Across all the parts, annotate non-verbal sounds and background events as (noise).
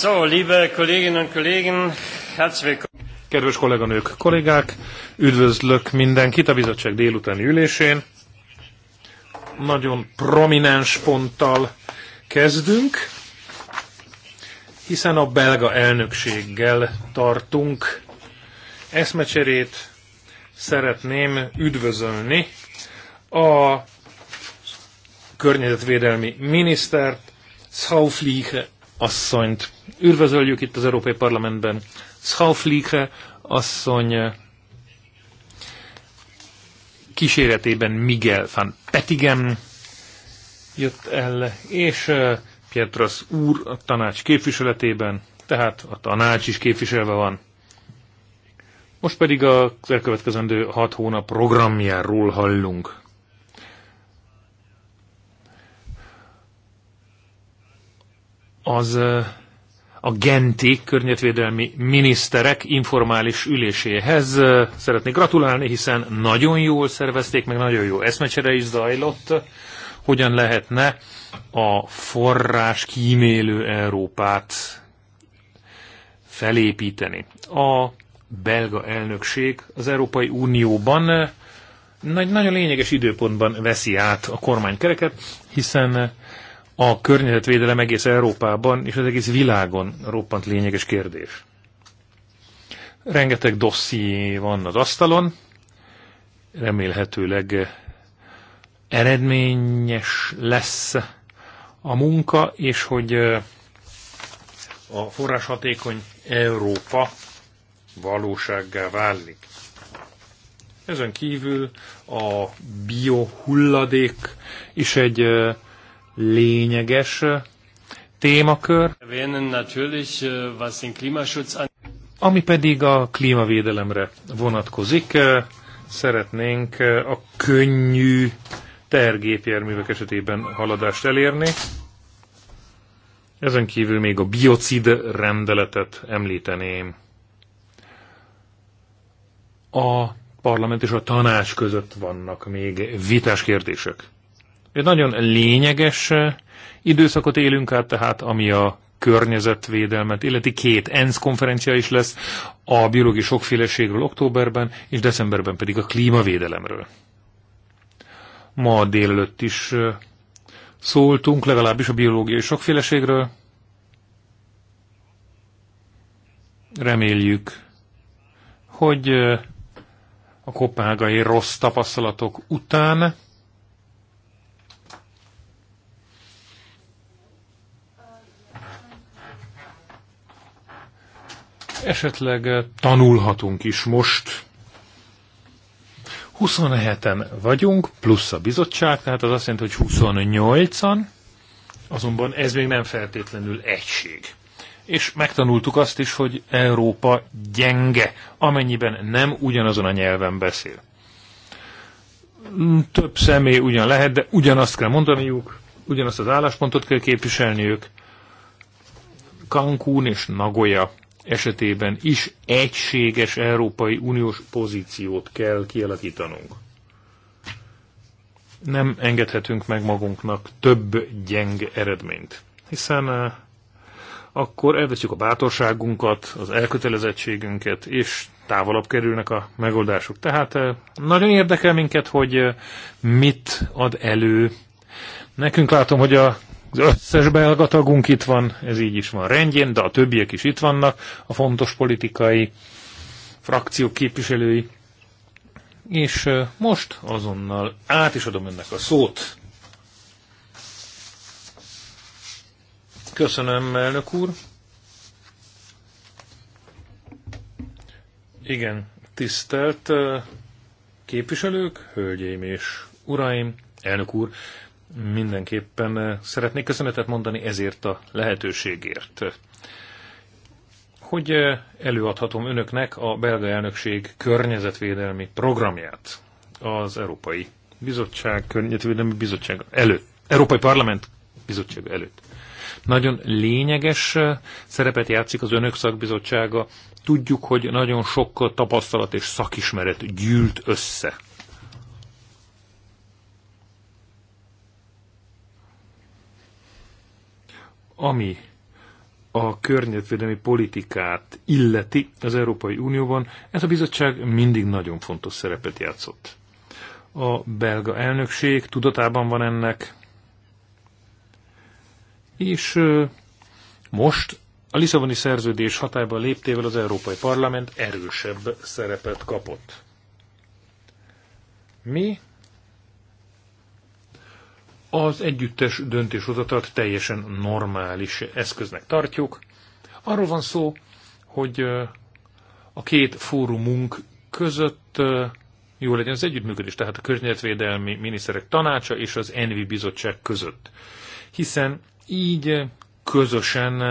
So, liebe Kolleginnen und Kollegen, herzlich willkommen. Kedves kolléganők, kollégák, üdvözlök mindenkit a bizottság délutáni ülésén. Nagyon prominens ponttal kezdünk, hiszen a belga elnökséggel tartunk eszmecserét. Szeretném üdvözölni a környezetvédelmi minisztert, Schaufliege asszonyt üdvözöljük itt az Európai Parlamentben, Schauflikre asszony kíséretében Miguel van Petigem jött el, és eh, Pietras úr a tanács képviseletében, tehát a tanács is képviselve van. Most pedig a elkövetkezendő hat hónap programjáról hallunk. az a genti környezetvédelmi miniszterek informális üléséhez szeretnék gratulálni, hiszen nagyon jól szervezték, meg nagyon jó eszmecsere is zajlott, hogyan lehetne a forrás kímélő Európát felépíteni. A belga elnökség az Európai Unióban nagy, nagyon lényeges időpontban veszi át a kormánykereket, hiszen a környezetvédelem egész Európában és az egész világon roppant lényeges kérdés. Rengeteg dosszié van az asztalon, remélhetőleg eredményes lesz a munka, és hogy eh, a forráshatékony Európa valósággá válik. Ezen kívül a biohulladék is egy eh, lényeges témakör, äh, ami pedig a klímavédelemre vonatkozik. Szeretnénk a könnyű tergépjárművek esetében haladást elérni. Ezen kívül még a biocid rendeletet említeném. A parlament és a tanács között vannak még vitás kérdések. Egy nagyon lényeges eh, időszakot élünk át, tehát ami a környezetvédelmet, illeti két ENSZ konferencia is lesz a biológiai sokféleségről októberben, és decemberben pedig a klímavédelemről. Ma délelőtt is eh, szóltunk, legalábbis a biológiai sokféleségről. Reméljük, hogy eh, a kopenhágai rossz tapasztalatok után esetleg eh, tanulhatunk is most. 27-en vagyunk, plusz a bizottság, tehát az azt jelenti, hogy 28-an, azonban ez még nem feltétlenül egység. És megtanultuk azt is, hogy Európa gyenge, amennyiben nem ugyanazon a nyelven beszél. Hmm, több személy ugyan lehet, de ugyanazt kell mondaniuk, ugyanazt az álláspontot kell képviselniük. Cancún és Nagoya esetében is egységes Európai Uniós pozíciót kell kialakítanunk. Nem engedhetünk meg magunknak több gyeng eredményt, hiszen eh, akkor elveszjük a bátorságunkat, az elkötelezettségünket, és távolabb kerülnek a megoldások. Tehát eh, nagyon érdekel minket, hogy eh, mit ad elő. Nekünk látom, hogy a az összes belga tagunk itt van, ez így is van rendjén, de a többiek is itt vannak, a fontos politikai frakciók képviselői. És most azonnal át is adom önnek a szót. Köszönöm, elnök úr. Igen, tisztelt képviselők, hölgyeim és uraim, elnök úr, mindenképpen eh, szeretnék köszönetet mondani ezért a lehetőségért, hogy eh, előadhatom önöknek a belga elnökség környezetvédelmi programját az Európai Bizottság, Környezetvédelmi Bizottság előtt, Európai Parlament Bizottság előtt. Nagyon lényeges eh, szerepet játszik az önök szakbizottsága. Tudjuk, hogy nagyon sok tapasztalat és szakismeret gyűlt össze Ami a környezetvédelmi politikát illeti az Európai Unióban, ez a bizottság mindig nagyon fontos szerepet játszott. A belga elnökség tudatában van ennek, és most a Lisszaboni szerződés hatályba léptével az Európai Parlament erősebb szerepet kapott. Mi az együttes döntéshozatalt teljesen normális eszköznek tartjuk. Arról van szó, hogy a két fórumunk között jó legyen az együttműködés, tehát a környezetvédelmi miniszterek tanácsa és az Envi bizottság között. Hiszen így közösen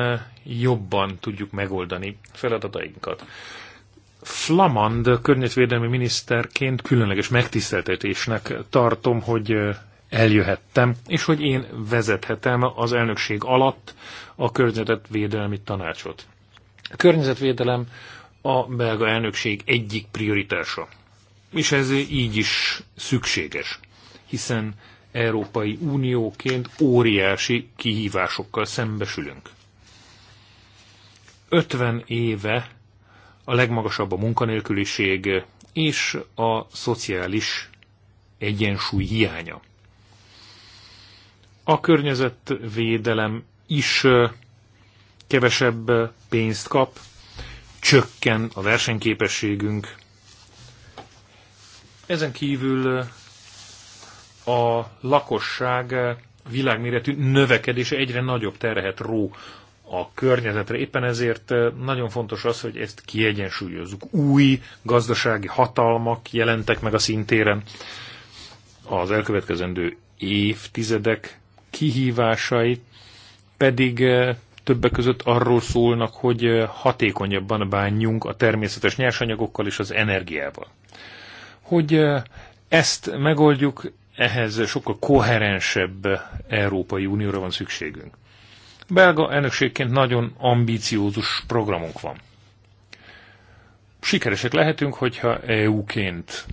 jobban tudjuk megoldani feladatainkat. Flamand környezetvédelmi miniszterként különleges megtiszteltetésnek tartom, hogy eljöhettem, és hogy én vezethetem az elnökség alatt a környezetvédelmi tanácsot. A környezetvédelem a belga elnökség egyik prioritása. És ez így is szükséges, hiszen Európai Unióként óriási kihívásokkal szembesülünk. 50 éve a legmagasabb a munkanélküliség és a szociális egyensúly hiánya a környezetvédelem is kevesebb pénzt kap, csökken a versenyképességünk. Ezen kívül a lakosság világméretű növekedése egyre nagyobb terhet ró a környezetre. Éppen ezért nagyon fontos az, hogy ezt kiegyensúlyozzuk. Új gazdasági hatalmak jelentek meg a szintéren az elkövetkezendő évtizedek kihívásai pedig eh, többek között arról szólnak, hogy eh, hatékonyabban bánjunk a természetes nyersanyagokkal és az energiával. Hogy eh, ezt megoldjuk, ehhez sokkal koherensebb Európai Unióra van szükségünk. Belga elnökségként nagyon ambíciózus programunk van. Sikeresek lehetünk, hogyha EU-ként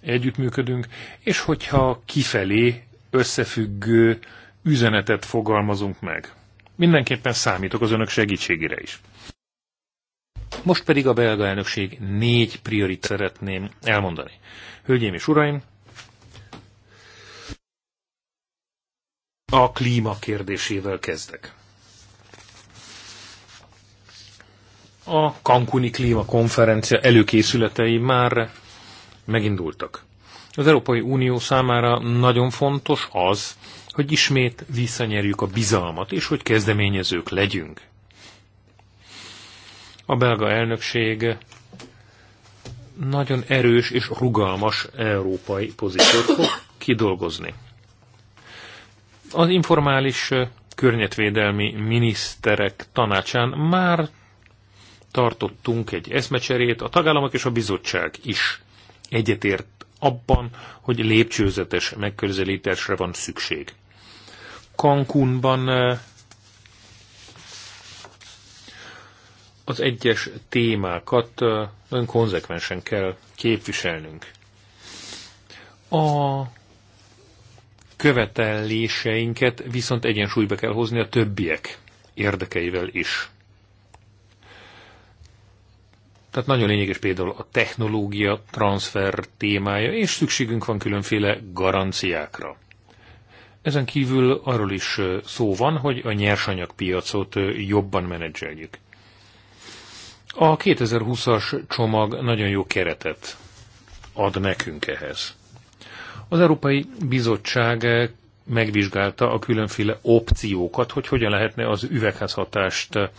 együttműködünk, és hogyha kifelé összefüggő üzenetet fogalmazunk meg. Mindenképpen számítok az önök segítségére is. Most pedig a belga elnökség négy priorit szeretném elmondani. Hölgyeim és uraim, a klíma kérdésével kezdek. A Cancuni konferencia előkészületei már megindultak. Az Európai Unió számára nagyon fontos az, hogy ismét visszanyerjük a bizalmat, és hogy kezdeményezők legyünk. A belga elnökség nagyon erős és rugalmas európai pozíciót fog kidolgozni. Az informális környezetvédelmi miniszterek tanácsán már tartottunk egy eszmecserét, a tagállamok és a bizottság is egyetért abban, hogy lépcsőzetes megközelítésre van szükség. Cancúnban eh, az egyes témákat eh, nagyon konzekvensen kell képviselnünk. A követeléseinket viszont egyensúlyba kell hozni a többiek érdekeivel is. Tehát nagyon lényeges például a technológia transfer témája, és szükségünk van különféle garanciákra. Ezen kívül arról is szó van, hogy a nyersanyagpiacot jobban menedzseljük. A 2020-as csomag nagyon jó keretet ad nekünk ehhez. Az Európai Bizottság megvizsgálta a különféle opciókat, hogy hogyan lehetne az üvegházhatást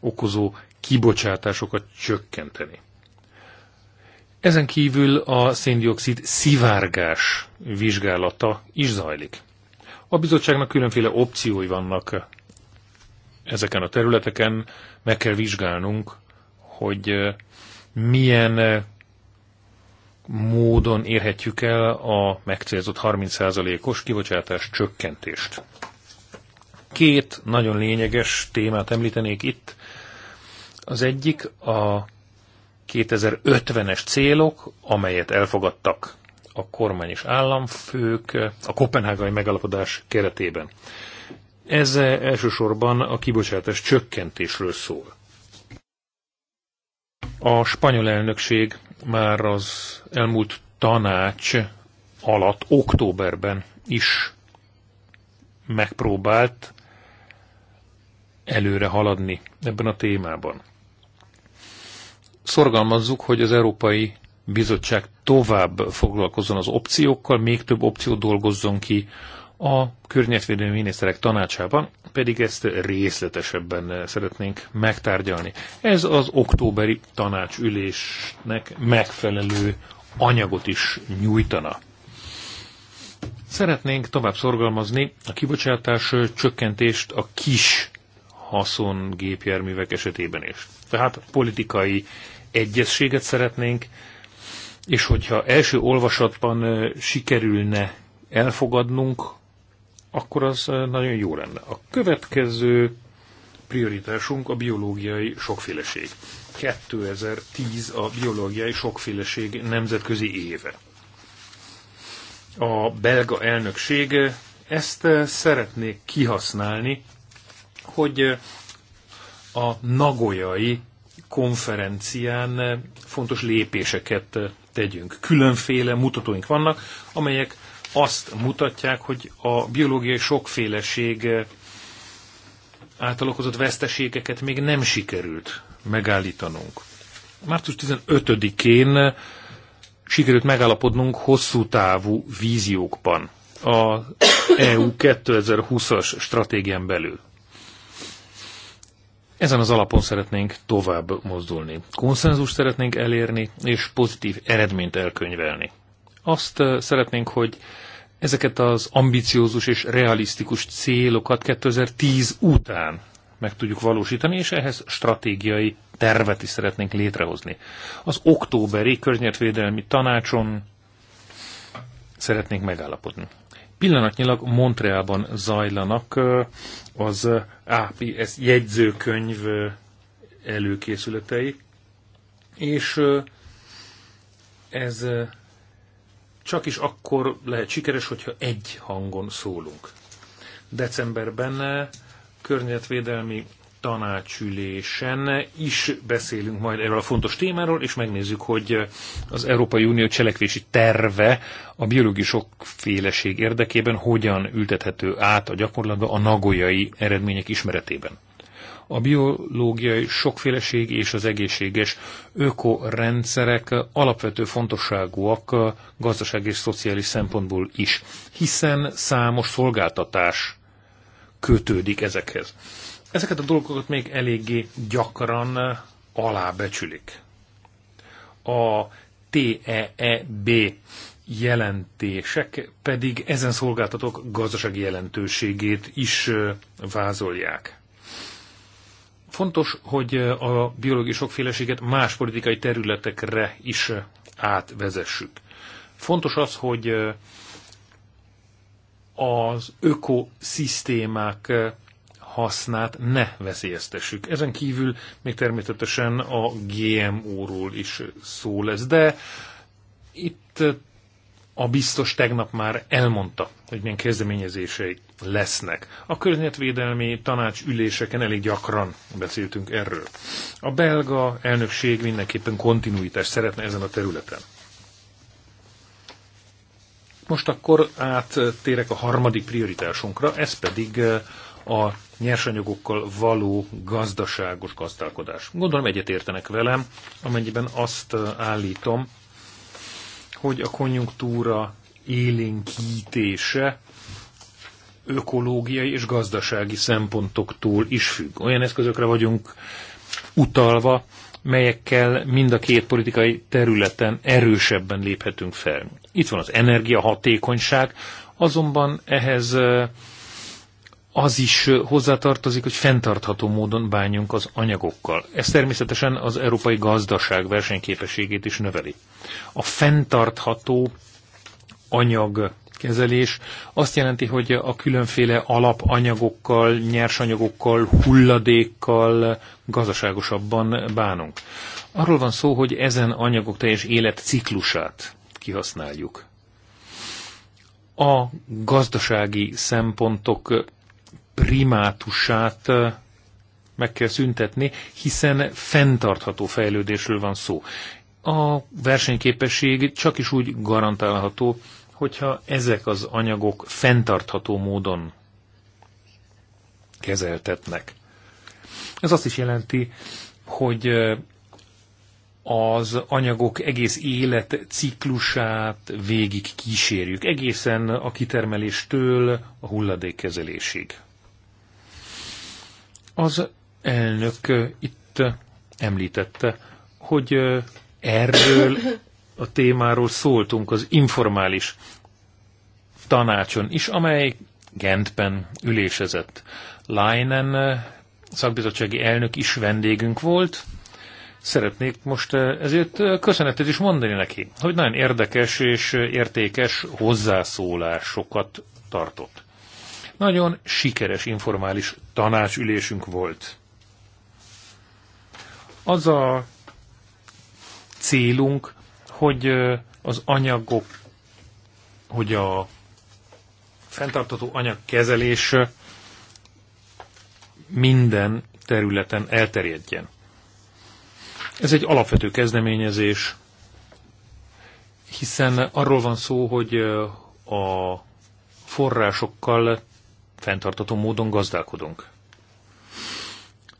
okozó kibocsátásokat csökkenteni. Ezen kívül a széndiokszid szivárgás vizsgálata is zajlik. A bizottságnak különféle opciói vannak ezeken a területeken, meg kell vizsgálnunk, hogy milyen módon érhetjük el a megcélzott 30%-os kibocsátás csökkentést. Két nagyon lényeges témát említenék itt. Az egyik a 2050-es célok, amelyet elfogadtak a kormány és államfők a kopenhágai megalapodás keretében. Ez elsősorban a kibocsátás csökkentésről szól. A spanyol elnökség már az elmúlt tanács alatt, októberben is megpróbált előre haladni ebben a témában szorgalmazzuk, hogy az Európai Bizottság tovább foglalkozzon az opciókkal, még több opciót dolgozzon ki a környezetvédelmi miniszterek tanácsában, pedig ezt részletesebben szeretnénk megtárgyalni. Ez az októberi tanácsülésnek megfelelő anyagot is nyújtana. Szeretnénk tovább szorgalmazni a kibocsátás csökkentést a kis haszongépjárművek esetében is. Tehát politikai egyességet szeretnénk, és hogyha első olvasatban sikerülne elfogadnunk, akkor az nagyon jó lenne. A következő prioritásunk a biológiai sokféleség. 2010 a biológiai sokféleség nemzetközi éve. A belga elnökség ezt szeretné kihasználni, hogy a nagoyai konferencián fontos lépéseket tegyünk. Különféle mutatóink vannak, amelyek azt mutatják, hogy a biológiai sokféleség által okozott veszteségeket még nem sikerült megállítanunk. Március 15-én sikerült megállapodnunk hosszú távú víziókban a EU 2020-as stratégián belül. Ezen az alapon szeretnénk tovább mozdulni. Konszenzus szeretnénk elérni, és pozitív eredményt elkönyvelni. Azt szeretnénk, hogy ezeket az ambiciózus és realisztikus célokat 2010 után meg tudjuk valósítani, és ehhez stratégiai tervet is szeretnénk létrehozni. Az októberi környezetvédelmi tanácson szeretnénk megállapodni. Pillanatnyilag Montrealban zajlanak az APS jegyzőkönyv előkészületei, és ez csak is akkor lehet sikeres, hogyha egy hangon szólunk. Decemberben környezetvédelmi tanácsülésen is beszélünk majd erről a fontos témáról, és megnézzük, hogy az Európai Unió cselekvési terve a biológiai sokféleség érdekében hogyan ültethető át a gyakorlatba a nagolyai eredmények ismeretében. A biológiai sokféleség és az egészséges ökorendszerek alapvető fontosságúak gazdaság és szociális szempontból is, hiszen számos szolgáltatás kötődik ezekhez. Ezeket a dolgokat még eléggé gyakran eh, alábecsülik. A TEEB jelentések pedig ezen szolgáltatók gazdasági jelentőségét is eh, vázolják. Fontos, hogy eh, a biológiai sokféleséget más politikai területekre is átvezessük. Fontos az, hogy az ökoszisztémák hasznát ne veszélyeztessük. Ezen kívül még természetesen a GMO-ról is szó lesz, de itt a biztos tegnap már elmondta, hogy milyen kezdeményezései lesznek. A környezetvédelmi tanács üléseken elég gyakran beszéltünk erről. A belga elnökség mindenképpen kontinuitást szeretne ezen a területen. Most akkor áttérek a harmadik prioritásunkra, ez pedig eh, a nyersanyagokkal való gazdaságos gazdálkodás. Gondolom egyet értenek velem, amennyiben azt állítom, hogy a konjunktúra élénkítése ökológiai és gazdasági szempontoktól is függ. Olyan eszközökre vagyunk utalva, melyekkel mind a két politikai területen erősebben léphetünk fel. Itt van az energiahatékonyság, azonban ehhez az is hozzátartozik, hogy fenntartható módon bánjunk az anyagokkal. Ez természetesen az európai gazdaság versenyképességét is növeli. A fenntartható anyag kezelés azt jelenti, hogy a különféle alapanyagokkal, nyersanyagokkal, hulladékkal gazdaságosabban bánunk. Arról van szó, hogy ezen anyagok teljes életciklusát kihasználjuk. A gazdasági szempontok primátusát meg kell szüntetni, hiszen fenntartható fejlődésről van szó. A versenyképesség csak is úgy garantálható, hogyha ezek az anyagok fenntartható módon kezeltetnek. Ez azt is jelenti, hogy az anyagok egész életciklusát végig kísérjük, egészen a kitermeléstől a hulladékkezelésig. Az elnök itt említette, hogy erről a témáról szóltunk az informális tanácson is, amely Gentben ülésezett. Leinen szakbizottsági elnök is vendégünk volt. Szeretnék most ezért köszönetet is mondani neki, hogy nagyon érdekes és értékes hozzászólásokat tartott. Nagyon sikeres informális tanácsülésünk volt. Az a célunk, hogy az anyagok, hogy a fenntartató anyagkezelés minden területen elterjedjen. Ez egy alapvető kezdeményezés, hiszen arról van szó, hogy a forrásokkal fenntartató módon gazdálkodunk.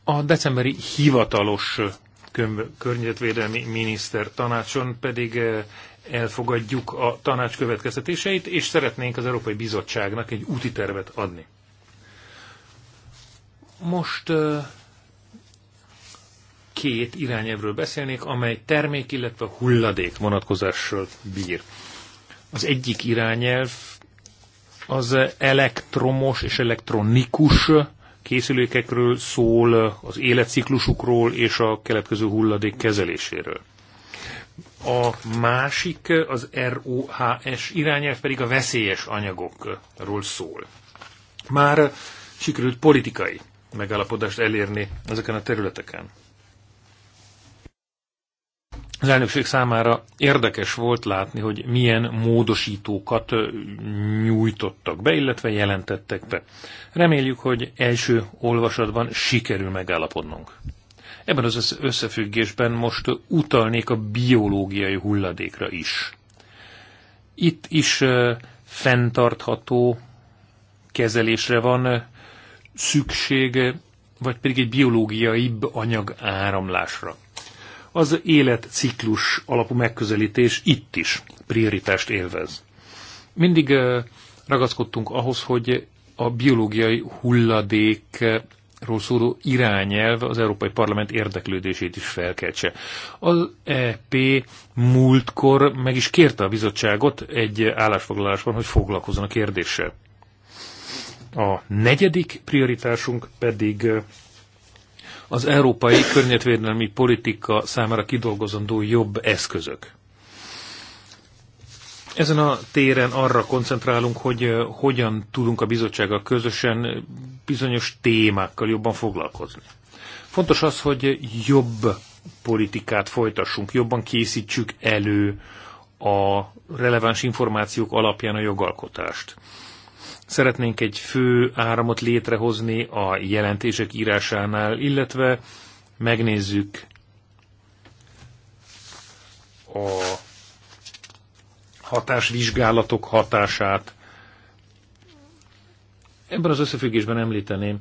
A decemberi hivatalos környezetvédelmi miniszter tanácson pedig elfogadjuk a tanács következtetéseit, és szeretnénk az Európai Bizottságnak egy úti tervet adni. Most két irányevről beszélnék, amely termék, illetve hulladék vonatkozással bír. Az egyik irányelv az elektromos és elektronikus készülékekről szól, az életciklusukról és a keletkező hulladék kezeléséről. A másik, az ROHS irányelv pedig a veszélyes anyagokról szól. Már sikerült politikai megállapodást elérni ezeken a területeken az elnökség számára érdekes volt látni, hogy milyen módosítókat nyújtottak be, illetve jelentettek be. Reméljük, hogy első olvasatban sikerül megállapodnunk. Ebben az összefüggésben most utalnék a biológiai hulladékra is. Itt is fenntartható kezelésre van szükség, vagy pedig egy biológiaibb anyag áramlásra az életciklus alapú megközelítés itt is prioritást élvez. Mindig ragaszkodtunk ahhoz, hogy a biológiai hulladékról szóló irányelv az Európai Parlament érdeklődését is felkeltse. Az EP múltkor meg is kérte a bizottságot egy állásfoglalásban, hogy foglalkozzon a kérdéssel. A negyedik prioritásunk pedig az európai környezetvédelmi politika számára kidolgozandó jobb eszközök. Ezen a téren arra koncentrálunk, hogy hogyan tudunk a bizottsággal közösen bizonyos témákkal jobban foglalkozni. Fontos az, hogy jobb politikát folytassunk, jobban készítsük elő a releváns információk alapján a jogalkotást. Szeretnénk egy fő áramot létrehozni a jelentések írásánál, illetve megnézzük a hatásvizsgálatok hatását. Ebben az összefüggésben említeném,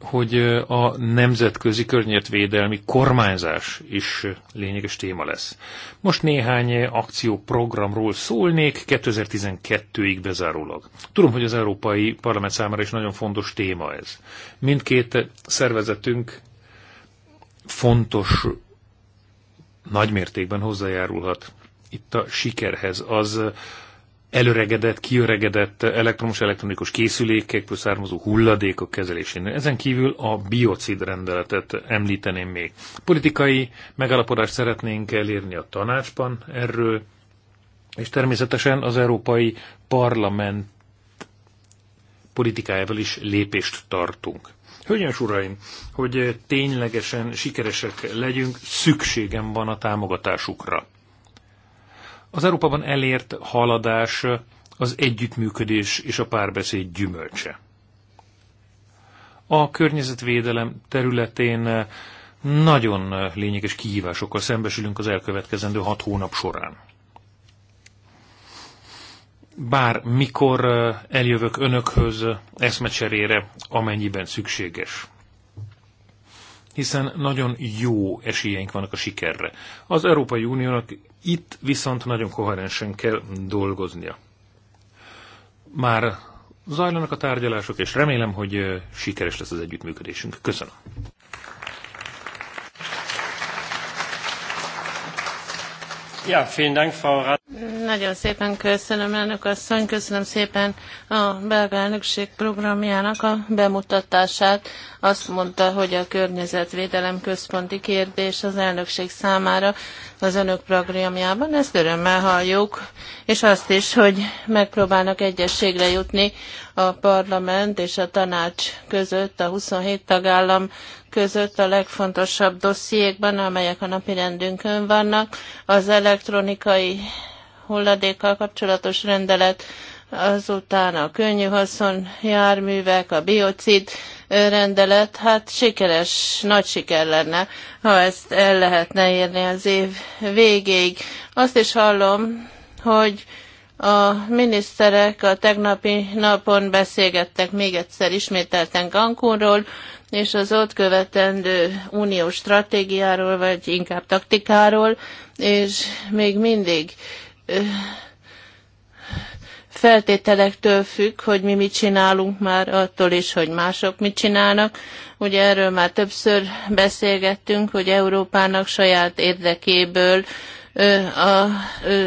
hogy a nemzetközi környezetvédelmi kormányzás is lényeges téma lesz. Most néhány akcióprogramról szólnék 2012-ig bezárólag. Tudom, hogy az Európai Parlament számára is nagyon fontos téma ez. Mindkét szervezetünk fontos nagymértékben hozzájárulhat itt a sikerhez. Az előregedett, kiöregedett elektromos elektronikus készülékekből származó hulladékok kezelésénél. Ezen kívül a biocid rendeletet említeném még. Politikai megállapodást szeretnénk elérni a tanácsban erről, és természetesen az Európai Parlament politikájával is lépést tartunk. Hölgyeim és uraim, hogy ténylegesen sikeresek legyünk, szükségem van a támogatásukra. Az Európában elért haladás az együttműködés és a párbeszéd gyümölcse. A környezetvédelem területén nagyon lényeges kihívásokkal szembesülünk az elkövetkezendő hat hónap során. Bár mikor eljövök önökhöz eszmecserére, amennyiben szükséges hiszen nagyon jó esélyeink vannak a sikerre. Az Európai Uniónak itt viszont nagyon koherensen kell dolgoznia. Már zajlanak a tárgyalások, és remélem, hogy sikeres lesz az együttműködésünk. Köszönöm. Ja, vielen Dank, Frau Nagyon szépen köszönöm, elnök asszony, köszönöm szépen a belga elnökség programjának a bemutatását. Azt mondta, hogy a környezetvédelem központi kérdés az elnökség számára az önök programjában, ezt örömmel halljuk, és azt is, hogy megpróbálnak egyességre jutni a parlament és a tanács között, a 27 tagállam között a legfontosabb dossziékban, amelyek a napirendünkön vannak, az elektronikai hulladékkal kapcsolatos rendelet azután a könnyű haszon járművek, a biocid rendelet, hát sikeres, nagy siker lenne, ha ezt el lehetne érni az év végéig. Azt is hallom, hogy a miniszterek a tegnapi napon beszélgettek még egyszer ismételten Cancúnról, és az ott követendő uniós stratégiáról, vagy inkább taktikáról, és még mindig feltételektől függ, hogy mi mit csinálunk már attól is, hogy mások mit csinálnak. Ugye erről már többször beszélgettünk, hogy Európának saját érdekéből ö, a ö,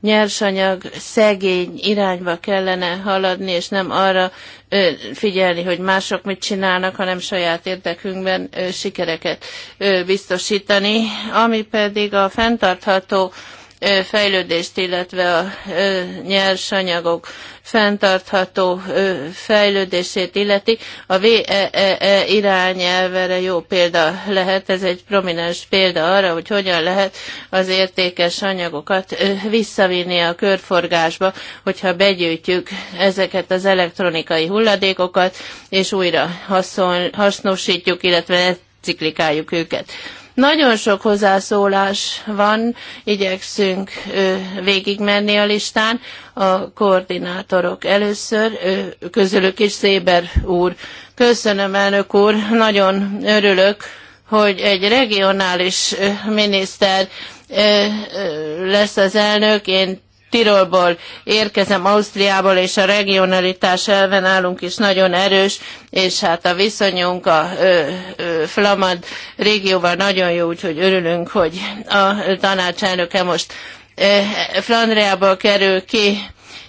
nyersanyag szegény irányba kellene haladni, és nem arra ö, figyelni, hogy mások mit csinálnak, hanem saját érdekünkben ö, sikereket ö, biztosítani. Ami pedig a fenntartható ö, fejlődést, illetve a nyersanyagok fenntartható fejlődését illeti. A VEE e e irányelvere jó példa lehet, ez egy prominens példa arra, hogy hogyan lehet az értékes anyagokat visszavinni a körforgásba, hogyha begyűjtjük ezeket az elektronikai hulladékokat, és újra hasznosítjuk, illetve ciklikáljuk őket. Nagyon sok hozzászólás van, igyekszünk végigmenni a listán. A koordinátorok először, közülük is Széber úr. Köszönöm, elnök úr, nagyon örülök, hogy egy regionális miniszter lesz az elnök. Én Tirolból érkezem, Ausztriából, és a regionalitás elven állunk is nagyon erős, és hát a viszonyunk a ö, ö, Flamad régióval nagyon jó, úgyhogy örülünk, hogy a tanácselnöke most ö, Flandriából kerül ki.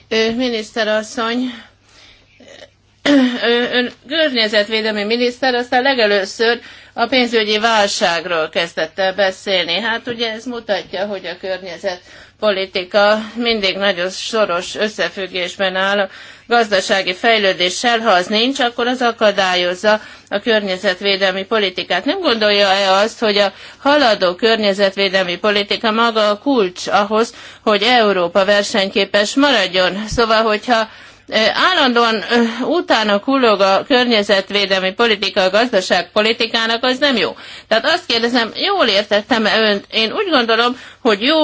Ö, miniszterasszony, ön környezetvédelmi miniszter, aztán legelőször a pénzügyi válságról kezdett el beszélni. Hát ugye ez mutatja, hogy a környezet politika mindig nagyon soros összefüggésben áll a gazdasági fejlődéssel, ha az nincs, akkor az akadályozza a környezetvédelmi politikát. Nem gondolja-e azt, hogy a haladó környezetvédelmi politika maga a kulcs ahhoz, hogy Európa versenyképes maradjon? Szóval, hogyha állandóan utána kullog a környezetvédelmi politika, a gazdaságpolitikának, az nem jó. Tehát azt kérdezem, jól értettem -e önt? Én úgy gondolom, hogy jó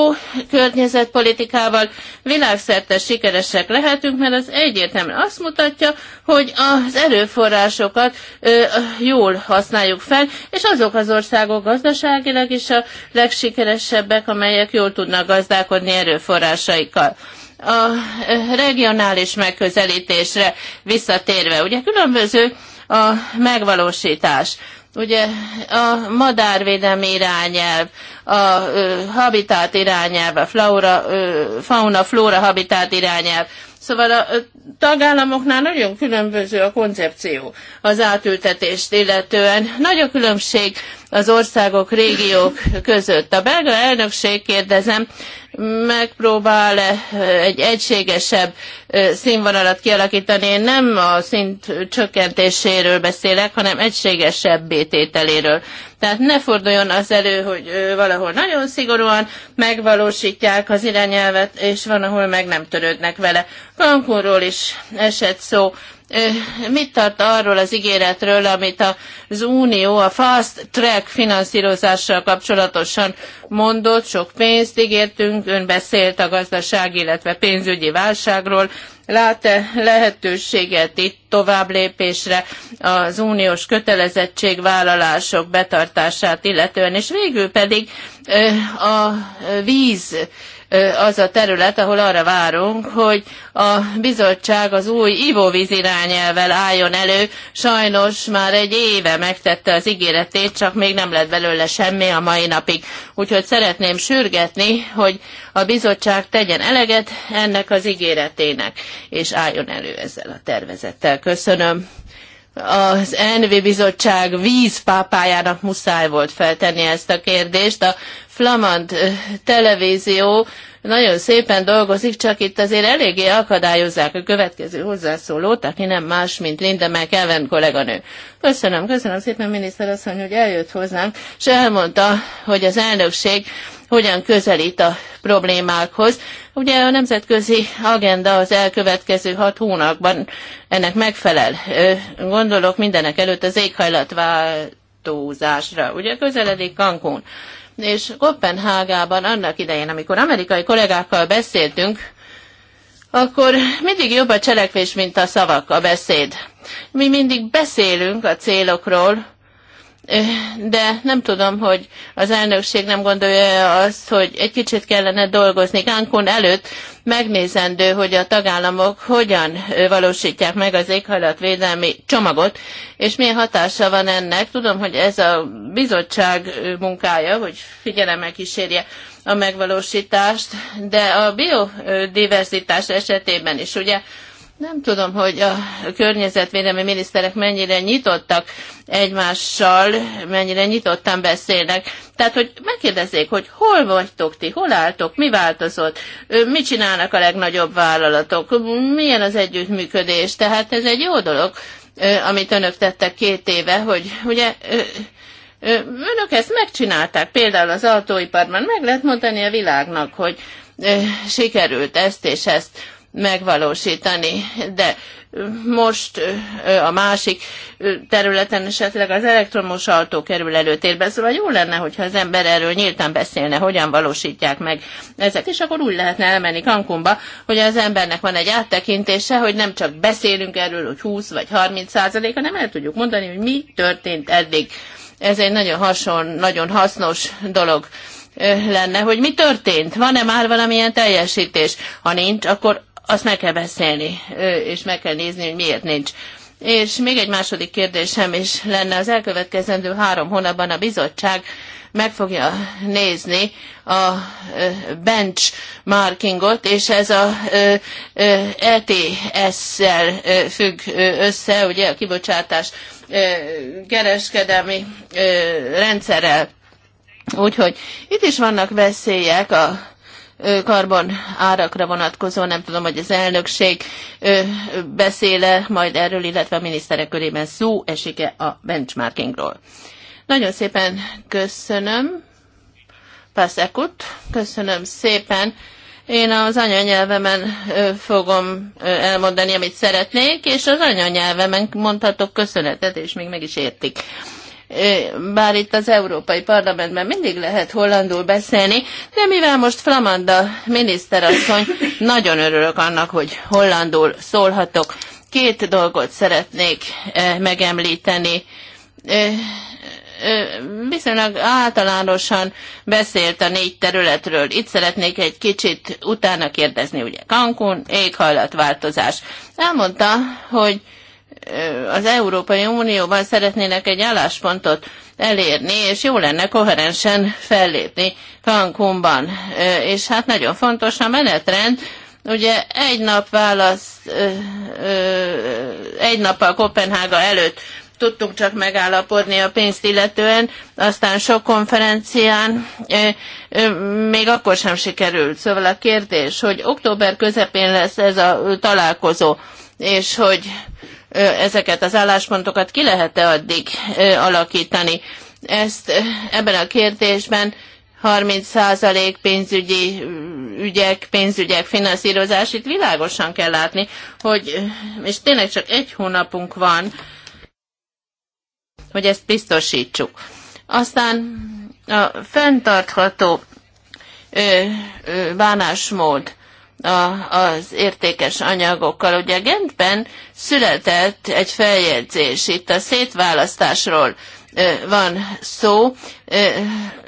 környezetpolitikával világszerte sikeresek lehetünk, mert az egyértelműen azt mutatja, hogy az erőforrásokat ö, jól használjuk fel, és azok az országok gazdaságilag is a legsikeresebbek, amelyek jól tudnak gazdálkodni erőforrásaikkal a regionális megközelítésre visszatérve, ugye különböző a megvalósítás. Ugye a madárvédelmi irányelv, a ö, habitát irányelv, a flaura, ö, fauna, flóra habitát irányelv. Szóval a tagállamoknál nagyon különböző a koncepció az átültetést illetően. Nagy a különbség az országok, régiók között. A belga elnökség, kérdezem, megpróbál eh, egy egységesebb eh, színvonalat kialakítani. Én nem a szint csökkentéséről beszélek, hanem egységesebb bétételéről. Tehát ne forduljon az elő, hogy eh, valahol nagyon szigorúan megvalósítják az irányelvet, és van, ahol meg nem törődnek vele. Cancunról is esett szó mit tart arról az ígéretről, amit az Unió a fast track finanszírozással kapcsolatosan mondott, sok pénzt ígértünk, ön beszélt a gazdaság, illetve pénzügyi válságról, lát-e lehetőséget itt tovább lépésre az uniós kötelezettségvállalások betartását illetően, és végül pedig a víz az a terület, ahol arra várunk, hogy a bizottság az új ivóvíz irányelvel álljon elő. Sajnos már egy éve megtette az ígéretét, csak még nem lett belőle semmi a mai napig. Úgyhogy szeretném sürgetni, hogy a bizottság tegyen eleget ennek az ígéretének, és álljon elő ezzel a tervezettel. Köszönöm az ENVI bizottság vízpápájának muszáj volt feltenni ezt a kérdést. A flamand televízió nagyon szépen dolgozik, csak itt azért eléggé akadályozzák a következő hozzászólót, aki nem más, mint Linda McEwen kolléganő. Köszönöm, köszönöm szépen miniszter asszony, hogy eljött hozzánk, és elmondta, hogy az elnökség hogyan közelít a problémákhoz. Ugye a nemzetközi agenda az elkövetkező hat hónapban ennek megfelel. Gondolok mindenek előtt az éghajlatváltozásra. Ugye közeledik Cancún és Kopenhágában annak idején, amikor amerikai kollégákkal beszéltünk, akkor mindig jobb a cselekvés, mint a szavak, a beszéd. Mi mindig beszélünk a célokról, de nem tudom, hogy az elnökség nem gondolja azt, hogy egy kicsit kellene dolgozni Cancún előtt, megnézendő, hogy a tagállamok hogyan valósítják meg az éghajlatvédelmi csomagot, és milyen hatása van ennek. Tudom, hogy ez a bizottság munkája, hogy figyelemmel kísérje a megvalósítást, de a biodiverzitás esetében is ugye nem tudom, hogy a környezetvédelmi miniszterek mennyire nyitottak egymással, mennyire nyitottan beszélnek. Tehát, hogy megkérdezzék, hogy hol vagytok ti, hol álltok, mi változott, mit csinálnak a legnagyobb vállalatok, milyen az együttműködés. Tehát ez egy jó dolog, amit önök tettek két éve, hogy ugye önök ezt megcsinálták, például az autóiparban meg lehet mondani a világnak, hogy sikerült ezt és ezt megvalósítani. De most a másik területen esetleg az elektromos autó kerül előtérbe, szóval jó lenne, hogyha az ember erről nyíltan beszélne, hogyan valósítják meg ezek, és akkor úgy lehetne elmenni Cancunba, hogy az embernek van egy áttekintése, hogy nem csak beszélünk erről, hogy 20 vagy 30 százalék, hanem el tudjuk mondani, hogy mi történt eddig. Ez egy nagyon, hason, nagyon hasznos dolog lenne, hogy mi történt, van-e már valamilyen teljesítés. Ha nincs, akkor azt meg kell beszélni, és meg kell nézni, hogy miért nincs. És még egy második kérdésem is lenne. Az elkövetkezendő három hónapban a bizottság meg fogja nézni a benchmarkingot, és ez a ETS-szel függ össze, ugye a kibocsátás kereskedelmi rendszerrel. Úgyhogy itt is vannak veszélyek a karbon árakra vonatkozó, nem tudom, hogy az elnökség beszéle majd erről, illetve a miniszterek körében szó esik-e a benchmarkingról. Nagyon szépen köszönöm. Pászekut, köszönöm szépen. Én az anyanyelvemen fogom elmondani, amit szeretnék, és az anyanyelvemen mondhatok köszönetet, és még meg is értik bár itt az Európai Parlamentben mindig lehet hollandul beszélni, de mivel most Flamanda miniszterasszony, nagyon örülök annak, hogy hollandul szólhatok. Két dolgot szeretnék megemlíteni viszonylag általánosan beszélt a négy területről. Itt szeretnék egy kicsit utána kérdezni, ugye Cancún, éghajlatváltozás. Elmondta, hogy az Európai Unióban szeretnének egy álláspontot elérni, és jó lenne koherensen fellépni Cancúnban. És hát nagyon fontos a menetrend, ugye egy nap válasz, egy nappal Kopenhága előtt tudtunk csak megállapodni a pénzt illetően, aztán sok konferencián még akkor sem sikerült. Szóval a kérdés, hogy október közepén lesz ez a találkozó, és hogy ezeket az álláspontokat ki lehet-e addig alakítani. Ezt ebben a kérdésben 30% pénzügyi ügyek, pénzügyek, finanszírozás, itt világosan kell látni, hogy, és tényleg csak egy hónapunk van, hogy ezt biztosítsuk. Aztán a fenntartható ö, ö, bánásmód a, az értékes anyagokkal. Ugye Gentben született egy feljegyzés, itt a szétválasztásról van szó,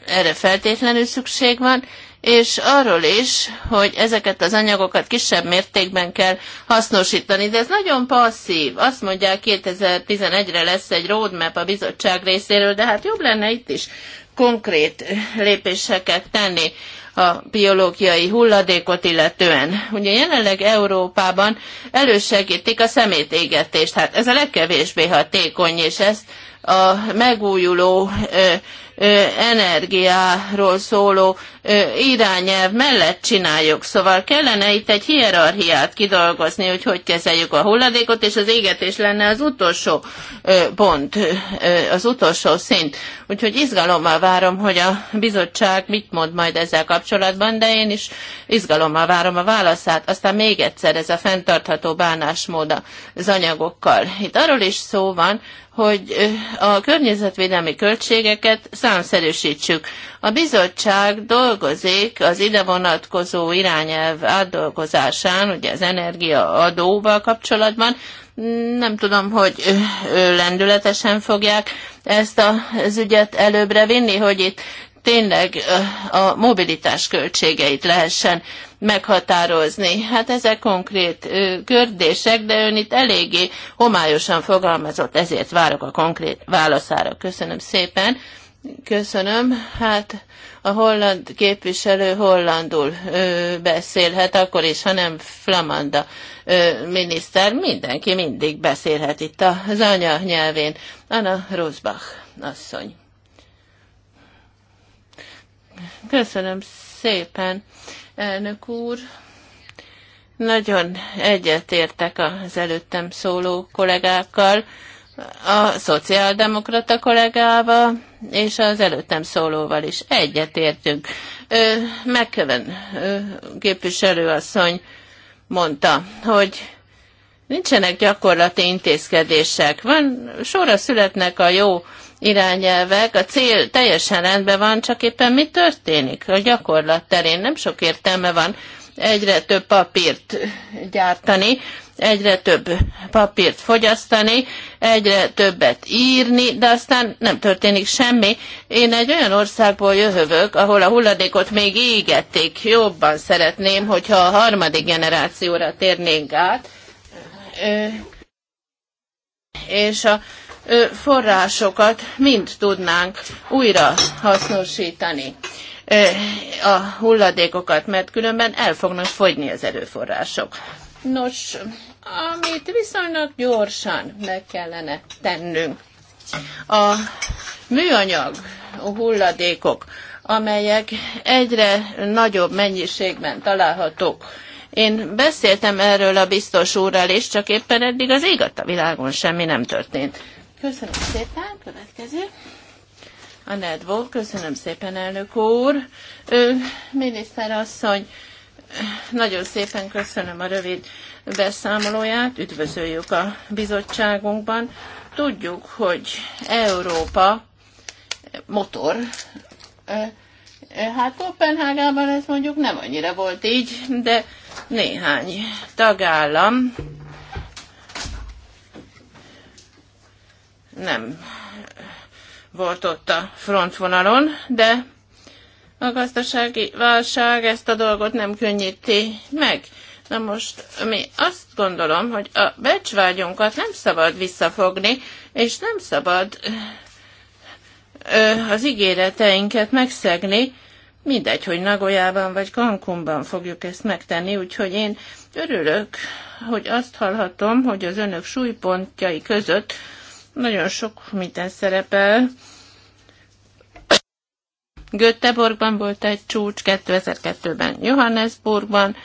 erre feltétlenül szükség van, és arról is, hogy ezeket az anyagokat kisebb mértékben kell hasznosítani, de ez nagyon passzív. Azt mondják, 2011-re lesz egy roadmap a bizottság részéről, de hát jobb lenne itt is konkrét lépéseket tenni a biológiai hulladékot illetően. Ugye jelenleg Európában elősegítik a szemétégetést, hát ez a legkevésbé hatékony, és ezt a megújuló energiáról szóló irányelv mellett csináljuk. Szóval kellene itt egy hierarchiát kidolgozni, hogy hogy kezeljük a hulladékot, és az égetés lenne az utolsó pont, az utolsó szint. Úgyhogy izgalommal várom, hogy a bizottság mit mond majd ezzel kapcsolatban, de én is izgalommal várom a válaszát. Aztán még egyszer ez a fenntartható bánásmód az anyagokkal. Itt arról is szó van, hogy a környezetvédelmi költségeket számszerűsítsük. A bizottság dolgozik az ide vonatkozó irányelv átdolgozásán, ugye az energiaadóval kapcsolatban. Nem tudom, hogy lendületesen fogják ezt az ügyet előbbre vinni, hogy itt tényleg a mobilitás költségeit lehessen meghatározni. Hát ezek konkrét kérdések, de ön itt eléggé homályosan fogalmazott, ezért várok a konkrét válaszára. Köszönöm szépen. Köszönöm. Hát a holland képviselő hollandul ö, beszélhet, akkor is, ha nem flamanda ö, miniszter, mindenki mindig beszélhet itt az nyelvén. Anna Rosbach asszony. Köszönöm szépen elnök úr. Nagyon egyetértek az előttem szóló kollégákkal, a szociáldemokrata kollégával és az előttem szólóval is egyetértünk. Megkeven képviselőasszony mondta, hogy nincsenek gyakorlati intézkedések. Van, sorra születnek a jó irányelvek, a cél teljesen rendben van, csak éppen mi történik a gyakorlat terén? Nem sok értelme van egyre több papírt gyártani, egyre több papírt fogyasztani, egyre többet írni, de aztán nem történik semmi. Én egy olyan országból jövök, ahol a hulladékot még égették. Jobban szeretném, hogyha a harmadik generációra térnénk át. És a forrásokat mind tudnánk újra hasznosítani a hulladékokat, mert különben el fognak fogyni az erőforrások. Nos, amit viszonylag gyorsan meg kellene tennünk. A műanyag a hulladékok, amelyek egyre nagyobb mennyiségben találhatók. Én beszéltem erről a biztos úrral, és csak éppen eddig az ég a világon semmi nem történt. Köszönöm szépen, következő. A Nedvo, köszönöm szépen, elnök úr. Ő, miniszter asszony, nagyon szépen köszönöm a rövid beszámolóját, üdvözöljük a bizottságunkban. Tudjuk, hogy Európa motor. Hát Kopenhágában ez mondjuk nem annyira volt így, de néhány tagállam nem volt ott a frontvonalon, de a gazdasági válság ezt a dolgot nem könnyíti meg. Na most mi azt gondolom, hogy a becsvágyunkat nem szabad visszafogni, és nem szabad az ígéreteinket megszegni, mindegy, hogy Nagoyában vagy Cancunban fogjuk ezt megtenni, úgyhogy én örülök, hogy azt hallhatom, hogy az önök súlypontjai között nagyon sok minden szerepel. Göteborgban volt egy csúcs, 2002-ben Johannesburgban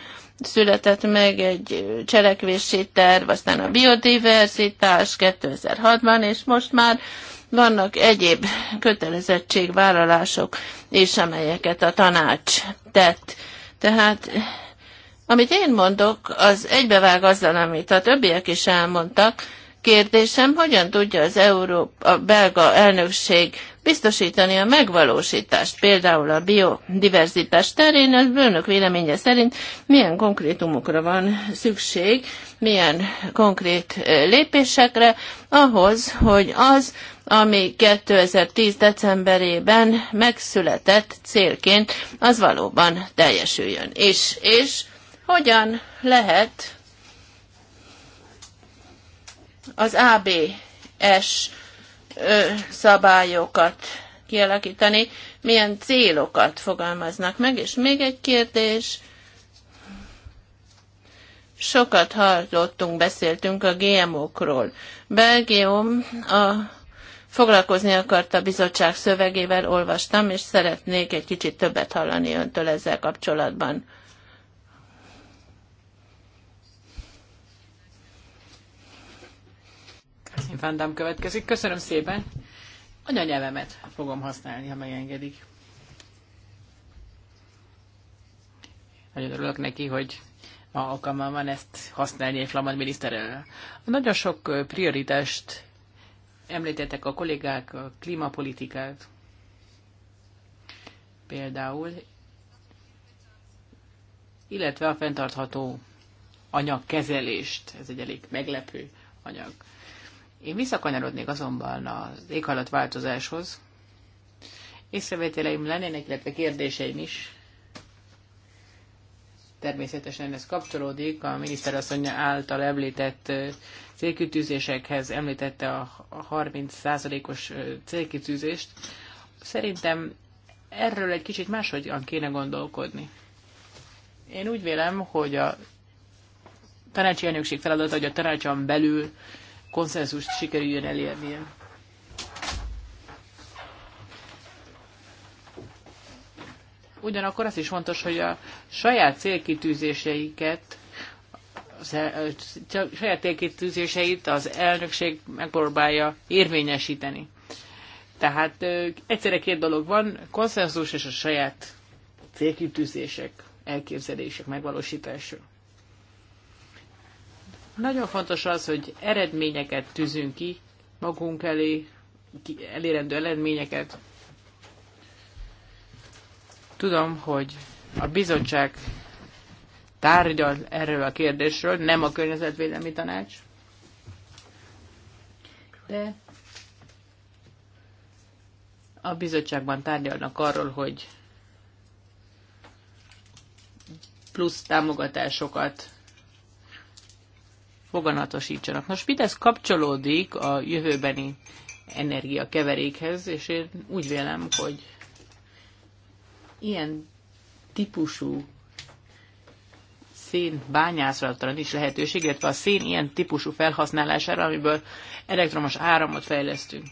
született meg egy cselekvési terv, aztán a biodiverzitás 2006-ban, és most már vannak egyéb kötelezettségvállalások és amelyeket a tanács tett. Tehát amit én mondok, az egybevág azzal, amit a többiek is elmondtak, kérdésem, hogyan tudja az Európa, a belga elnökség biztosítani a megvalósítást, például a biodiverzitás terén, az önök véleménye szerint milyen konkrétumokra van szükség, milyen konkrét lépésekre, ahhoz, hogy az, ami 2010. decemberében megszületett célként, az valóban teljesüljön. És, és hogyan lehet az ABS szabályokat kialakítani, milyen célokat fogalmaznak meg. És még egy kérdés, sokat hallottunk, beszéltünk a GMO-król. Belgium a foglalkozni akart a bizottság szövegével, olvastam, és szeretnék egy kicsit többet hallani öntől ezzel kapcsolatban. Van Damme következik. Köszönöm szépen. Anyanyelvemet fogom használni, ha megengedik. Nagyon örülök neki, hogy ma alkalmam van ezt használni egy flamand miniszterrel. Nagyon sok prioritást említettek a kollégák, a klímapolitikát például, illetve a fenntartható anyagkezelést. Ez egy elég meglepő anyag. Én visszakanyarodnék azonban az változáshoz. Észrevételeim lennének, illetve kérdéseim is. Természetesen ez kapcsolódik a miniszterasszony által említett célkitűzésekhez, említette a 30%-os célkitűzést. Szerintem erről egy kicsit máshogyan kéne gondolkodni. Én úgy vélem, hogy a tanácsi elnökség feladata, hogy a tanácson belül konszenzust sikerüljön elérnie. Ugyanakkor az is fontos, hogy a saját célkitűzéseiket a saját célkitűzéseit az elnökség megpróbálja érvényesíteni. Tehát egyszerre két dolog van, konszenzus és a saját célkitűzések, elképzelések megvalósítása. Nagyon fontos az, hogy eredményeket tűzünk ki magunk elé, elérendő eredményeket. Tudom, hogy a bizottság tárgyal erről a kérdésről, nem a környezetvédelmi tanács, de a bizottságban tárgyalnak arról, hogy plusz támogatásokat foganatosítsanak. Nos, ez kapcsolódik a jövőbeni energiakeverékhez, és én úgy vélem, hogy ilyen típusú szén bányászatra is lehetőség, illetve a szén ilyen típusú felhasználására, amiből elektromos áramot fejlesztünk.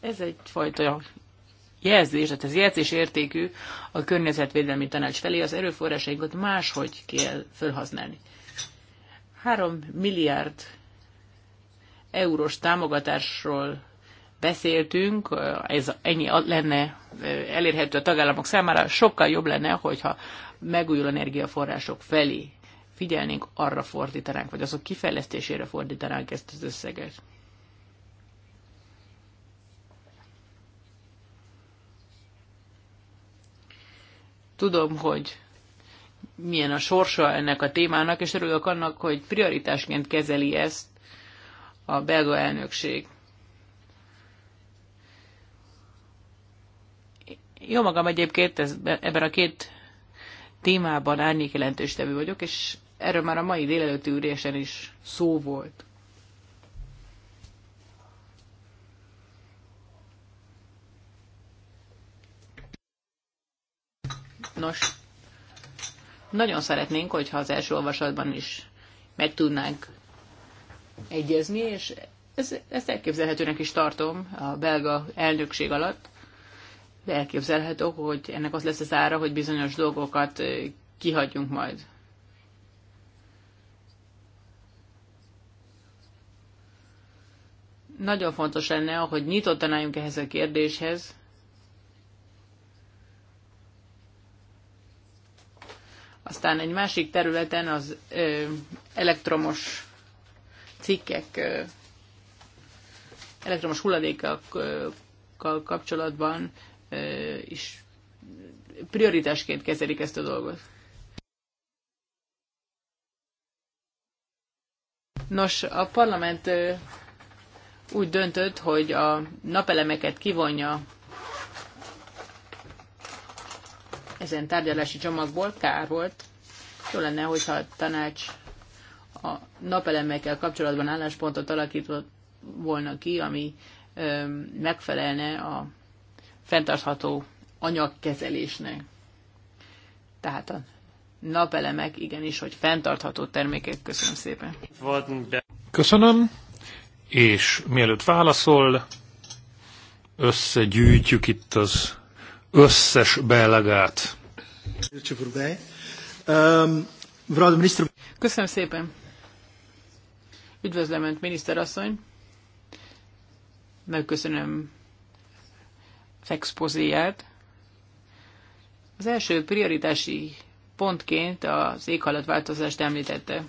Ez egyfajta jelzés, tehát ez jelzés értékű a környezetvédelmi tanács felé, az erőforrásainkat máshogy kell felhasználni. 3 milliárd eurós támogatásról beszéltünk, ez ennyi lenne elérhető a tagállamok számára, sokkal jobb lenne, hogyha megújuló energiaforrások felé figyelnénk, arra fordítanánk, vagy azok kifejlesztésére fordítanánk ezt az összeget. Tudom, hogy milyen a sorsa ennek a témának, és örülök annak, hogy prioritásként kezeli ezt a belga elnökség. Jó magam egyébként ez, ebben a két témában árnyék jelentőstevő vagyok, és erről már a mai délelőtti ülésen is szó volt. Nos, nagyon szeretnénk, hogyha az első olvasatban is meg tudnánk egyezni, és ez, ezt elképzelhetőnek is tartom a belga elnökség alatt, de elképzelhető, hogy ennek az lesz az ára, hogy bizonyos dolgokat kihagyjunk majd. Nagyon fontos lenne, hogy nyitottan álljunk ehhez a kérdéshez, Aztán egy másik területen az ö, elektromos cikkek, ö, elektromos hulladékkal kapcsolatban ö, is prioritásként kezelik ezt a dolgot. Nos, a parlament úgy döntött, hogy a napelemeket kivonja ezen tárgyalási csomagból kár volt. Jó lenne, hogyha a tanács a napelemekkel kapcsolatban álláspontot alakított volna ki, ami ö, megfelelne a fenntartható anyagkezelésnek. Tehát a napelemek igenis, hogy fenntartható termékek. Köszönöm szépen. Köszönöm, és mielőtt válaszol, összegyűjtjük itt az összes belegát. Köszönöm szépen. Üdvözlöm Önt, miniszterasszony. Megköszönöm az expozéját. Az első prioritási pontként az éghajlatváltozást említette.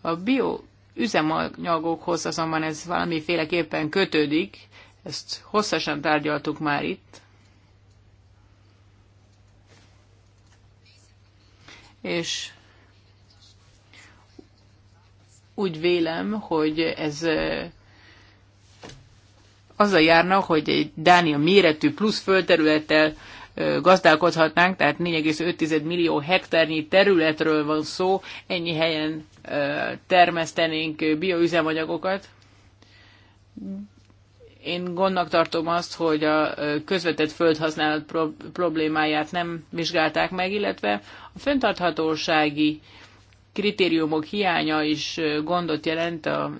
A bio üzemanyagokhoz azonban ez valamiféleképpen kötődik, ezt hosszasan tárgyaltuk már itt. És úgy vélem, hogy ez azzal járna, hogy egy Dánia méretű plusz földterülettel gazdálkodhatnánk, tehát 4,5 millió hektárnyi területről van szó, ennyi helyen termesztenénk bioüzemanyagokat. Én gondnak tartom azt, hogy a közvetett földhasználat problémáját nem vizsgálták meg, illetve a fenntarthatósági kritériumok hiánya is gondot jelent a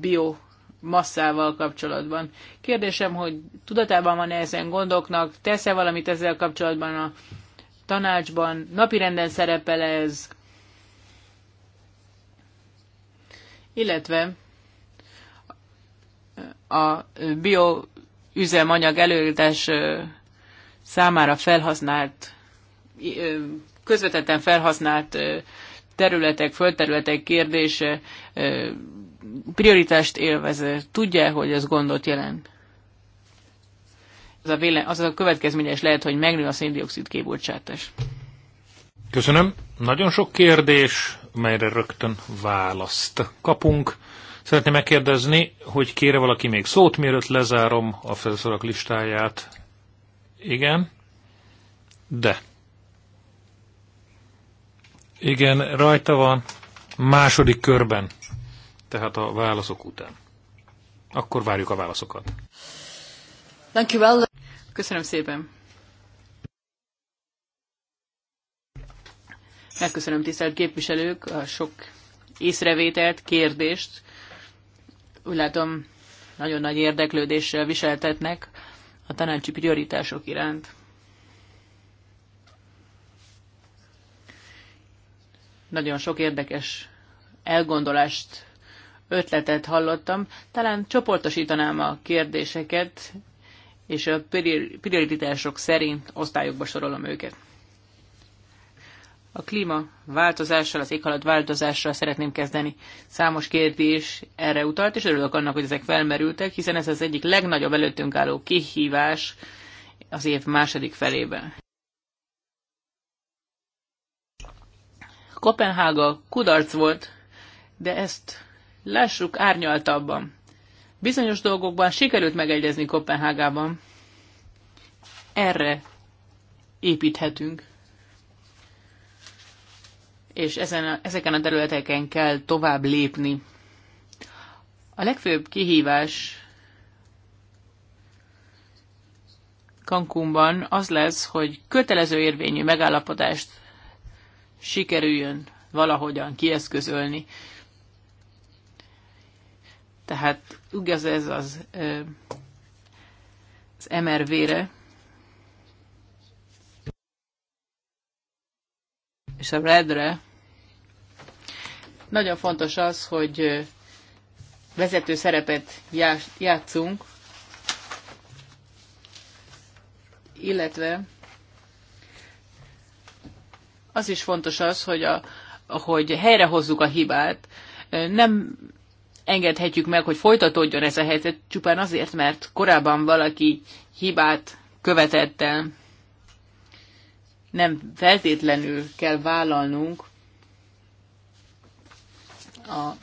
bio masszával kapcsolatban. Kérdésem, hogy tudatában van-e ezen gondoknak, tesz-e valamit ezzel kapcsolatban a tanácsban, napirenden szerepel ez, illetve a bioüzemanyag előírás számára felhasznált, közvetetten felhasznált területek, földterületek kérdése prioritást élvez. Tudja, hogy ez gondot jelent? Az a, véle, az a következményes lehet, hogy megnő a széndiokszid kibocsátás. Köszönöm. Nagyon sok kérdés, melyre rögtön választ kapunk. Szeretném megkérdezni, hogy kére valaki még szót, mielőtt lezárom a felszorak listáját. Igen. De. Igen, rajta van második körben, tehát a válaszok után. Akkor várjuk a válaszokat. Köszönöm szépen. Megköszönöm tisztelt képviselők a sok észrevételt, kérdést úgy látom, nagyon nagy érdeklődéssel viseltetnek a tanácsi prioritások iránt. Nagyon sok érdekes elgondolást, ötletet hallottam. Talán csoportosítanám a kérdéseket, és a prioritások szerint osztályokba sorolom őket. A klíma változással, az éghajlat változással szeretném kezdeni. Számos kérdés erre utalt, és örülök annak, hogy ezek felmerültek, hiszen ez az egyik legnagyobb előttünk álló kihívás az év második felében. Kopenhága kudarc volt, de ezt lássuk árnyaltabban. Bizonyos dolgokban sikerült megegyezni Kopenhágában. Erre építhetünk és ezen, ezeken a területeken kell tovább lépni. A legfőbb kihívás Cancúnban az lesz, hogy kötelező érvényű megállapodást sikerüljön valahogyan kieszközölni. Tehát ugye ez az, az MRV-re, és a Redre, nagyon fontos az, hogy vezető szerepet játszunk, illetve az is fontos az, hogy, a, hogy helyrehozzuk a hibát. Nem engedhetjük meg, hogy folytatódjon ez a helyzet csupán azért, mert korábban valaki hibát követett el. Nem feltétlenül kell vállalnunk a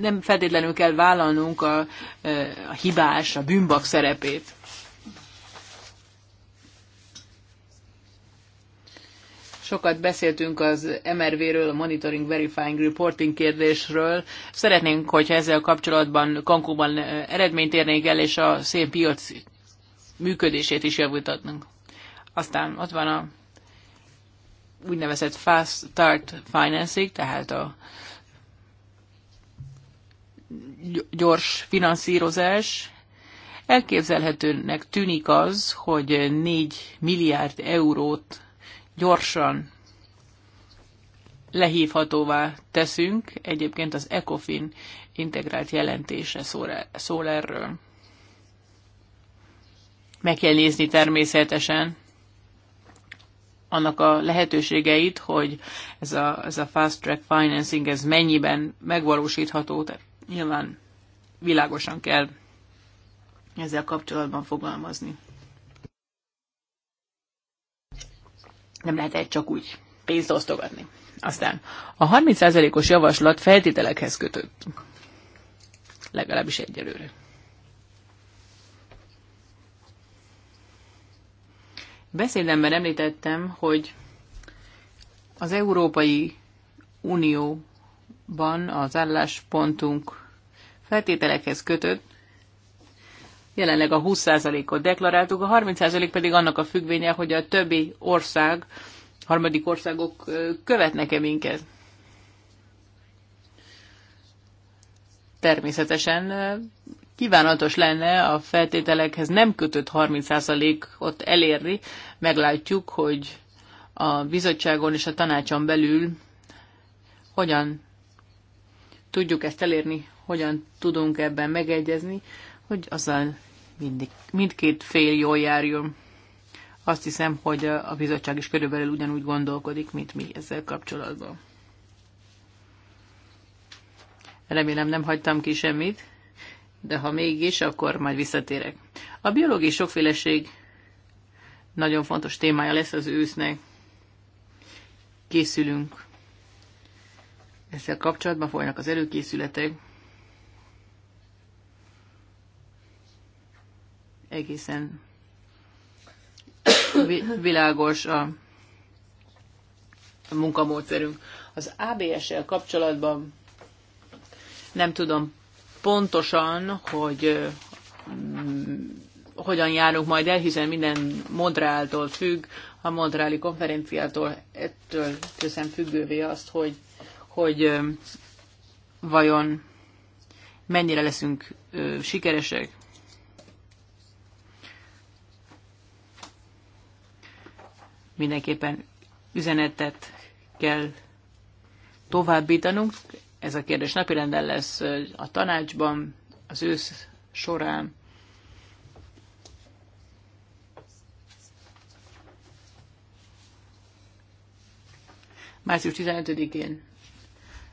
nem feltétlenül kell vállalnunk a, a hibás, a bűnbak szerepét. Sokat beszéltünk az MRV-ről, a Monitoring Verifying Reporting kérdésről. Szeretnénk, hogyha ezzel kapcsolatban Kankóban eredményt érnénk el, és a szép piac működését is javítatnunk. Aztán ott van a úgynevezett fast start financing, tehát a gyors finanszírozás. Elképzelhetőnek tűnik az, hogy 4 milliárd eurót gyorsan lehívhatóvá teszünk. Egyébként az ECOFIN integrált jelentése szól e- erről. Meg kell nézni természetesen annak a lehetőségeit, hogy ez a, ez a fast track financing, ez mennyiben megvalósítható, tehát nyilván világosan kell ezzel kapcsolatban fogalmazni. Nem lehet egy csak úgy pénzt osztogatni. Aztán a 30%-os javaslat feltételekhez kötött. Legalábbis egyelőre. Beszédemben említettem, hogy az Európai Unióban az álláspontunk feltételekhez kötött, jelenleg a 20%-ot deklaráltuk, a 30% pedig annak a függvénye, hogy a többi ország, harmadik országok követnek-e minket. Természetesen kívánatos lenne a feltételekhez nem kötött 30%-ot elérni. Meglátjuk, hogy a bizottságon és a tanácson belül hogyan tudjuk ezt elérni, hogyan tudunk ebben megegyezni, hogy azzal mindig, mindkét fél jól járjon. Azt hiszem, hogy a bizottság is körülbelül ugyanúgy gondolkodik, mint mi ezzel kapcsolatban. Remélem nem hagytam ki semmit de ha mégis, akkor majd visszatérek. A biológiai sokféleség nagyon fontos témája lesz az ősznek. Készülünk. Ezzel kapcsolatban folynak az előkészületek. Egészen világos a munkamódszerünk. Az abs el kapcsolatban nem tudom pontosan, hogy mm, hogyan járunk majd el, hiszen minden Montrealtól függ, a Montreali konferenciától ettől teszem függővé azt, hogy, hogy vajon mennyire leszünk sikeresek. Mindenképpen üzenetet kell továbbítanunk, ez a kérdés napirenden lesz a tanácsban, az ősz során. Március 15-én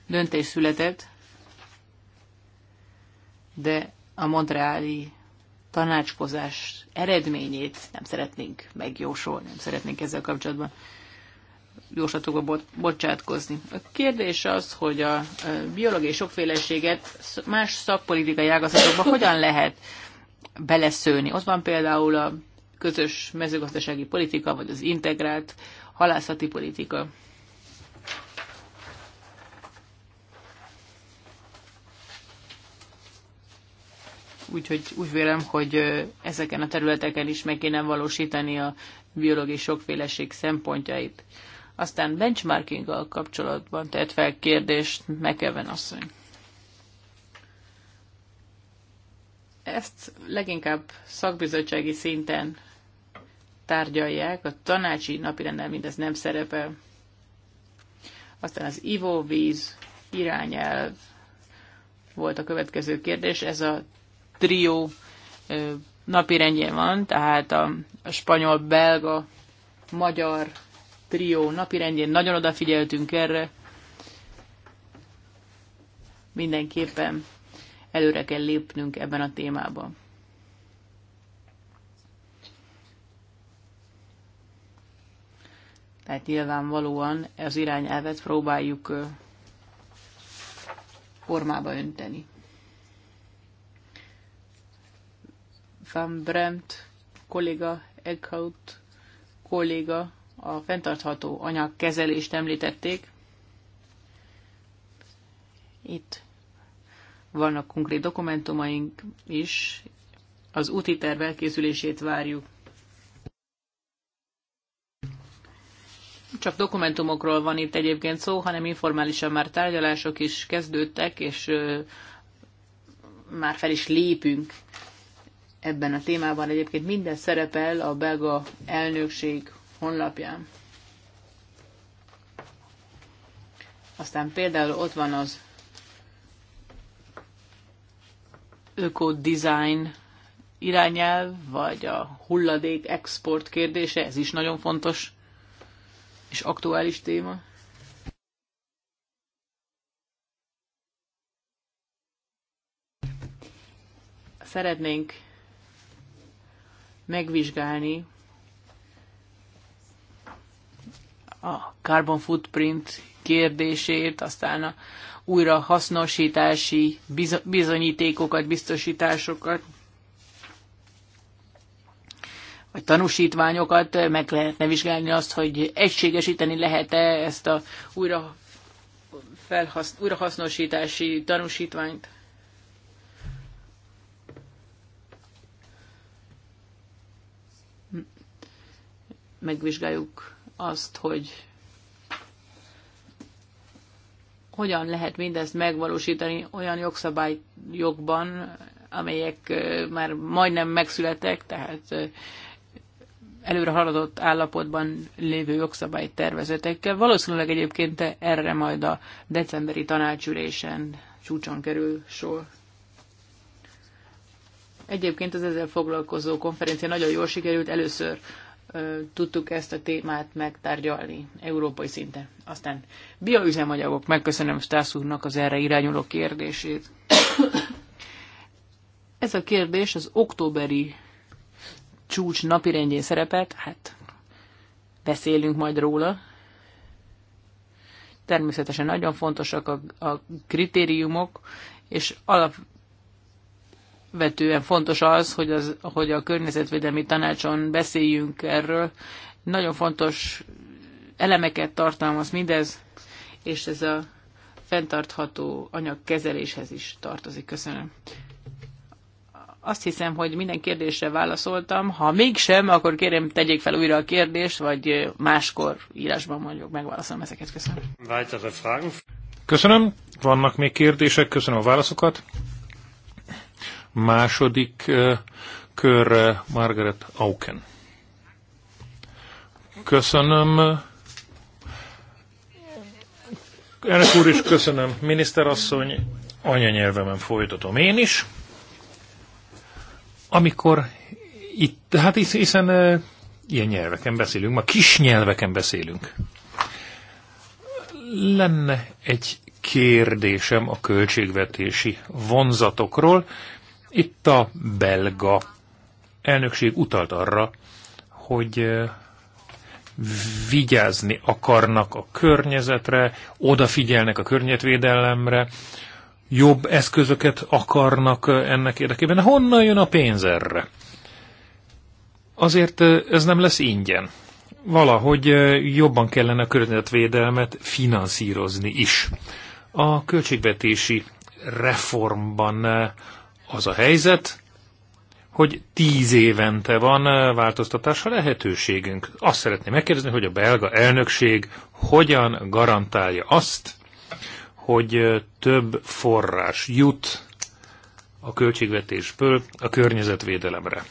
döntés született, de a montreáli tanácskozás eredményét nem szeretnénk megjósolni, nem szeretnénk ezzel kapcsolatban jóslatokba bot, bocsátkozni. A kérdés az, hogy a biológiai sokféleséget más szakpolitikai ágazatokban hogyan lehet beleszőni. Ott van például a közös mezőgazdasági politika, vagy az integrált halászati politika. Úgyhogy úgy vélem, hogy ezeken a területeken is meg kéne valósítani a biológiai sokféleség szempontjait. Aztán benchmarkinggal kapcsolatban tett fel kérdést McEwen asszony. Ezt leginkább szakbizottsági szinten tárgyalják, a tanácsi napirenden mindez nem szerepel. Aztán az ivóvíz irányelv volt a következő kérdés. Ez a trió napirendjén van, tehát a, a spanyol, belga, magyar trió napirendjén, nagyon odafigyeltünk erre. Mindenképpen előre kell lépnünk ebben a témában. Tehát nyilvánvalóan az irányelvet próbáljuk formába önteni. Van Bremt kolléga, Eckhout kolléga a fenntartható anyagkezelést említették. Itt vannak konkrét dokumentumaink is, az úti terv elkészülését várjuk. Csak dokumentumokról van itt egyébként szó, hanem informálisan már tárgyalások is kezdődtek, és ö, már fel is lépünk ebben a témában. Egyébként minden szerepel a belga elnökség honlapján. Aztán például ott van az öko-design irányelv, vagy a hulladék export kérdése, ez is nagyon fontos és aktuális téma. Szeretnénk megvizsgálni a carbon footprint kérdését, aztán a újra hasznosítási bizonyítékokat, biztosításokat, vagy tanúsítványokat, meg lehetne vizsgálni azt, hogy egységesíteni lehet-e ezt a újra felhasz, újrahasznosítási tanúsítványt. Megvizsgáljuk azt, hogy hogyan lehet mindezt megvalósítani olyan jogszabályokban, amelyek már majdnem megszülettek, tehát előre haladott állapotban lévő jogszabálytervezetekkel. Valószínűleg egyébként erre majd a decemberi tanácsülésen csúcson kerül sor. Egyébként az ezzel foglalkozó konferencia nagyon jól sikerült. Először tudtuk ezt a témát megtárgyalni európai szinten. Aztán bioüzemanyagok, megköszönöm Stász úrnak az erre irányuló kérdését. Ez a kérdés az októberi csúcs napirendjén szerepelt, hát beszélünk majd róla. Természetesen nagyon fontosak a, a kritériumok, és alap, vetően fontos az, hogy, az, hogy a környezetvédelmi tanácson beszéljünk erről. Nagyon fontos elemeket tartalmaz mindez, és ez a fenntartható anyagkezeléshez is tartozik. Köszönöm. Azt hiszem, hogy minden kérdésre válaszoltam. Ha mégsem, akkor kérem, tegyék fel újra a kérdést, vagy máskor írásban mondjuk megválaszolom ezeket. Köszönöm. Köszönöm. Vannak még kérdések, köszönöm a válaszokat. Második körre Margaret Auken. Köszönöm. Elnök úr is köszönöm, miniszterasszony. Anyanyelvemen folytatom én is. Amikor itt, hát hiszen ilyen nyelveken beszélünk, ma kis nyelveken beszélünk. Lenne egy kérdésem a költségvetési vonzatokról, itt a belga elnökség utalt arra, hogy vigyázni akarnak a környezetre, odafigyelnek a környezetvédelemre, jobb eszközöket akarnak ennek érdekében. Honnan jön a pénz erre? Azért ez nem lesz ingyen. Valahogy jobban kellene a környezetvédelmet finanszírozni is. A költségvetési reformban az a helyzet, hogy tíz évente van változtatásra lehetőségünk. Azt szeretném megkérdezni, hogy a belga elnökség hogyan garantálja azt, hogy több forrás jut a költségvetésből a környezetvédelemre.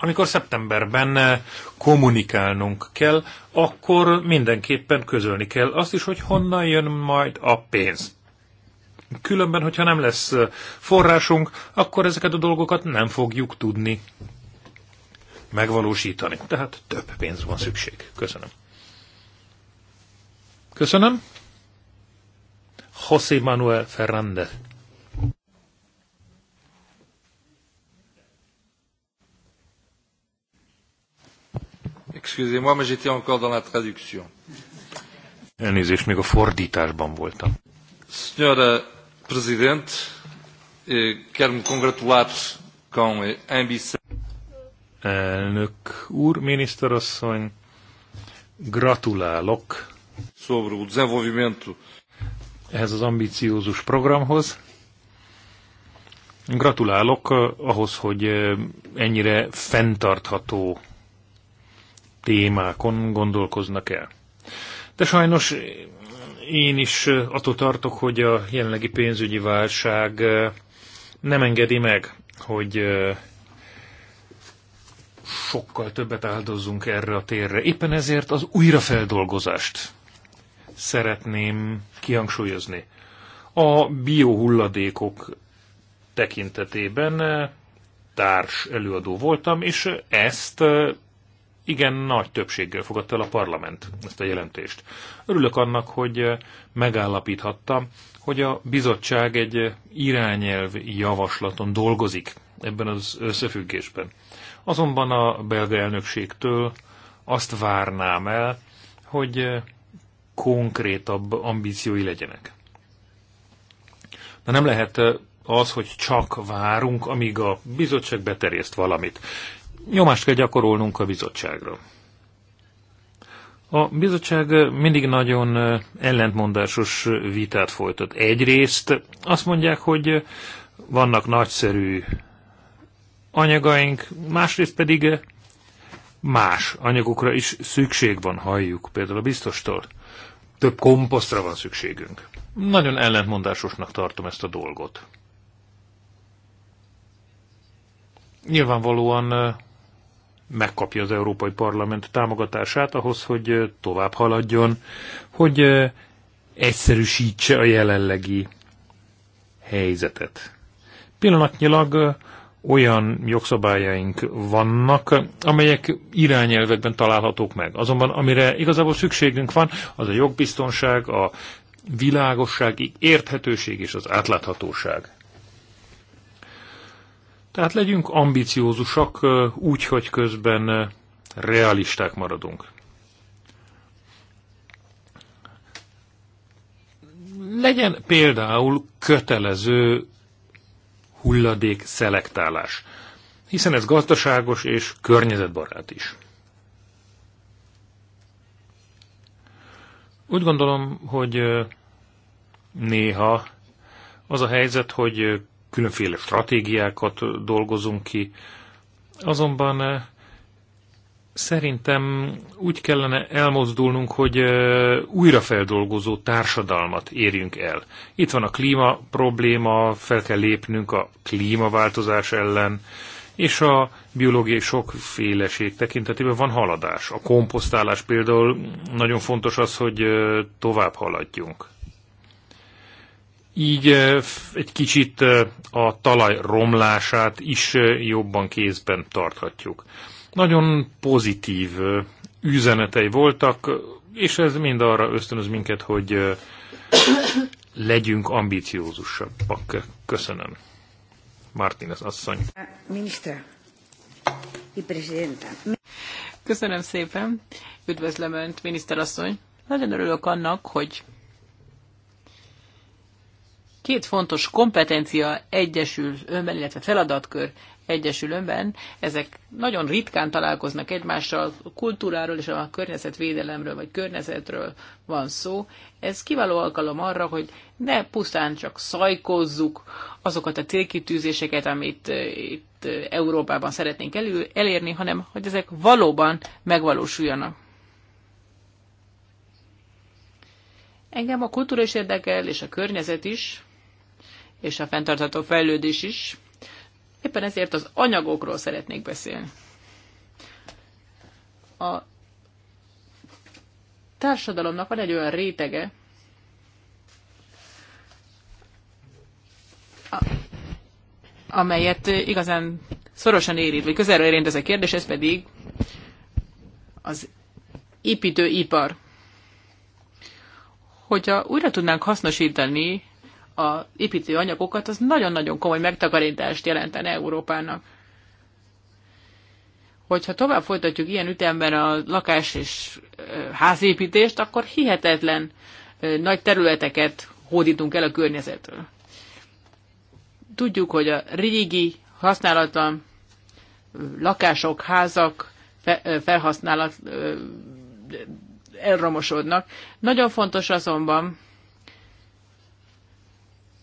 Amikor szeptemberben kommunikálnunk kell, akkor mindenképpen közölni kell azt is, hogy honnan jön majd a pénz. Különben, hogyha nem lesz forrásunk, akkor ezeket a dolgokat nem fogjuk tudni megvalósítani. Tehát több pénz van szükség. Köszönöm. Köszönöm. José Manuel Fernández. Excusez-moi, mais j'étais encore dans la traduction. Elnézést, még a fordításban voltam. Senhora Presidente. Eh, quero-me congratular com a ambição. Elnök úr, miniszterasszony, gratulálok. Sobre o desenvolvimento. Ehhez az ambiciózus programhoz. Gratulálok eh, ahhoz, hogy eh, ennyire fenntartható témákon gondolkoznak el. De sajnos én is attól tartok, hogy a jelenlegi pénzügyi válság nem engedi meg, hogy sokkal többet áldozzunk erre a térre. Éppen ezért az újrafeldolgozást szeretném kihangsúlyozni. A biohulladékok tekintetében társ előadó voltam, és ezt igen nagy többséggel fogadta el a parlament ezt a jelentést. Örülök annak, hogy eh, megállapíthattam, hogy a bizottság egy eh, irányelv javaslaton dolgozik ebben az összefüggésben. Azonban a belga elnökségtől azt várnám el, hogy eh, konkrétabb ambíciói legyenek. De nem lehet az, hogy csak várunk, amíg a bizottság beterjeszt valamit nyomást kell gyakorolnunk a bizottságra. A bizottság mindig nagyon ellentmondásos vitát folytat. Egyrészt azt mondják, hogy vannak nagyszerű anyagaink, másrészt pedig más anyagokra is szükség van, halljuk például a biztostól. Több komposztra van szükségünk. Nagyon ellentmondásosnak tartom ezt a dolgot. Nyilvánvalóan megkapja az Európai Parlament támogatását ahhoz, hogy tovább haladjon, hogy egyszerűsítse a jelenlegi helyzetet. Pillanatnyilag olyan jogszabályaink vannak, amelyek irányelvekben találhatók meg. Azonban amire igazából szükségünk van, az a jogbiztonság, a világosság, érthetőség és az átláthatóság. Tehát legyünk ambiciózusak úgy, hogy közben realisták maradunk. Legyen például kötelező hulladék szelektálás, hiszen ez gazdaságos és környezetbarát is. Úgy gondolom, hogy néha az a helyzet, hogy különféle stratégiákat dolgozunk ki, azonban eh, szerintem úgy kellene elmozdulnunk, hogy eh, újrafeldolgozó társadalmat érjünk el. Itt van a klíma probléma, fel kell lépnünk a klímaváltozás ellen, és a biológiai sokféleség tekintetében van haladás. A komposztálás például nagyon fontos az, hogy eh, tovább haladjunk így eh, egy kicsit eh, a talaj romlását is eh, jobban kézben tarthatjuk. Nagyon pozitív üzenetei voltak, és ez mind arra ösztönöz minket, hogy legyünk ambiciózusabbak. Köszönöm. Martínez asszony. Miniszter, Köszönöm szépen. Üdvözlöm Önt, miniszterasszony. Nagyon örülök annak, hogy Két fontos kompetencia egyesül önben, illetve feladatkör egyesül önben. Ezek nagyon ritkán találkoznak egymással, a kultúráról és a környezetvédelemről vagy környezetről van szó. Ez kiváló alkalom arra, hogy ne pusztán csak szajkozzuk azokat a célkitűzéseket, amit eh, itt eh, Európában szeretnénk elő, elérni, hanem hogy ezek valóban megvalósuljanak. Engem a kultúra is érdekel, és a környezet is, és a fenntartható fejlődés is. Éppen ezért az anyagokról szeretnék beszélni. A társadalomnak van egy olyan rétege, amelyet igazán szorosan érint, vagy közelről érint ez a kérdés, ez pedig az építőipar. Hogyha újra tudnánk hasznosítani a építő anyagokat, az nagyon-nagyon komoly megtakarítást jelentene Európának. Hogyha tovább folytatjuk ilyen ütemben a lakás és házépítést, akkor hihetetlen nagy területeket hódítunk el a környezetről. Tudjuk, hogy a régi használatlan lakások, házak felhasználat elromosodnak. Nagyon fontos azonban,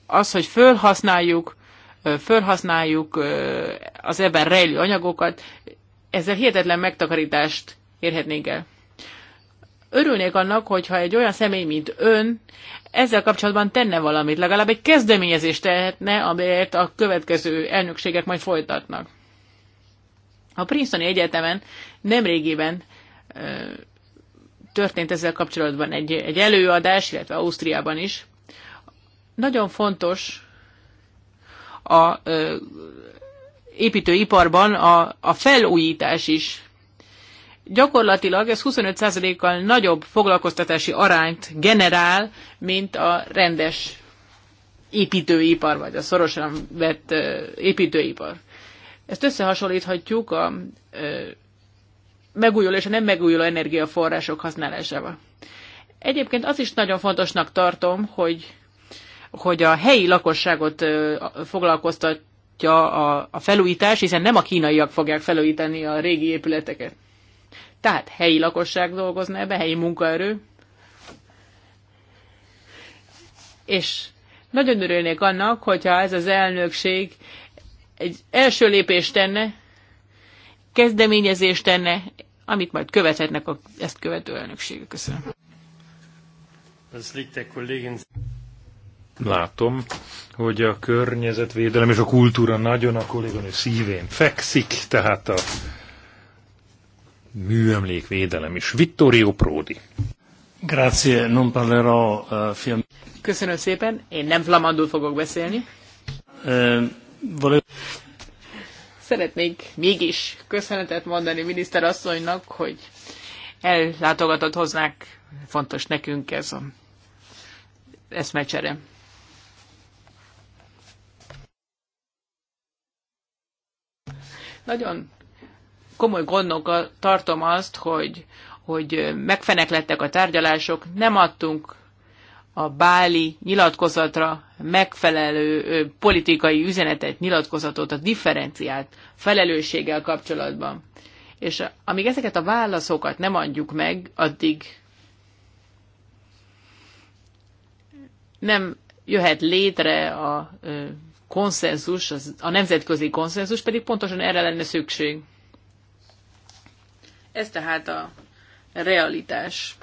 az, hogy fölhasználjuk, fölhasználjuk az ebben rejlő anyagokat, ezzel hihetetlen megtakarítást érhetnénk el. Örülnék annak, hogyha egy olyan személy, mint ön, ezzel kapcsolatban tenne valamit, legalább egy kezdeményezést tehetne, amelyet a következő elnökségek majd folytatnak. A Princetoni Egyetemen nemrégiben történt ezzel kapcsolatban egy, egy előadás, illetve Ausztriában is. Nagyon fontos a ö, építőiparban a, a felújítás is. Gyakorlatilag ez 25%-kal nagyobb foglalkoztatási arányt generál, mint a rendes építőipar, vagy a szorosan vett építőipar. Ezt összehasonlíthatjuk a megújuló és a nem megújuló energiaforrások használásával. Egyébként azt is nagyon fontosnak tartom, hogy hogy a helyi lakosságot foglalkoztatja a, a felújítás, hiszen nem a kínaiak fogják felújítani a régi épületeket. Tehát helyi lakosság dolgozna ebbe, helyi munkaerő. És nagyon örülnék annak, hogyha ez az elnökség egy első lépést tenne, kezdeményezést tenne, amit majd követhetnek a ezt követő elnökségek. Köszönöm látom, hogy a környezetvédelem és a kultúra nagyon a kolléganő szívén fekszik, tehát a műemlékvédelem is. Vittorio Prodi. Grazie, non parlerò uh, film. Köszönöm szépen, én nem flamandul fogok beszélni. Uh, Szeretnék mégis köszönetet mondani miniszterasszonynak, hogy ellátogatott hoznák, fontos nekünk ez a eszmecsere. Nagyon komoly gondokkal tartom azt, hogy, hogy megfeneklettek a tárgyalások, nem adtunk a báli nyilatkozatra megfelelő politikai üzenetet, nyilatkozatot a differenciált felelősséggel kapcsolatban. És amíg ezeket a válaszokat nem adjuk meg, addig nem jöhet létre a konszenzus, az, a nemzetközi konszenzus pedig pontosan erre lenne szükség. Ez tehát a realitás.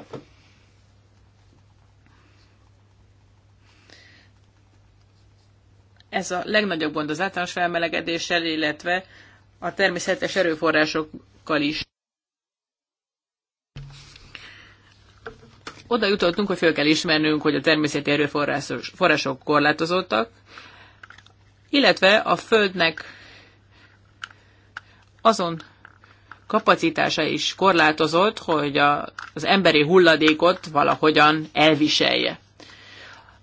Ez a legnagyobb gond az általános felmelegedéssel, illetve a természetes erőforrásokkal is. Oda jutottunk, hogy föl kell ismernünk, hogy a természeti erőforrások korlátozottak, illetve a Földnek azon kapacitása is korlátozott, hogy a, az emberi hulladékot valahogyan elviselje.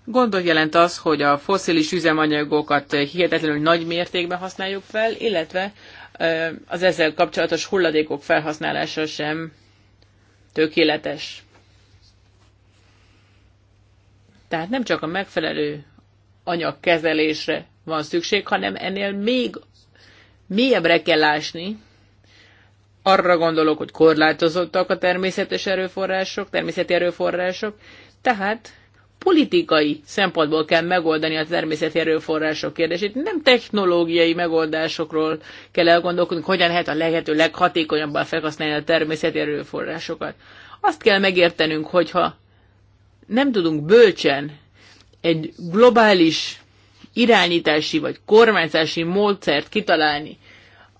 Gondot jelent az, hogy a foszilis üzemanyagokat hihetetlenül nagy mértékben használjuk fel, illetve az ezzel kapcsolatos hulladékok felhasználása sem tökéletes. Tehát nem csak a megfelelő anyagkezelésre van szükség, hanem ennél még mélyebbre kell ásni. Arra gondolok, hogy korlátozottak a természetes erőforrások, természeti erőforrások, tehát politikai szempontból kell megoldani a természeti erőforrások kérdését. Nem technológiai megoldásokról kell elgondolkodni, hogyan lehet a lehető leghatékonyabban felhasználni a természeti erőforrásokat. Azt kell megértenünk, hogyha nem tudunk bölcsen egy globális irányítási vagy kormányzási módszert kitalálni,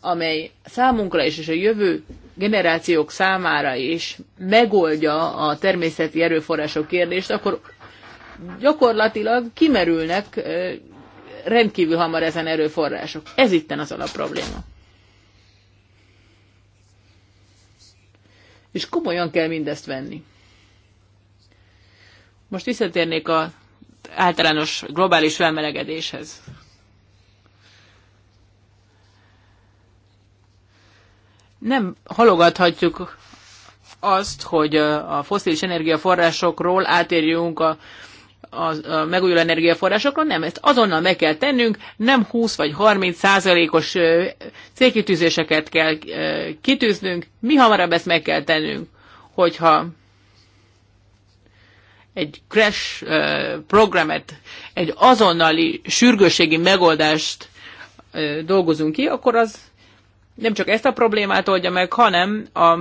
amely számunkra is és a jövő generációk számára is megoldja a természeti erőforrások kérdést, akkor gyakorlatilag kimerülnek rendkívül hamar ezen erőforrások. Ez itten az alapprobléma. És komolyan kell mindezt venni. Most visszatérnék a általános globális felmelegedéshez. Nem halogathatjuk azt, hogy uh, a foszilis energiaforrásokról átérjünk a, a, a megújuló energiaforrásokra. nem, ezt azonnal meg kell tennünk, nem 20 vagy 30 százalékos uh, célkitűzéseket kell uh, kitűznünk, mi hamarabb ezt meg kell tennünk, hogyha egy crash programet, egy azonnali sürgősségi megoldást dolgozunk ki, akkor az nem csak ezt a problémát oldja meg, hanem a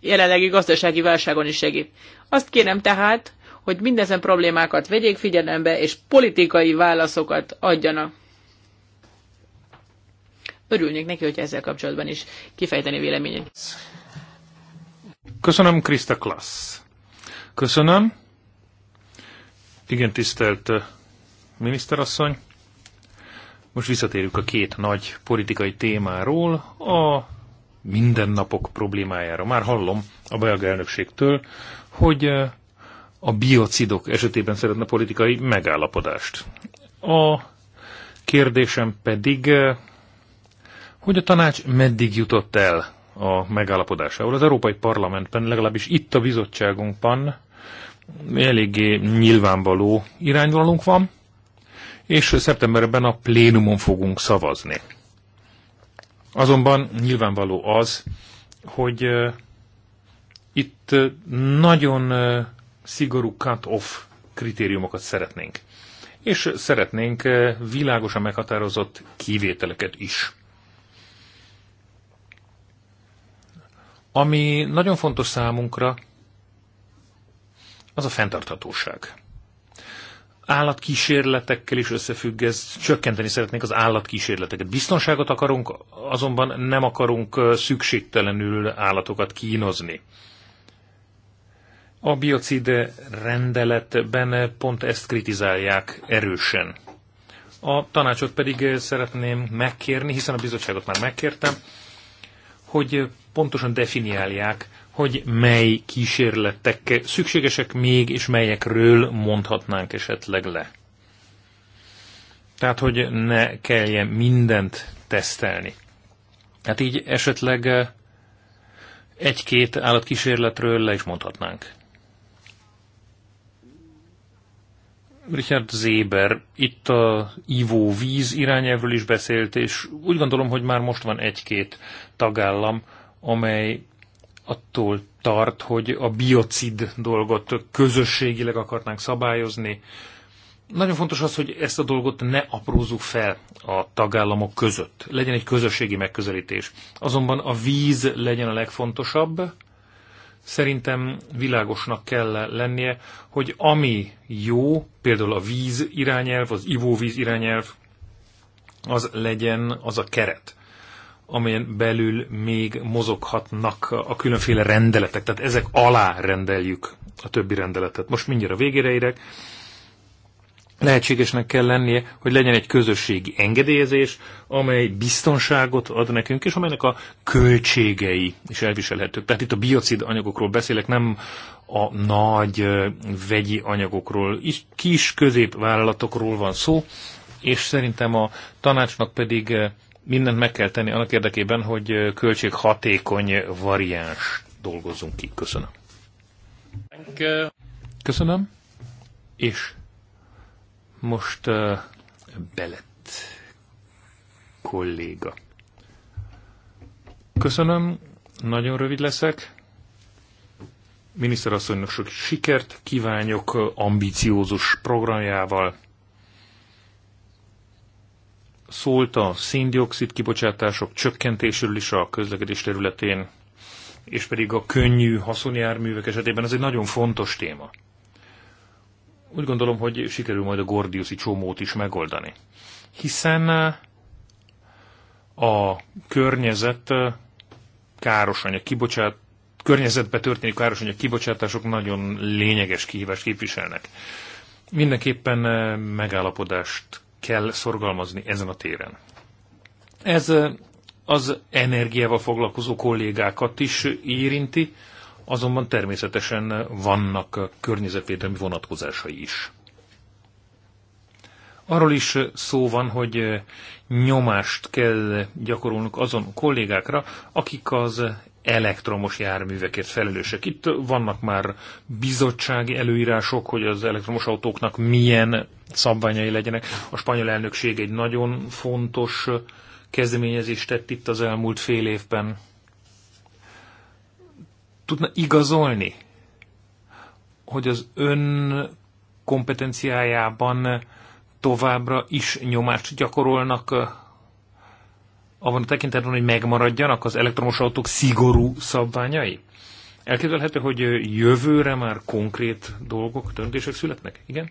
jelenlegi gazdasági válságon is segít. Azt kérem tehát, hogy mindezen problémákat vegyék figyelembe, és politikai válaszokat adjanak. Örülnék neki, hogy ezzel kapcsolatban is kifejteni véleményét. Köszönöm, Krista Klassz. Köszönöm. Igen, tisztelt miniszterasszony. Most visszatérünk a két nagy politikai témáról, a mindennapok problémájára. Már hallom a belga elnökségtől, hogy a biocidok esetében szeretne politikai megállapodást. A kérdésem pedig, hogy a tanács meddig jutott el a megállapodásával. Az Európai Parlamentben, legalábbis itt a bizottságunkban eléggé nyilvánvaló irányvonalunk van, és szeptemberben a plénumon fogunk szavazni. Azonban nyilvánvaló az, hogy uh, itt uh, nagyon uh, szigorú cut-off kritériumokat szeretnénk. És szeretnénk uh, világosan meghatározott kivételeket is. Ami nagyon fontos számunkra, az a fenntarthatóság. Állatkísérletekkel is összefügg ez, csökkenteni szeretnék az állatkísérleteket. Biztonságot akarunk, azonban nem akarunk szükségtelenül állatokat kínozni. A biocide rendeletben pont ezt kritizálják erősen. A tanácsot pedig szeretném megkérni, hiszen a bizottságot már megkértem, hogy pontosan definiálják, hogy mely kísérletek szükségesek még, és melyekről mondhatnánk esetleg le. Tehát, hogy ne kelljen mindent tesztelni. Hát így esetleg eh, egy-két állatkísérletről le is mondhatnánk. Richard Zéber itt a víz irányelvről is beszélt, és úgy gondolom, hogy már most van egy-két tagállam, amely attól tart, hogy a biocid dolgot közösségileg akarnánk szabályozni. Nagyon fontos az, hogy ezt a dolgot ne aprózzuk fel a tagállamok között. Legyen egy közösségi megközelítés. Azonban a víz legyen a legfontosabb. Szerintem világosnak kell lennie, hogy ami jó, például a víz irányelv, az ivóvíz irányelv, az legyen az a keret, amelyen belül még mozoghatnak a különféle rendeletek, tehát ezek alá rendeljük a többi rendeletet. Most mindjárt a végére érek. Lehetségesnek kell lennie, hogy legyen egy közösségi engedélyezés, amely biztonságot ad nekünk, és amelynek a költségei is elviselhetők. Tehát itt a biocid anyagokról beszélek, nem a nagy vegyi anyagokról, is kis középvállalatokról van szó, és szerintem a tanácsnak pedig mindent meg kell tenni annak érdekében, hogy költséghatékony variáns dolgozzunk ki. Köszönöm. Köszönöm. És most uh, Belett kolléga. Köszönöm, nagyon rövid leszek. Miniszterasszonynak sok sikert kívánok ambiciózus programjával szólt a széndiokszid kibocsátások csökkentéséről is a közlekedés területén, és pedig a könnyű haszonjárművek esetében ez egy nagyon fontos téma. Úgy gondolom, hogy sikerül majd a gordiusi csomót is megoldani. Hiszen eh, a környezet eh, káros anyag kibocsát, környezetbe történő káros anyag kibocsátások nagyon lényeges kihívást képviselnek. Mindenképpen eh, megállapodást kell szorgalmazni ezen a téren. Ez az energiával foglalkozó kollégákat is érinti, azonban természetesen vannak környezetvédelmi vonatkozásai is. Arról is szó van, hogy nyomást kell gyakorolnunk azon kollégákra, akik az elektromos járművekért felelősek. Itt vannak már bizottsági előírások, hogy az elektromos autóknak milyen szabványai legyenek. A spanyol elnökség egy nagyon fontos kezdeményezést tett itt az elmúlt fél évben. Tudna igazolni, hogy az ön kompetenciájában továbbra is nyomást gyakorolnak abban a tekintetben, hogy megmaradjanak az elektromos autók szigorú szabványai? Elképzelhető, hogy jövőre már konkrét dolgok, döntések születnek? Igen.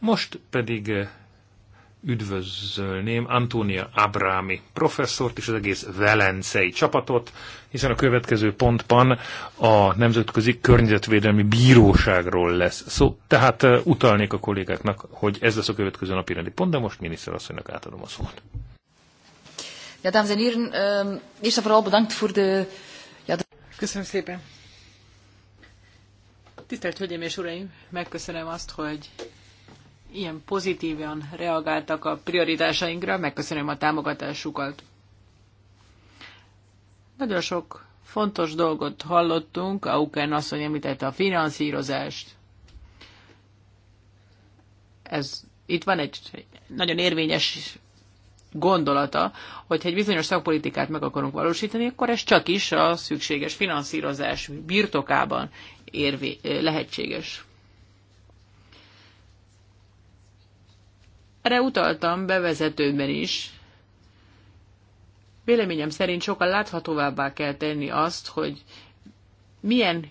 Most pedig üdvözölném Antónia Abrámi professzort és az egész velencei csapatot, hiszen a következő pontban a Nemzetközi Környezetvédelmi Bíróságról lesz szó. Szóval, tehát utalnék a kollégáknak, hogy ez lesz a következő napi rendi pont, de most miniszterasszonynak átadom a szót. Ja, dames en heren, um, eerst en vooral bedankt voor de... Ja, de... Köszönöm szépen. Tisztelt Hölgyeim és Uraim, megköszönöm azt, hogy ilyen pozitívan reagáltak a prioritásainkra, megköszönöm a támogatásukat. Nagyon sok fontos dolgot hallottunk, Aukern asszony említette a finanszírozást. Ez, itt van egy nagyon érvényes gondolata, hogy egy bizonyos szakpolitikát meg akarunk valósítani, akkor ez csak is a szükséges finanszírozás birtokában érvé, lehetséges. Erre utaltam bevezetőben is. Véleményem szerint sokkal láthatóvábbá kell tenni azt, hogy milyen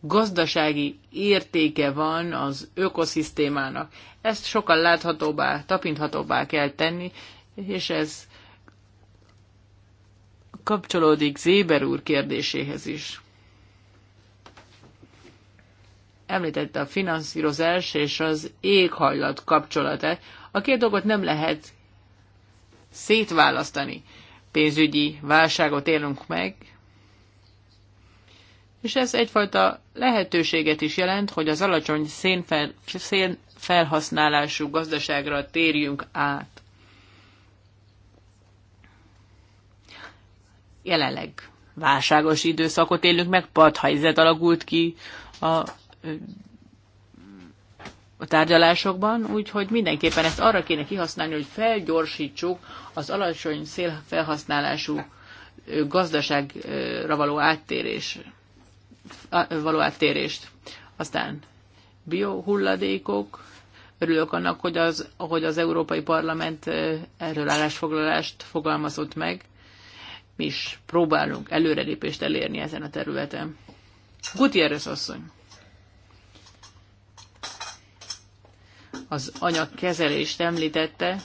gazdasági értéke van az ökoszisztémának. Ezt sokkal láthatóbbá, tapinthatóbbá kell tenni, és ez kapcsolódik Zéber úr kérdéséhez is. Említette a finanszírozás és az éghajlat kapcsolata A két dolgot nem lehet szétválasztani. Pénzügyi válságot élünk meg, és ez egyfajta lehetőséget is jelent, hogy az alacsony szénfelhasználású gazdaságra térjünk át. jelenleg válságos időszakot élünk meg, padhelyzet alakult ki a, a tárgyalásokban, úgyhogy mindenképpen ezt arra kéne kihasználni, hogy felgyorsítsuk az alacsony szélfelhasználású gazdaságra való áttérés, való áttérést. Aztán biohulladékok, örülök annak, hogy az, ahogy az Európai Parlament erről állásfoglalást fogalmazott meg, mi is próbálunk előrelépést elérni ezen a területen. Gutierrez asszony. Az anyagkezelést említette,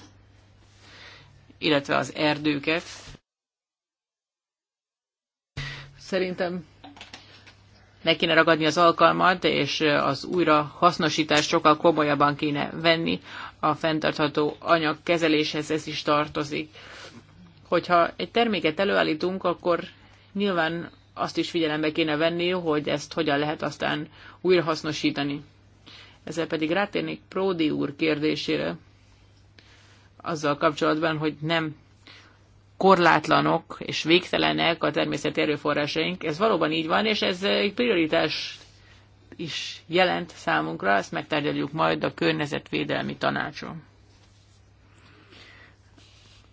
illetve az erdőket. Szerintem meg kéne ragadni az alkalmat, és az újra hasznosítást sokkal komolyabban kéne venni. A fenntartható anyagkezeléshez ez is tartozik hogyha egy terméket előállítunk, akkor nyilván azt is figyelembe kéne venni, hogy ezt hogyan lehet aztán újrahasznosítani. Ezzel pedig rátérnék Pródi úr kérdésére, azzal kapcsolatban, hogy nem korlátlanok és végtelenek a természeti erőforrásaink. Ez valóban így van, és ez egy prioritás is jelent számunkra, ezt megtárgyaljuk majd a környezetvédelmi tanácson.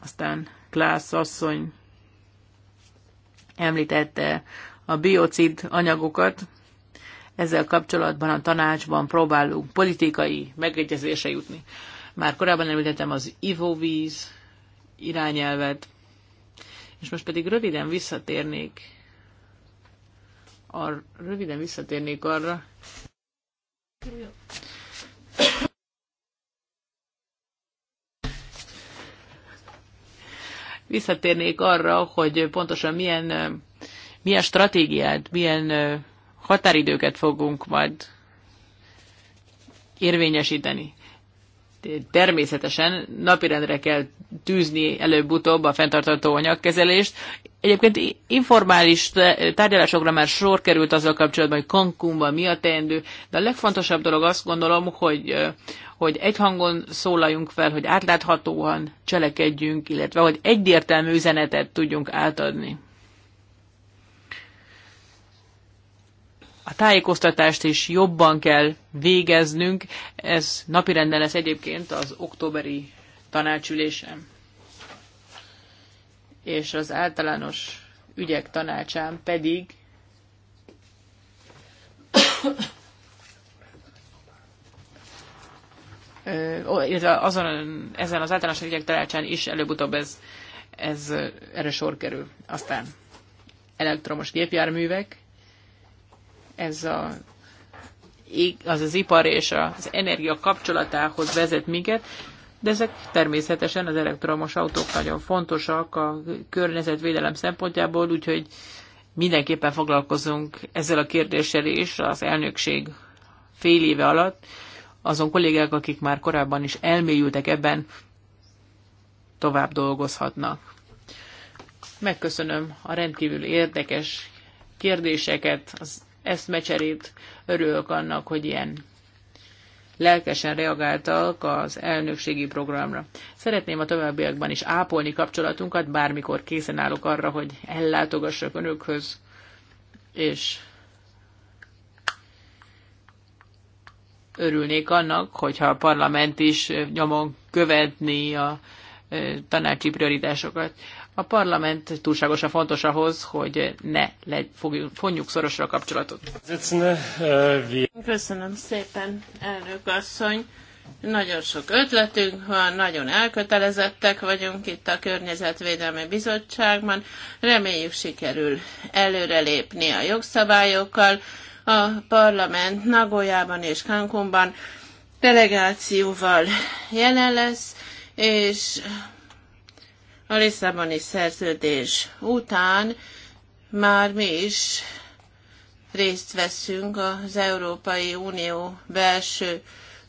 Aztán Klász asszony említette a biocid anyagokat. Ezzel kapcsolatban a tanácsban próbálunk politikai megegyezésre jutni. Már korábban említettem az ivóvíz irányelvet, és most pedig röviden visszatérnék, a röviden visszatérnék arra, visszatérnék arra, hogy pontosan milyen, milyen stratégiát, milyen határidőket fogunk majd érvényesíteni természetesen napirendre kell tűzni előbb-utóbb a fenntartató anyagkezelést. Egyébként informális tárgyalásokra már sor került azzal kapcsolatban, hogy Cancúnban mi a teendő, de a legfontosabb dolog azt gondolom, hogy, hogy egy hangon szólaljunk fel, hogy átláthatóan cselekedjünk, illetve hogy egyértelmű üzenetet tudjunk átadni. a tájékoztatást is jobban kell végeznünk. Ez napirenden lesz egyébként az októberi tanácsülésem. És az általános ügyek tanácsán pedig (coughs) illetve azon, ezen az általános ügyek tanácsán is előbb-utóbb ez, ez erre sor kerül. Aztán elektromos gépjárművek, ez a, az az ipar és az energia kapcsolatához vezet minket, de ezek természetesen az elektromos autók nagyon fontosak a környezetvédelem szempontjából, úgyhogy mindenképpen foglalkozunk ezzel a kérdéssel is az elnökség fél éve alatt. Azon kollégák, akik már korábban is elmélyültek ebben, tovább dolgozhatnak. Megköszönöm a rendkívül érdekes kérdéseket, az eszmecserét. Örülök annak, hogy ilyen lelkesen reagáltak az elnökségi programra. Szeretném a továbbiakban is ápolni kapcsolatunkat, bármikor készen állok arra, hogy ellátogassak önökhöz, és örülnék annak, hogyha a parlament is nyomon követni a tanácsi prioritásokat. A parlament túlságosan fontos ahhoz, hogy ne legy, fogjuk, szorosra a kapcsolatot. Köszönöm szépen, elnök asszony. Nagyon sok ötletünk van, nagyon elkötelezettek vagyunk itt a Környezetvédelmi Bizottságban. Reméljük sikerül előrelépni a jogszabályokkal. A parlament Nagójában és kankumban delegációval jelen lesz, és a Lisszaboni szerződés után már mi is részt veszünk az Európai Unió belső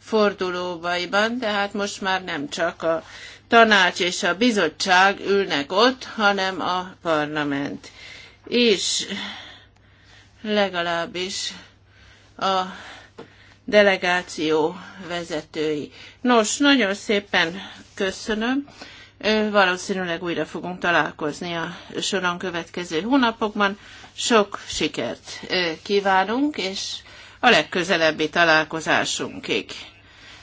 fordulóbaiban, tehát most már nem csak a tanács és a bizottság ülnek ott, hanem a parlament. És legalábbis a delegáció vezetői. Nos, nagyon szépen köszönöm Valószínűleg újra fogunk találkozni a soron következő hónapokban. Sok sikert kívánunk, és a legközelebbi találkozásunkig.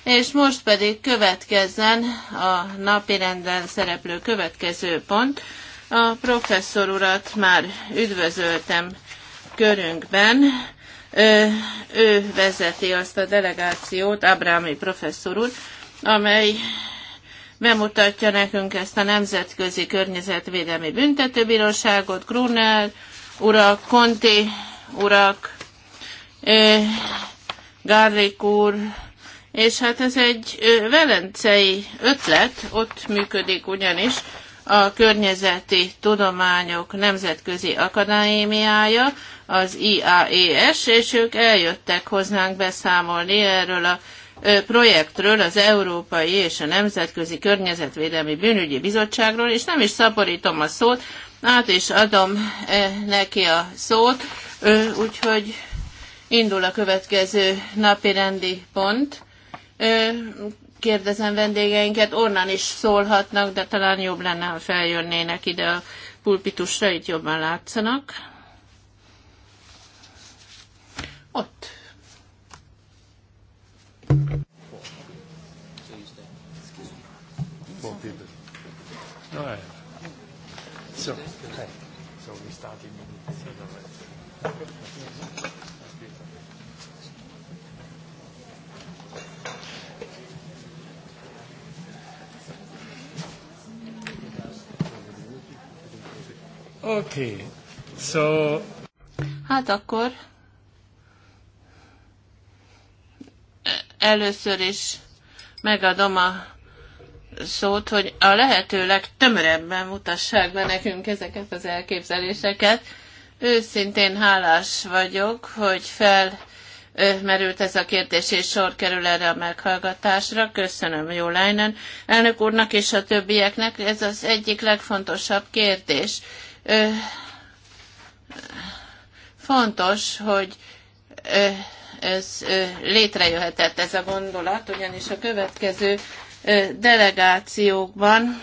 És most pedig következzen a napirenden szereplő következő pont. A professzor urat már üdvözöltem körünkben. Ő, ő vezeti azt a delegációt, Ábrámi professzor úr, amely bemutatja nekünk ezt a Nemzetközi Környezetvédelmi Büntetőbíróságot, Grunel, urak, Konti, urak, Gárlik úr, és hát ez egy velencei ötlet, ott működik ugyanis a Környezeti Tudományok Nemzetközi Akadémiája, az IAES, és ők eljöttek hoznánk beszámolni erről a projektről, az Európai és a Nemzetközi Környezetvédelmi Bűnügyi Bizottságról, és nem is szaporítom a szót, át is adom neki a szót, úgyhogy indul a következő napi rendi pont. Kérdezem vendégeinket, onnan is szólhatnak, de talán jobb lenne, ha feljönnének ide a pulpitusra, itt jobban látszanak. Ott Okay. So... Hát akkor Először is megadom a szót, hogy a lehető legtömörebben mutassák be nekünk ezeket az elképzeléseket. Őszintén hálás vagyok, hogy fel merült ez a kérdés, és sor kerül erre a meghallgatásra. Köszönöm Jó Leinen elnök úrnak és a többieknek. Ez az egyik legfontosabb kérdés. fontos, hogy ez létrejöhetett ez a gondolat, ugyanis a következő delegációkban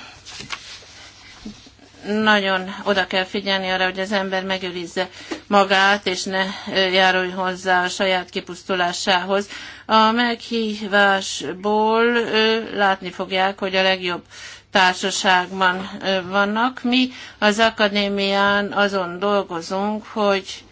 nagyon oda kell figyelni arra, hogy az ember megőrizze magát, és ne járulj hozzá a saját kipusztulásához. A meghívásból látni fogják, hogy a legjobb társaságban vannak. Mi az akadémián azon dolgozunk, hogy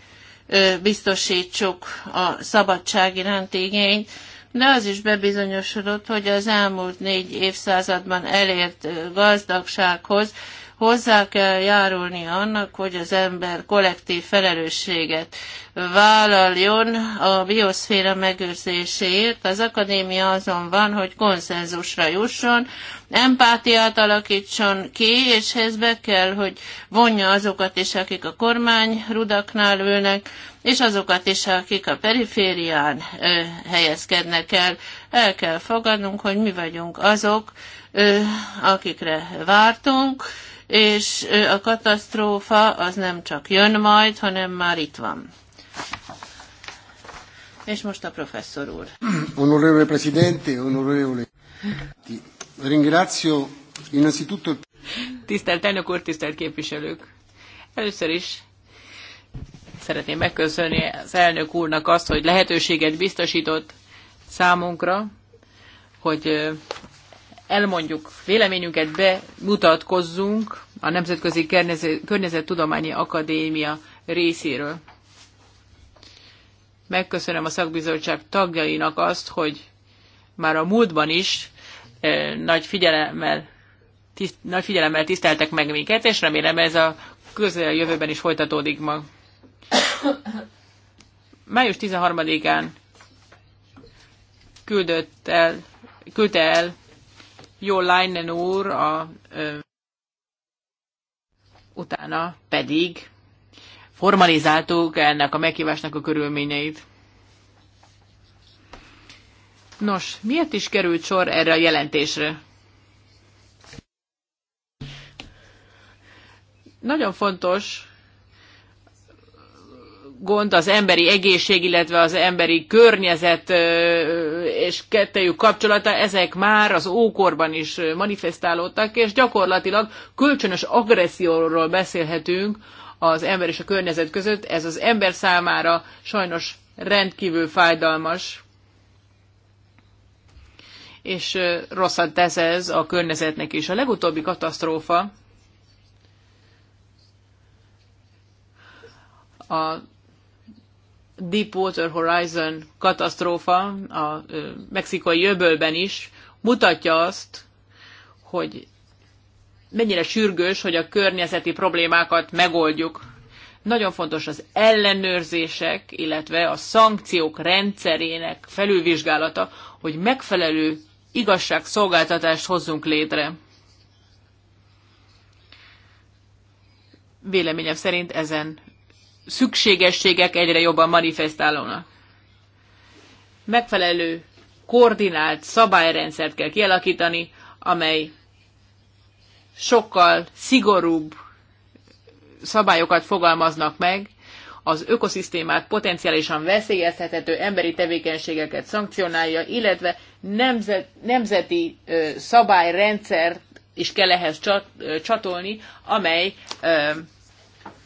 biztosítsuk a szabadság iránti igényt, de az is bebizonyosodott, hogy az elmúlt négy évszázadban elért gazdagsághoz Hozzá kell járulni annak, hogy az ember kollektív felelősséget vállaljon a bioszféra megőrzéséért. Az akadémia azon van, hogy konszenzusra jusson, empátiát alakítson ki, és ez be kell, hogy vonja azokat is, akik a kormány rudaknál ülnek, és azokat is, akik a periférián ö, helyezkednek el. El kell fogadnunk, hogy mi vagyunk azok, ö, akikre vártunk, és a katasztrófa az nem csak jön majd, hanem már itt van. És most a professzor úr. Onorevole Presidente, onorevole. Ringrazio innanzitutto. Tisztelt elnök úr, tisztelt képviselők. Először is szeretném megköszönni az elnök úrnak azt, hogy lehetőséget biztosított számunkra, hogy elmondjuk véleményünket, bemutatkozzunk a Nemzetközi Környezettudományi Akadémia részéről. Megköszönöm a szakbizottság tagjainak azt, hogy már a múltban is eh, nagy figyelemmel, tiszt, nagy figyelemmel tiszteltek meg minket, és remélem ez a közeljövőben is folytatódik ma. Május 13-án küldött el, küldte el jó Leinen úr, a, ö, utána pedig formalizáltuk ennek a meghívásnak a körülményeit. Nos, miért is került sor erre a jelentésre? Nagyon fontos, gond az emberi egészség, illetve az emberi környezet és kettejük kapcsolata, ezek már az ókorban is manifestálódtak, és gyakorlatilag kölcsönös agresszióról beszélhetünk az ember és a környezet között. Ez az ember számára sajnos rendkívül fájdalmas, és rosszat tesz ez a környezetnek is. A legutóbbi katasztrófa, a Deepwater Horizon katasztrófa a mexikai öbölben is mutatja azt, hogy mennyire sürgős, hogy a környezeti problémákat megoldjuk. Nagyon fontos az ellenőrzések, illetve a szankciók rendszerének felülvizsgálata, hogy megfelelő igazságszolgáltatást hozzunk létre. Véleményem szerint ezen szükségességek egyre jobban manifestálónak. Megfelelő, koordinált szabályrendszert kell kialakítani, amely sokkal szigorúbb szabályokat fogalmaznak meg, az ökoszisztémát potenciálisan veszélyeztethető emberi tevékenységeket szankcionálja, illetve nemzet, nemzeti ö, szabályrendszert is kell ehhez csat, ö, csatolni, amely ö,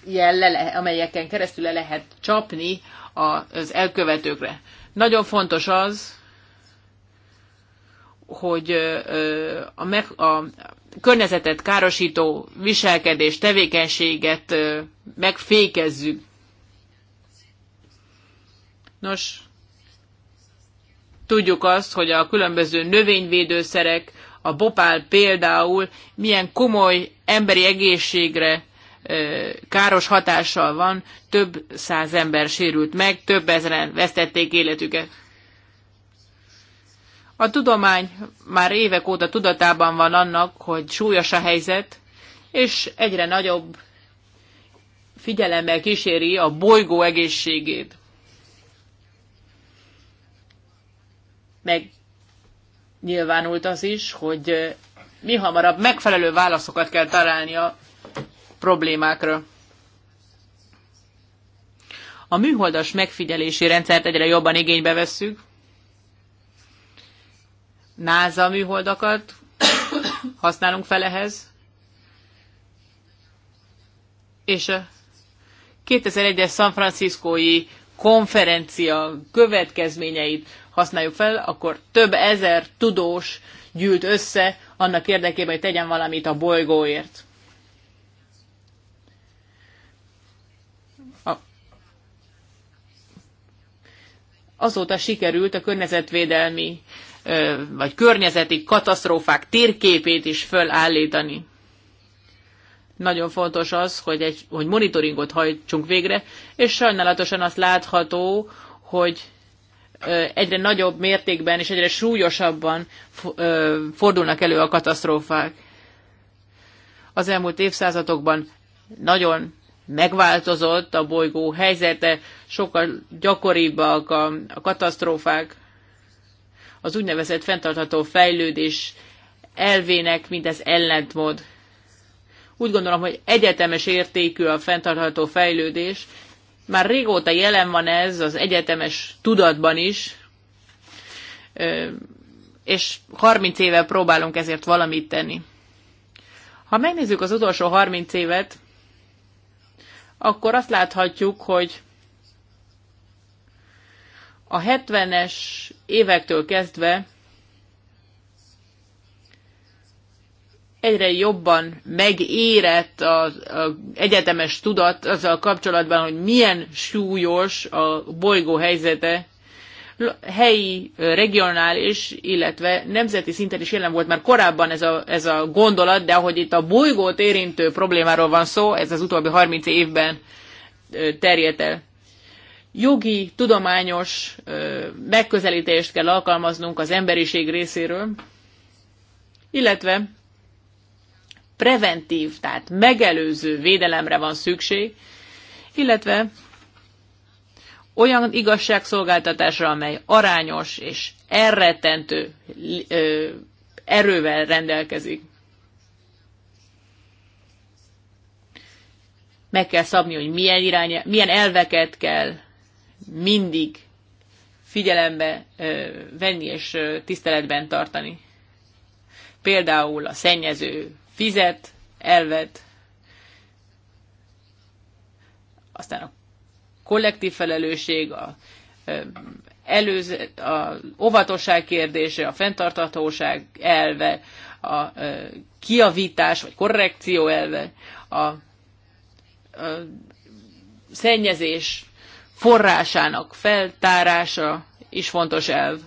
jelle, amelyeken keresztül le lehet csapni az elkövetőkre. Nagyon fontos az, hogy a, meg, a környezetet károsító viselkedés, tevékenységet megfékezzük. Nos, tudjuk azt, hogy a különböző növényvédőszerek, a bopál például milyen komoly emberi egészségre káros hatással van, több száz ember sérült meg, több ezeren vesztették életüket. A tudomány már évek óta tudatában van annak, hogy súlyos a helyzet, és egyre nagyobb figyelemmel kíséri a bolygó egészségét. Meg nyilvánult az is, hogy mi hamarabb megfelelő válaszokat kell találni a problémákra. A műholdas megfigyelési rendszert egyre jobban igénybe vesszük. Náza műholdakat használunk fel ehhez. És a 2001-es San Franciscói konferencia következményeit használjuk fel, akkor több ezer tudós gyűlt össze annak érdekében, hogy tegyen valamit a bolygóért. azóta sikerült a környezetvédelmi vagy környezeti katasztrófák térképét is fölállítani. Nagyon fontos az, hogy, egy, hogy monitoringot hajtsunk végre, és sajnálatosan azt látható, hogy egyre nagyobb mértékben és egyre súlyosabban fordulnak elő a katasztrófák. Az elmúlt évszázadokban nagyon megváltozott a bolygó helyzete, sokkal gyakoribbak a, a katasztrófák. Az úgynevezett fenntartható fejlődés elvének mindez ellentmond. Úgy gondolom, hogy egyetemes értékű a fenntartható fejlődés. Már régóta jelen van ez az egyetemes tudatban is, és 30 éve próbálunk ezért valamit tenni. Ha megnézzük az utolsó 30 évet, akkor azt láthatjuk, hogy a 70-es évektől kezdve egyre jobban megérett az, egyetemes tudat azzal kapcsolatban, hogy milyen súlyos a bolygó helyzete, helyi, regionális, illetve nemzeti szinten is jelen volt már korábban ez a, ez a gondolat, de ahogy itt a bolygót érintő problémáról van szó, ez az utóbbi 30 évben terjedt el. Jogi, tudományos megközelítést kell alkalmaznunk az emberiség részéről, illetve preventív, tehát megelőző védelemre van szükség, illetve olyan igazságszolgáltatásra, amely arányos és elrettentő erővel rendelkezik. Meg kell szabni, hogy milyen, irány, milyen elveket kell mindig figyelembe venni és tiszteletben tartani. Például a szennyező fizet, elvet, aztán a kollektív felelősség, a, előz, a óvatosság kérdése, a fenntartatóság elve, a kiavítás vagy korrekció elve, a, a szennyezés forrásának feltárása is fontos elv.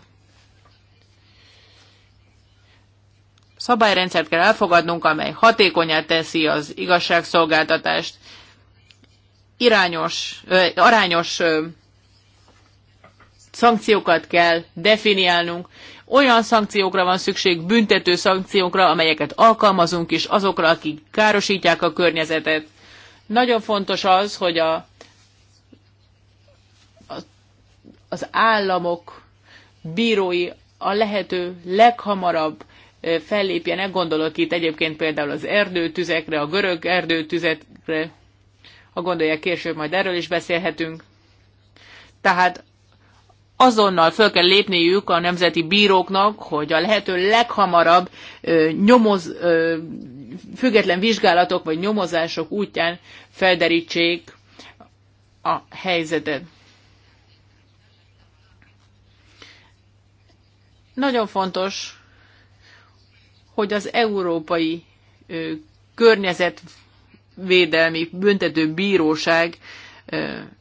Szabályrendszert kell elfogadnunk, amely hatékonyá teszi az igazságszolgáltatást, irányos, ö, arányos ö, szankciókat kell definiálnunk. Olyan szankciókra van szükség, büntető szankciókra, amelyeket alkalmazunk is azokra, akik károsítják a környezetet. Nagyon fontos az, hogy a, a, az államok bírói a lehető leghamarabb fellépjenek, gondolok itt egyébként például az erdőtüzekre, a görög erdőtüzekre, ha gondolja, később majd erről is beszélhetünk. Tehát azonnal föl kell lépniük a nemzeti bíróknak, hogy a lehető leghamarabb ö, nyomoz, ö, független vizsgálatok vagy nyomozások útján felderítsék a helyzetet. Nagyon fontos, hogy az európai környezet védelmi büntető bíróság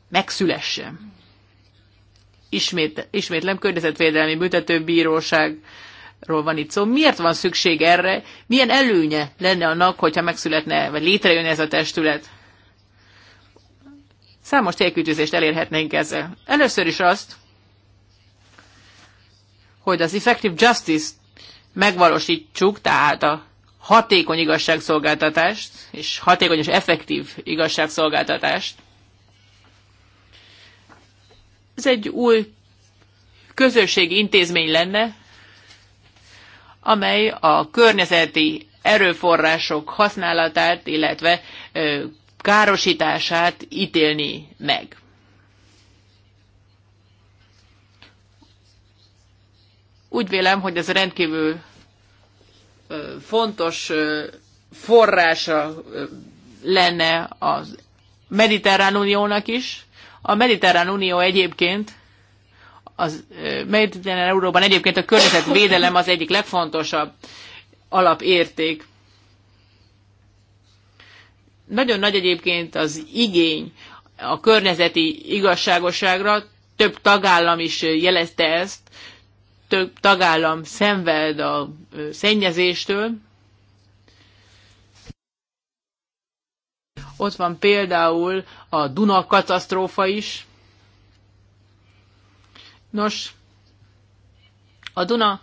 megszülesse. Ismét, ismétlem, környezetvédelmi büntető bíróságról van itt szó. Szóval miért van szükség erre? Milyen előnye lenne annak, hogyha megszületne, vagy létrejön ez a testület? Számos télkütőzést elérhetnénk ezzel. Először is azt, hogy az effective justice megvalósítsuk, tehát a hatékony igazságszolgáltatást, és hatékony és effektív igazságszolgáltatást. Ez egy új közösségi intézmény lenne, amely a környezeti erőforrások használatát, illetve károsítását ítélni meg. Úgy vélem, hogy ez rendkívül fontos forrása lenne a Mediterrán Uniónak is. A Mediterrán Unió egyébként az Mediterrán Euróban egyébként a környezetvédelem az egyik legfontosabb alapérték. Nagyon nagy egyébként az igény a környezeti igazságosságra, több tagállam is jelezte ezt, több tagállam szenved a szennyezéstől. Ott van például a Duna katasztrófa is. Nos, a Duna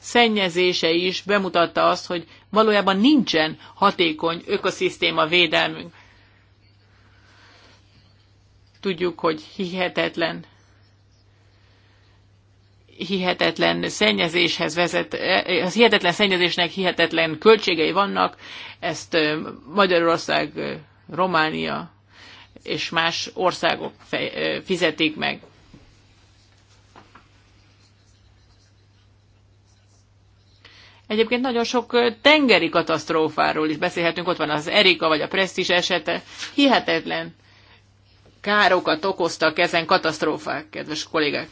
szennyezése is bemutatta azt, hogy valójában nincsen hatékony ökoszisztéma védelmünk. Tudjuk, hogy hihetetlen hihetetlen szennyezéshez vezet, az eh, eh, hihetetlen szennyezésnek hihetetlen költségei vannak, ezt Magyarország, Románia és más országok fizetik meg. Egyébként nagyon sok tengeri katasztrófáról is beszélhetünk, ott van az Erika vagy a Prestige esete. Hihetetlen károkat okoztak ezen katasztrófák, kedves kollégák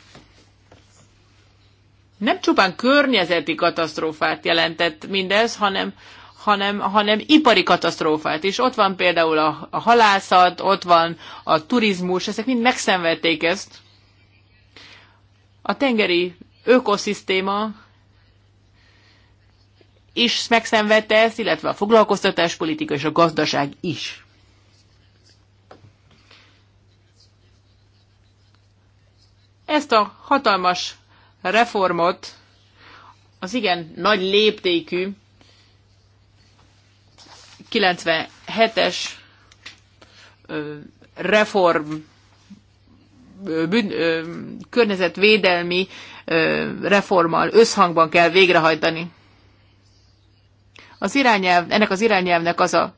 nem csupán környezeti katasztrófát jelentett mindez, hanem, hanem, hanem ipari katasztrófát is. Ott van például a, a halászat, ott van a turizmus, ezek mind megszenvedték ezt. A tengeri ökoszisztéma is megszenvedte ezt, illetve a foglalkoztatáspolitika és a gazdaság is. Ezt a hatalmas reformot az igen nagy léptékű 97-es reform bűn, ö, környezetvédelmi ö, reformmal összhangban kell végrehajtani. Az irányelv, ennek az irányelvnek az a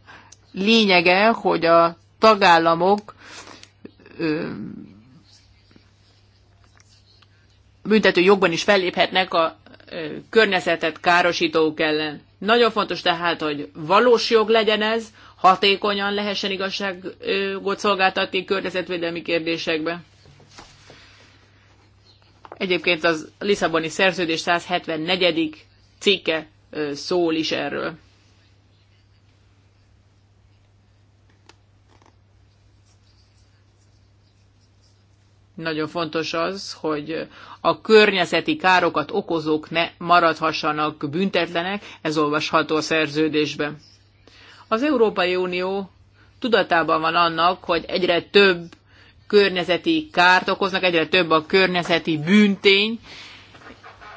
lényege, hogy a tagállamok ö, büntető jogban is felléphetnek a környezetet károsítók ellen. Nagyon fontos tehát, hogy valós jog legyen ez, hatékonyan lehessen igazságot szolgáltatni környezetvédelmi kérdésekbe. Egyébként az Lisszaboni Szerződés 174. cikke szól is erről. Nagyon fontos az, hogy a környezeti károkat okozók ne maradhassanak büntetlenek, ez olvasható a szerződésben. Az Európai Unió tudatában van annak, hogy egyre több környezeti kárt okoznak, egyre több a környezeti bűntény,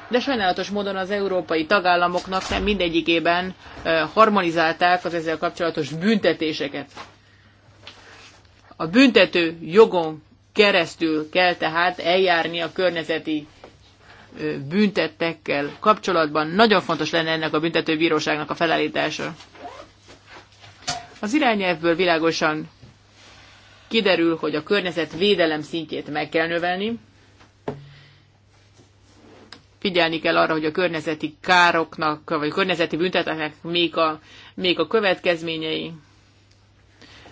de sajnálatos módon az európai tagállamoknak nem mindegyikében harmonizálták az ezzel kapcsolatos büntetéseket. A büntető jogon keresztül kell tehát eljárni a környezeti büntettekkel kapcsolatban. Nagyon fontos lenne ennek a büntetőbíróságnak a felállítása. Az irányelvből világosan kiderül, hogy a környezet védelem szintjét meg kell növelni. Figyelni kell arra, hogy a környezeti károknak, vagy a környezeti büntetetnek még a, még a következményei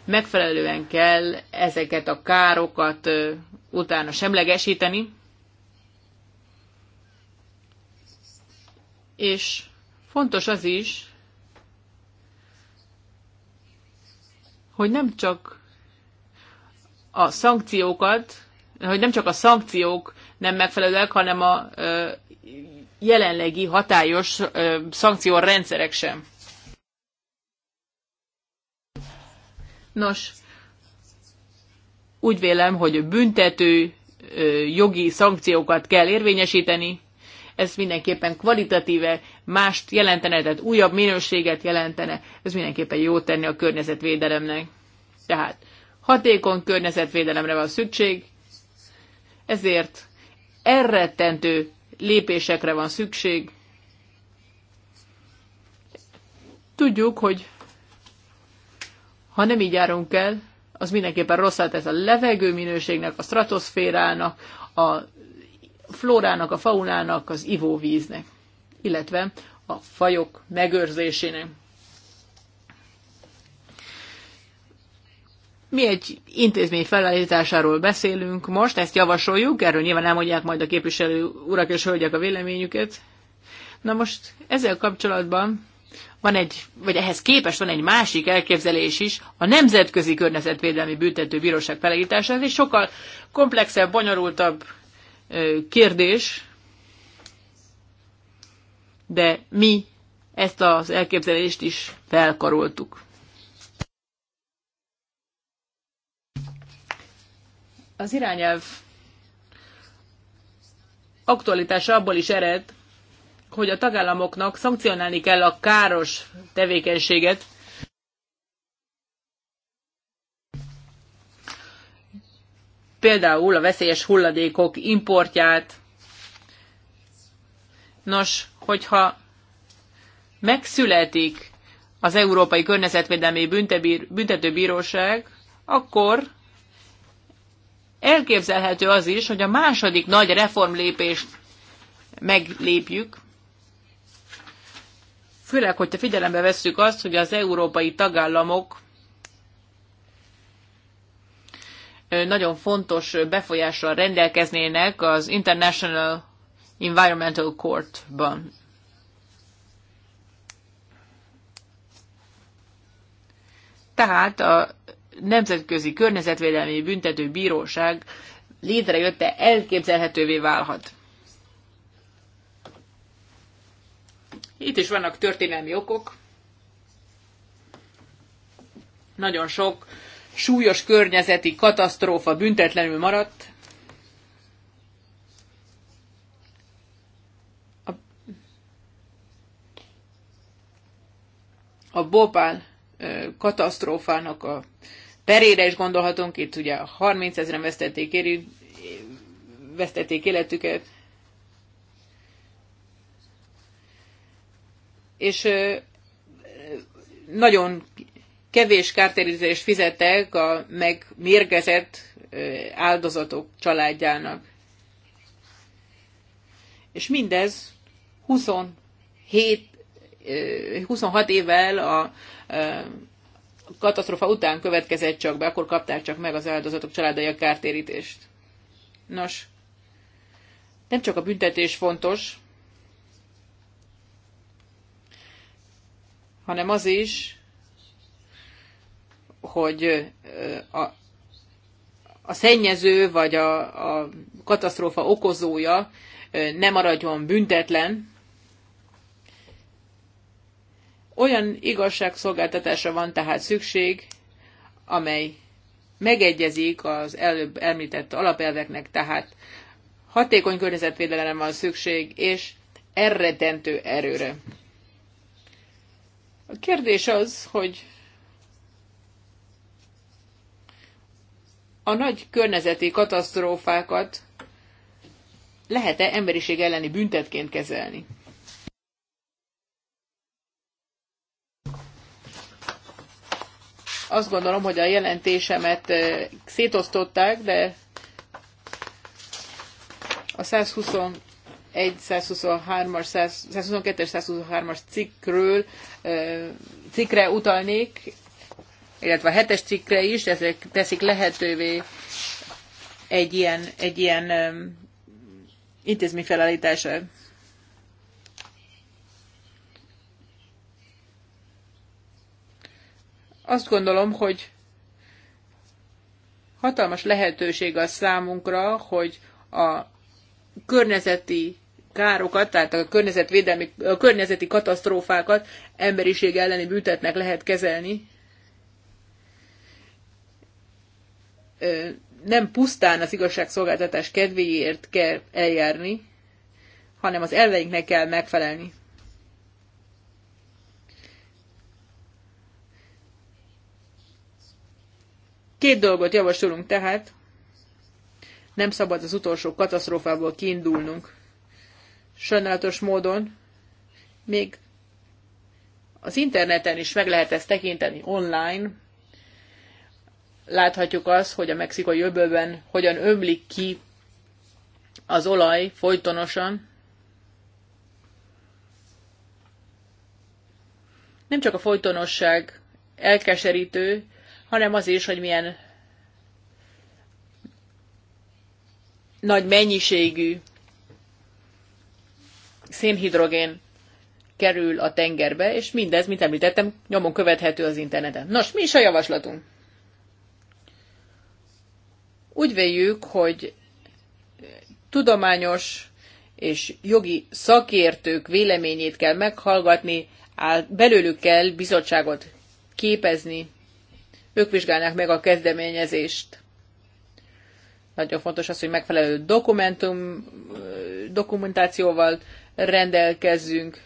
megfelelően kell ezeket a károkat utána semlegesíteni, és fontos az is, hogy nem csak a szankciókat, hogy nem csak a szankciók nem megfelelőek, hanem a jelenlegi hatályos szankciórendszerek sem. Nos, úgy vélem, hogy büntető jogi szankciókat kell érvényesíteni, ez mindenképpen kvalitatíve mást jelentene, tehát újabb minőséget jelentene, ez mindenképpen jó tenni a környezetvédelemnek. Tehát hatékony környezetvédelemre van szükség, ezért elrettentő lépésekre van szükség. Tudjuk, hogy ha nem így járunk el, az mindenképpen rosszát ez a levegő minőségnek, a stratoszférának, a flórának, a faunának, az ivóvíznek, illetve a fajok megőrzésének. Mi egy intézmény felállításáról beszélünk most, ezt javasoljuk, erről nyilván elmondják majd a képviselő urak és hölgyek a véleményüket. Na most ezzel kapcsolatban van egy, vagy ehhez képest van egy másik elképzelés is, a Nemzetközi Környezetvédelmi Bíróság felállítása, ez egy sokkal komplexebb, bonyolultabb kérdés, de mi ezt az elképzelést is felkaroltuk. Az irányelv aktualitása abból is ered, hogy a tagállamoknak szankcionálni kell a káros tevékenységet. Például a veszélyes hulladékok importját. Nos, hogyha megszületik az Európai Környezetvédelmi Büntetőbíróság, akkor elképzelhető az is, hogy a második nagy reformlépést meglépjük, Főleg, hogyha figyelembe vesszük azt, hogy az európai tagállamok nagyon fontos befolyással rendelkeznének az International Environmental Court-ban. Tehát a Nemzetközi Környezetvédelmi Büntető Bíróság létrejötte elképzelhetővé válhat. Itt is vannak történelmi okok. Nagyon sok súlyos környezeti katasztrófa büntetlenül maradt. A, a Bopál katasztrófának a perére is gondolhatunk, itt ugye 30 ezeren vesztették, éri, vesztették életüket, és nagyon kevés kártérítést fizettek a megmérgezett áldozatok családjának. És mindez 27, 26 évvel a katasztrofa után következett csak be, akkor kapták csak meg az áldozatok családai a kártérítést. Nos, nem csak a büntetés fontos, hanem az is, hogy a, a szennyező vagy a, a katasztrófa okozója ne maradjon büntetlen. Olyan igazságszolgáltatásra van tehát szükség, amely megegyezik az előbb említett alapelveknek, tehát hatékony környezetvédelemre van szükség, és erretentő erőre. A kérdés az, hogy a nagy környezeti katasztrófákat lehet-e emberiség elleni büntetként kezelni? Azt gondolom, hogy a jelentésemet eh, szétosztották, de a 120 123-as, 122-es, 123-as cikkről, cikkre utalnék, illetve a hetes cikkre is, ezek teszik lehetővé egy ilyen, egy ilyen intézmény felállítása. Azt gondolom, hogy hatalmas lehetőség az számunkra, hogy a környezeti károkat, tehát a, környezetvédelmi, a környezeti katasztrófákat emberiség elleni büntetnek lehet kezelni. Nem pusztán az igazságszolgáltatás kedvéért kell eljárni, hanem az elveinknek kell megfelelni. Két dolgot javasolunk tehát, nem szabad az utolsó katasztrófából kiindulnunk sajnálatos módon még az interneten is meg lehet ezt tekinteni online. Láthatjuk azt, hogy a mexikai öbölben hogyan ömlik ki az olaj folytonosan. Nem csak a folytonosság elkeserítő, hanem az is, hogy milyen nagy mennyiségű szénhidrogén kerül a tengerbe, és mindez, mint említettem, nyomon követhető az interneten. Nos, mi is a javaslatunk? Úgy véljük, hogy tudományos és jogi szakértők véleményét kell meghallgatni, belőlük kell bizottságot képezni, ők vizsgálnák meg a kezdeményezést. Nagyon fontos az, hogy megfelelő dokumentum, dokumentációval rendelkezünk.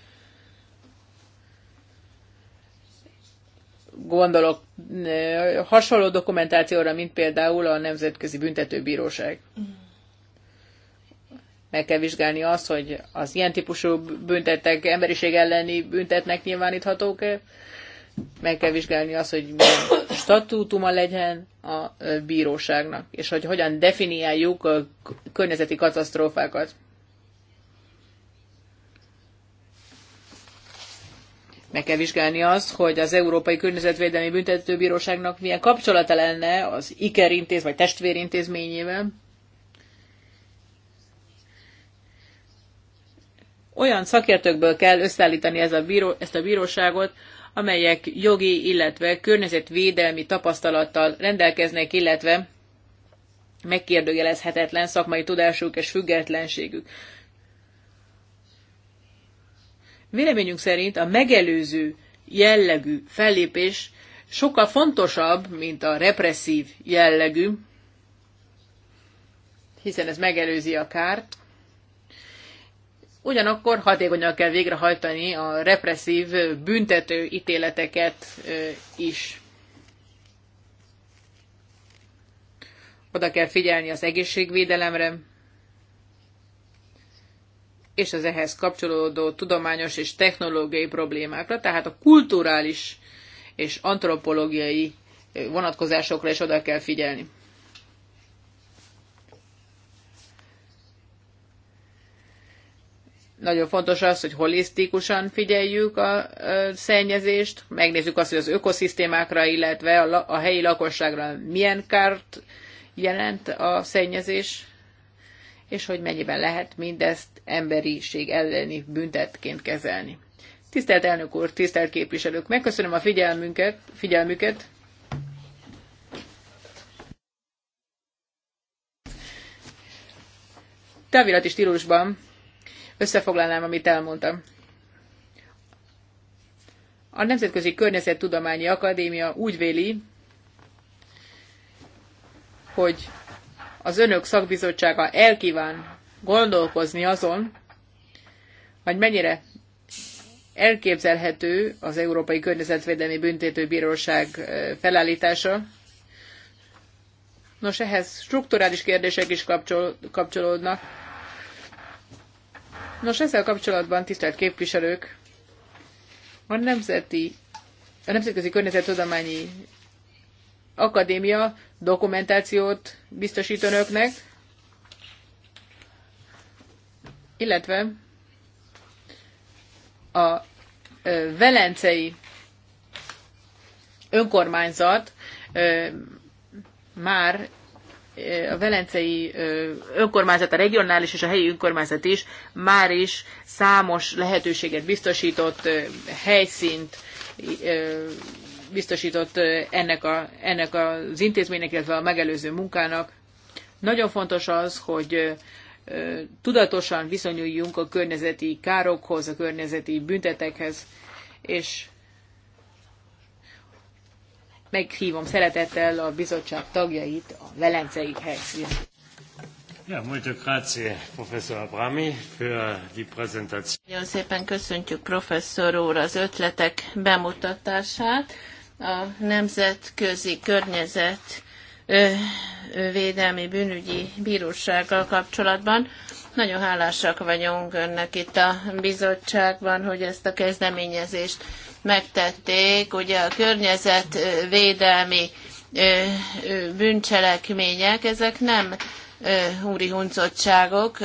Gondolok hasonló dokumentációra, mint például a Nemzetközi Büntetőbíróság. Meg kell vizsgálni azt, hogy az ilyen típusú büntetek emberiség elleni büntetnek nyilváníthatók-e. Meg kell vizsgálni azt, hogy milyen statútuma legyen a bíróságnak, és hogy hogyan definiáljuk a környezeti katasztrófákat Meg kell vizsgálni azt, hogy az Európai Környezetvédelmi Büntetőbíróságnak milyen kapcsolata lenne az IKER intéz, vagy testvérintézményével. Olyan szakértőkből kell összeállítani ez a bíró, ezt a bíróságot, amelyek jogi, illetve környezetvédelmi tapasztalattal rendelkeznek, illetve megkérdőjelezhetetlen szakmai tudásuk és függetlenségük. Véleményünk szerint a megelőző jellegű fellépés sokkal fontosabb, mint a represszív jellegű, hiszen ez megelőzi a kárt. Ugyanakkor hatékonyan kell végrehajtani a represszív büntető ítéleteket is. Oda kell figyelni az egészségvédelemre, és az ehhez kapcsolódó tudományos és technológiai problémákra, tehát a kulturális és antropológiai vonatkozásokra is oda kell figyelni. Nagyon fontos az, hogy holisztikusan figyeljük a szennyezést, megnézzük azt, hogy az ökoszisztémákra, illetve a, helyi lakosságra milyen kárt jelent a szennyezés, és hogy mennyiben lehet mindezt emberiség elleni büntetként kezelni. Tisztelt elnök úr, tisztelt képviselők, megköszönöm a figyelmünket, figyelmüket. Távirati stílusban összefoglalnám, amit elmondtam. A Nemzetközi Környezettudományi Akadémia úgy véli, hogy az önök szakbizottsága elkíván gondolkozni azon, hogy mennyire elképzelhető az Európai Környezetvédelmi Büntetőbíróság felállítása. Nos, ehhez strukturális kérdések is kapcsolódnak. Nos, ezzel kapcsolatban, tisztelt képviselők, a Nemzeti a Nemzetközi Környezettudományi Akadémia dokumentációt biztosít önöknek, illetve a velencei önkormányzat már a velencei önkormányzat, a regionális és a helyi önkormányzat is már is számos lehetőséget biztosított helyszínt biztosított ennek, a, ennek az intézménynek, illetve a megelőző munkának. Nagyon fontos az, hogy tudatosan viszonyuljunk a környezeti károkhoz, a környezeti büntetekhez, és meghívom szeretettel a bizottság tagjait a velencei helyszínen. Ja, muito grazie, professzor Abrami, für die Präsentation. Nagyon szépen köszöntjük professzor úr az ötletek bemutatását a Nemzetközi Környezet Védelmi Bűnügyi Bírósággal kapcsolatban. Nagyon hálásak vagyunk önnek itt a bizottságban, hogy ezt a kezdeményezést megtették. Ugye a környezetvédelmi bűncselekmények, ezek nem úri huncottságok,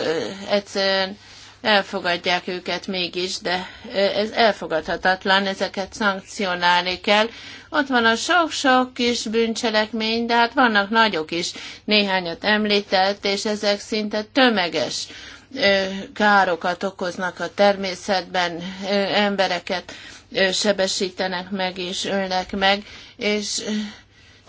egyszerűen elfogadják őket mégis, de ez elfogadhatatlan, ezeket szankcionálni kell. Ott van a sok-sok kis bűncselekmény, de hát vannak nagyok is, néhányat említett, és ezek szinte tömeges károkat okoznak a természetben, embereket sebesítenek meg és ölnek meg, és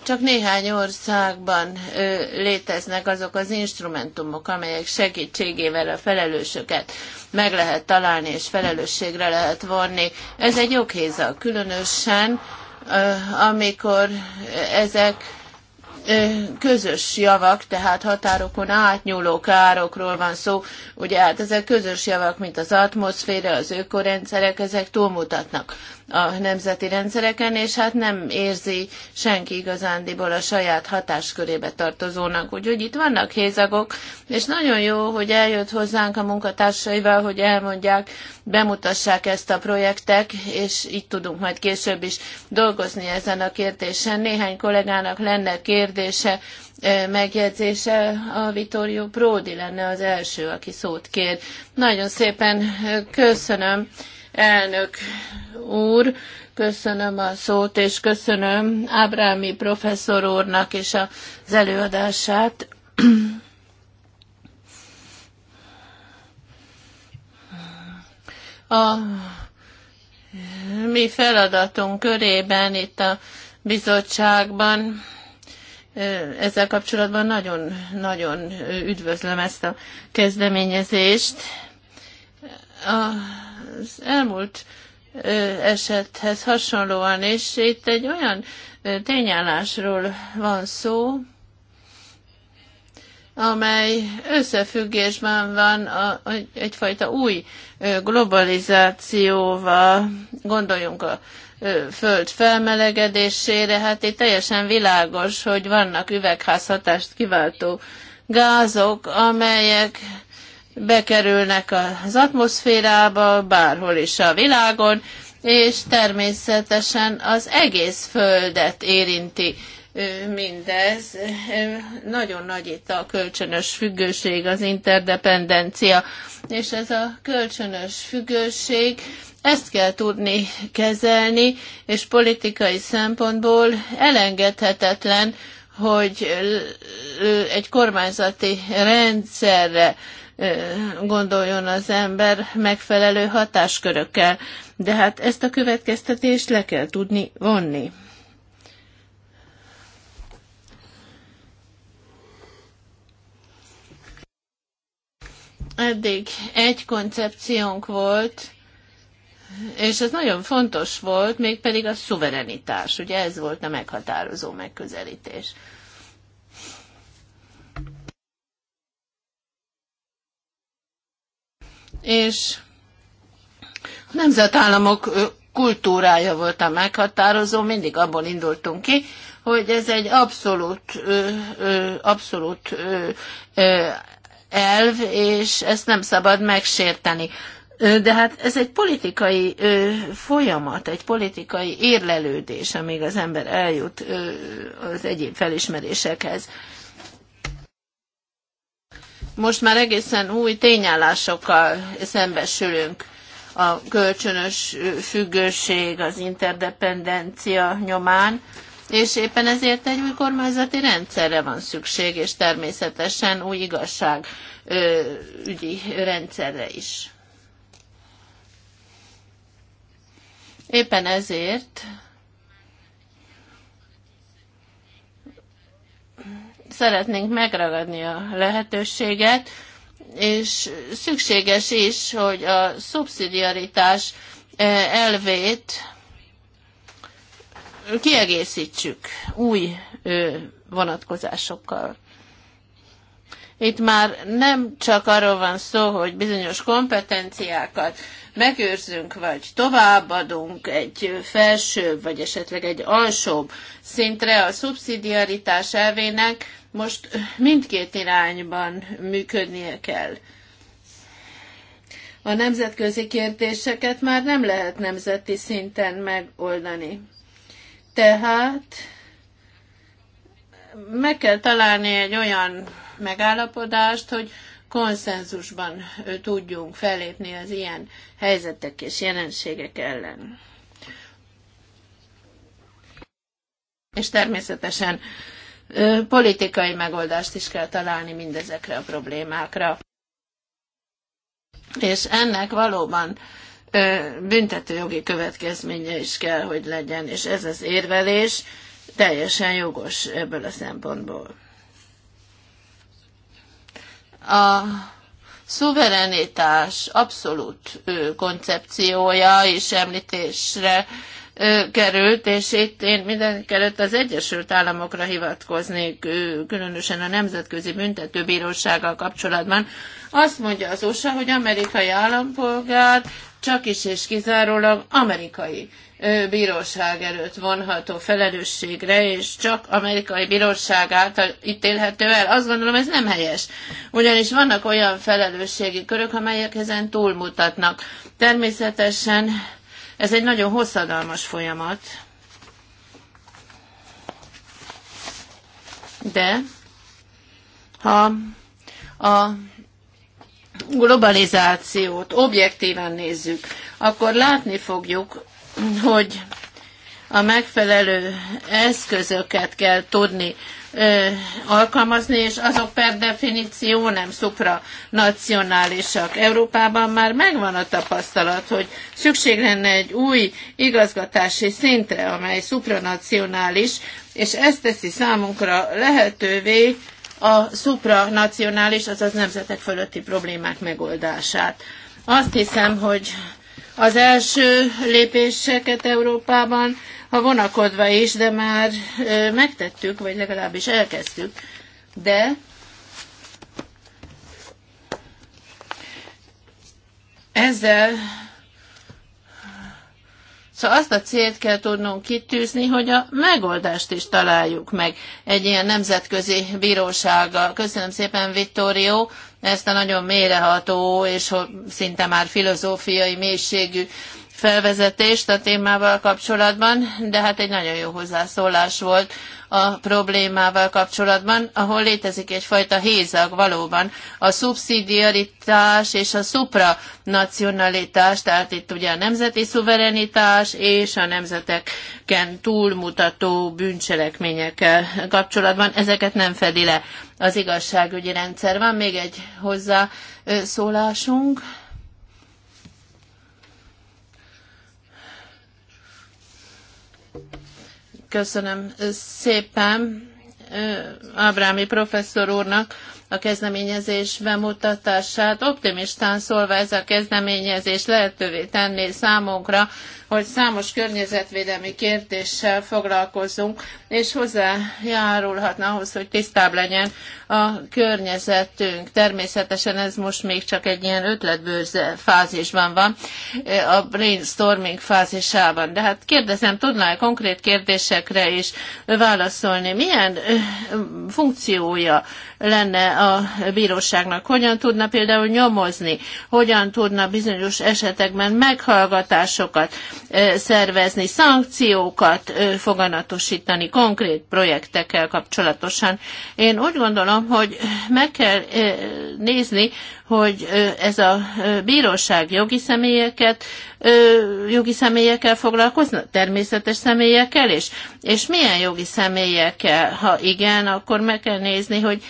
csak néhány országban ö, léteznek azok az instrumentumok, amelyek segítségével a felelősöket meg lehet találni és felelősségre lehet vonni. Ez egy okéza különösen ö, amikor ezek közös javak, tehát határokon átnyúló károkról van szó. Ugye hát ezek közös javak, mint az atmoszféra, az ökorendszerek, ezek túlmutatnak a nemzeti rendszereken, és hát nem érzi senki igazándiból a saját hatáskörébe tartozónak. Úgyhogy itt vannak hézagok, és nagyon jó, hogy eljött hozzánk a munkatársaival, hogy elmondják, bemutassák ezt a projektek, és így tudunk majd később is dolgozni ezen a kérdésen. Néhány kollégának lenne kérdése, megjegyzése a Vittorio Pródi lenne az első, aki szót kér. Nagyon szépen köszönöm. Elnök úr, köszönöm a szót, és köszönöm Ábrámi professzor úrnak és az előadását. A mi feladatunk körében itt a bizottságban ezzel kapcsolatban nagyon-nagyon üdvözlöm ezt a kezdeményezést. A az elmúlt esethez hasonlóan, és itt egy olyan tényállásról van szó, amely összefüggésben van a, egyfajta új globalizációval, gondoljunk a föld felmelegedésére, hát itt teljesen világos, hogy vannak üvegházhatást kiváltó gázok, amelyek bekerülnek az atmoszférába, bárhol is a világon, és természetesen az egész Földet érinti mindez. Nagyon nagy itt a kölcsönös függőség, az interdependencia, és ez a kölcsönös függőség, ezt kell tudni kezelni, és politikai szempontból elengedhetetlen, hogy egy kormányzati rendszerre gondoljon az ember megfelelő hatáskörökkel. De hát ezt a következtetést le kell tudni vonni. Eddig egy koncepciónk volt, és ez nagyon fontos volt, mégpedig a szuverenitás. Ugye ez volt a meghatározó megközelítés. és a nemzetállamok kultúrája volt a meghatározó, mindig abból indultunk ki, hogy ez egy abszolút, abszolút elv, és ezt nem szabad megsérteni. De hát ez egy politikai ö, folyamat, egy politikai érlelődés, amíg az ember eljut ö, az egyéb felismerésekhez most már egészen új tényállásokkal szembesülünk. A kölcsönös függőség, az interdependencia nyomán, és éppen ezért egy új kormányzati rendszerre van szükség, és természetesen új igazság ügyi rendszerre is. Éppen ezért szeretnénk megragadni a lehetőséget, és szükséges is, hogy a szubszidiaritás eh, elvét kiegészítsük új vonatkozásokkal. Itt már nem csak arról van szó, hogy bizonyos kompetenciákat megőrzünk, vagy továbbadunk egy felsőbb, vagy esetleg egy alsóbb szintre a szubszidiaritás elvének, most mindkét irányban működnie kell. A nemzetközi kérdéseket már nem lehet nemzeti szinten megoldani. Tehát meg kell találni egy olyan megállapodást, hogy konszenzusban tudjunk fellépni az ilyen helyzetek és jelenségek ellen. És természetesen politikai megoldást is kell találni mindezekre a problémákra. És ennek valóban büntetőjogi következménye is kell, hogy legyen, és ez az érvelés teljesen jogos ebből a szempontból. A szuverenitás abszolút koncepciója és említésre került, és itt én mindenkelőtt az Egyesült Államokra hivatkoznék, különösen a Nemzetközi Büntetőbírósággal kapcsolatban. Azt mondja az USA, hogy amerikai állampolgár csak is és kizárólag amerikai bíróság előtt vonható felelősségre, és csak amerikai bíróság által ítélhető el. Azt gondolom, ez nem helyes. Ugyanis vannak olyan felelősségi körök, amelyek ezen túlmutatnak. Természetesen ez egy nagyon hosszadalmas folyamat, de ha a globalizációt objektíven nézzük, akkor látni fogjuk, hogy a megfelelő eszközöket kell tudni ö, alkalmazni, és azok per definíció nem supranacionálisak. Európában már megvan a tapasztalat, hogy szükség lenne egy új igazgatási szintre, amely supranacionális, és ezt teszi számunkra lehetővé a supranacionális, azaz nemzetek fölötti problémák megoldását. Azt hiszem, hogy az első lépéseket Európában, ha vonakodva is, de már megtettük, vagy legalábbis elkezdtük. De ezzel Szóval azt a célt kell tudnunk kitűzni, hogy a megoldást is találjuk meg egy ilyen nemzetközi bírósággal. Köszönöm szépen, Vittorio ezt a nagyon méreható és szinte már filozófiai mélységű felvezetést a témával kapcsolatban, de hát egy nagyon jó hozzászólás volt a problémával kapcsolatban, ahol létezik egyfajta hézag valóban. A szubszidiaritás és a supranacionalitás, tehát itt ugye a nemzeti szuverenitás és a nemzeteken túlmutató bűncselekményekkel kapcsolatban, ezeket nem fedi le az igazságügyi rendszer. Van még egy hozzászólásunk. Köszönöm szépen Ábrámi professzor úrnak a kezdeményezés bemutatását. Optimistán szólva ez a kezdeményezés lehetővé tenné számunkra, hogy számos környezetvédelmi kérdéssel foglalkozzunk, és hozzájárulhatna ahhoz, hogy tisztább legyen a környezetünk. Természetesen ez most még csak egy ilyen ötletbőrze fázisban van, a brainstorming fázisában. De hát kérdezem, tudná-e konkrét kérdésekre is válaszolni? Milyen funkciója lenne a bíróságnak? Hogyan tudna például nyomozni? Hogyan tudna bizonyos esetekben meghallgatásokat szervezni, szankciókat foganatosítani konkrét projektekkel kapcsolatosan? Én úgy gondolom, hogy meg kell nézni, hogy ez a bíróság jogi személyeket, jogi személyekkel foglalkozna, természetes személyekkel is, és milyen jogi személyekkel, ha igen, akkor meg kell nézni, hogy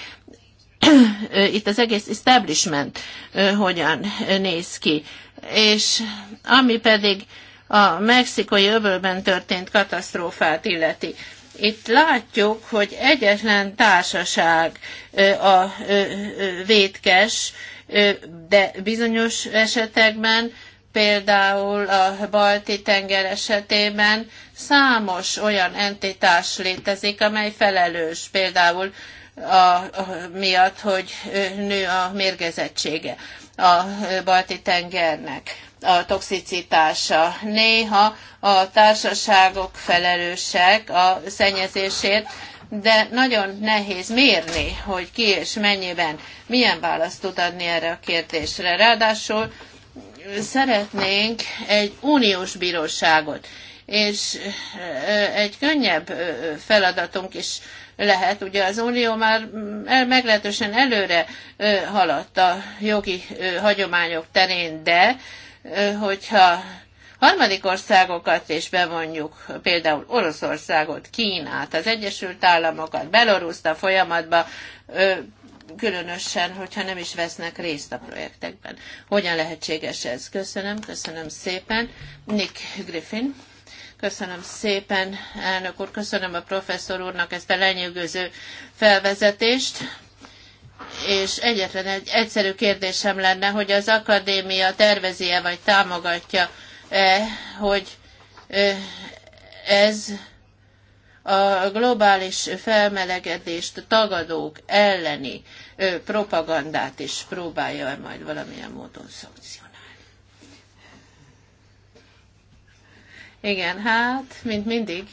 itt az egész establishment hogyan néz ki. És ami pedig a mexikai öbölben történt katasztrófát illeti. Itt látjuk, hogy egyetlen társaság a vétkes, de bizonyos esetekben, például a balti tenger esetében számos olyan entitás létezik, amely felelős, például a, miatt, hogy nő a mérgezettsége a balti tengernek a toxicitása. Néha a társaságok felelősek a szennyezésért, de nagyon nehéz mérni, hogy ki és mennyiben milyen választ tud adni erre a kérdésre. Ráadásul szeretnénk egy uniós bíróságot, és egy könnyebb feladatunk is lehet. Ugye az Unió már mm, meglehetősen előre haladt a jogi hagyományok terén, de hogyha harmadik országokat és bevonjuk, például Oroszországot, Kínát, az Egyesült Államokat, Beloruszt a folyamatba, különösen, hogyha nem is vesznek részt a projektekben. Hogyan lehetséges ez? Köszönöm, köszönöm szépen. Nick Griffin. Köszönöm szépen, elnök úr, köszönöm a professzor úrnak ezt a lenyűgöző felvezetést. És egyetlen egy egyszerű kérdésem lenne, hogy az akadémia tervezi-e vagy támogatja -e, hogy ez a globális felmelegedést tagadók elleni propagandát is próbálja majd valamilyen módon szankcionálni. Igen, hát, mint mindig,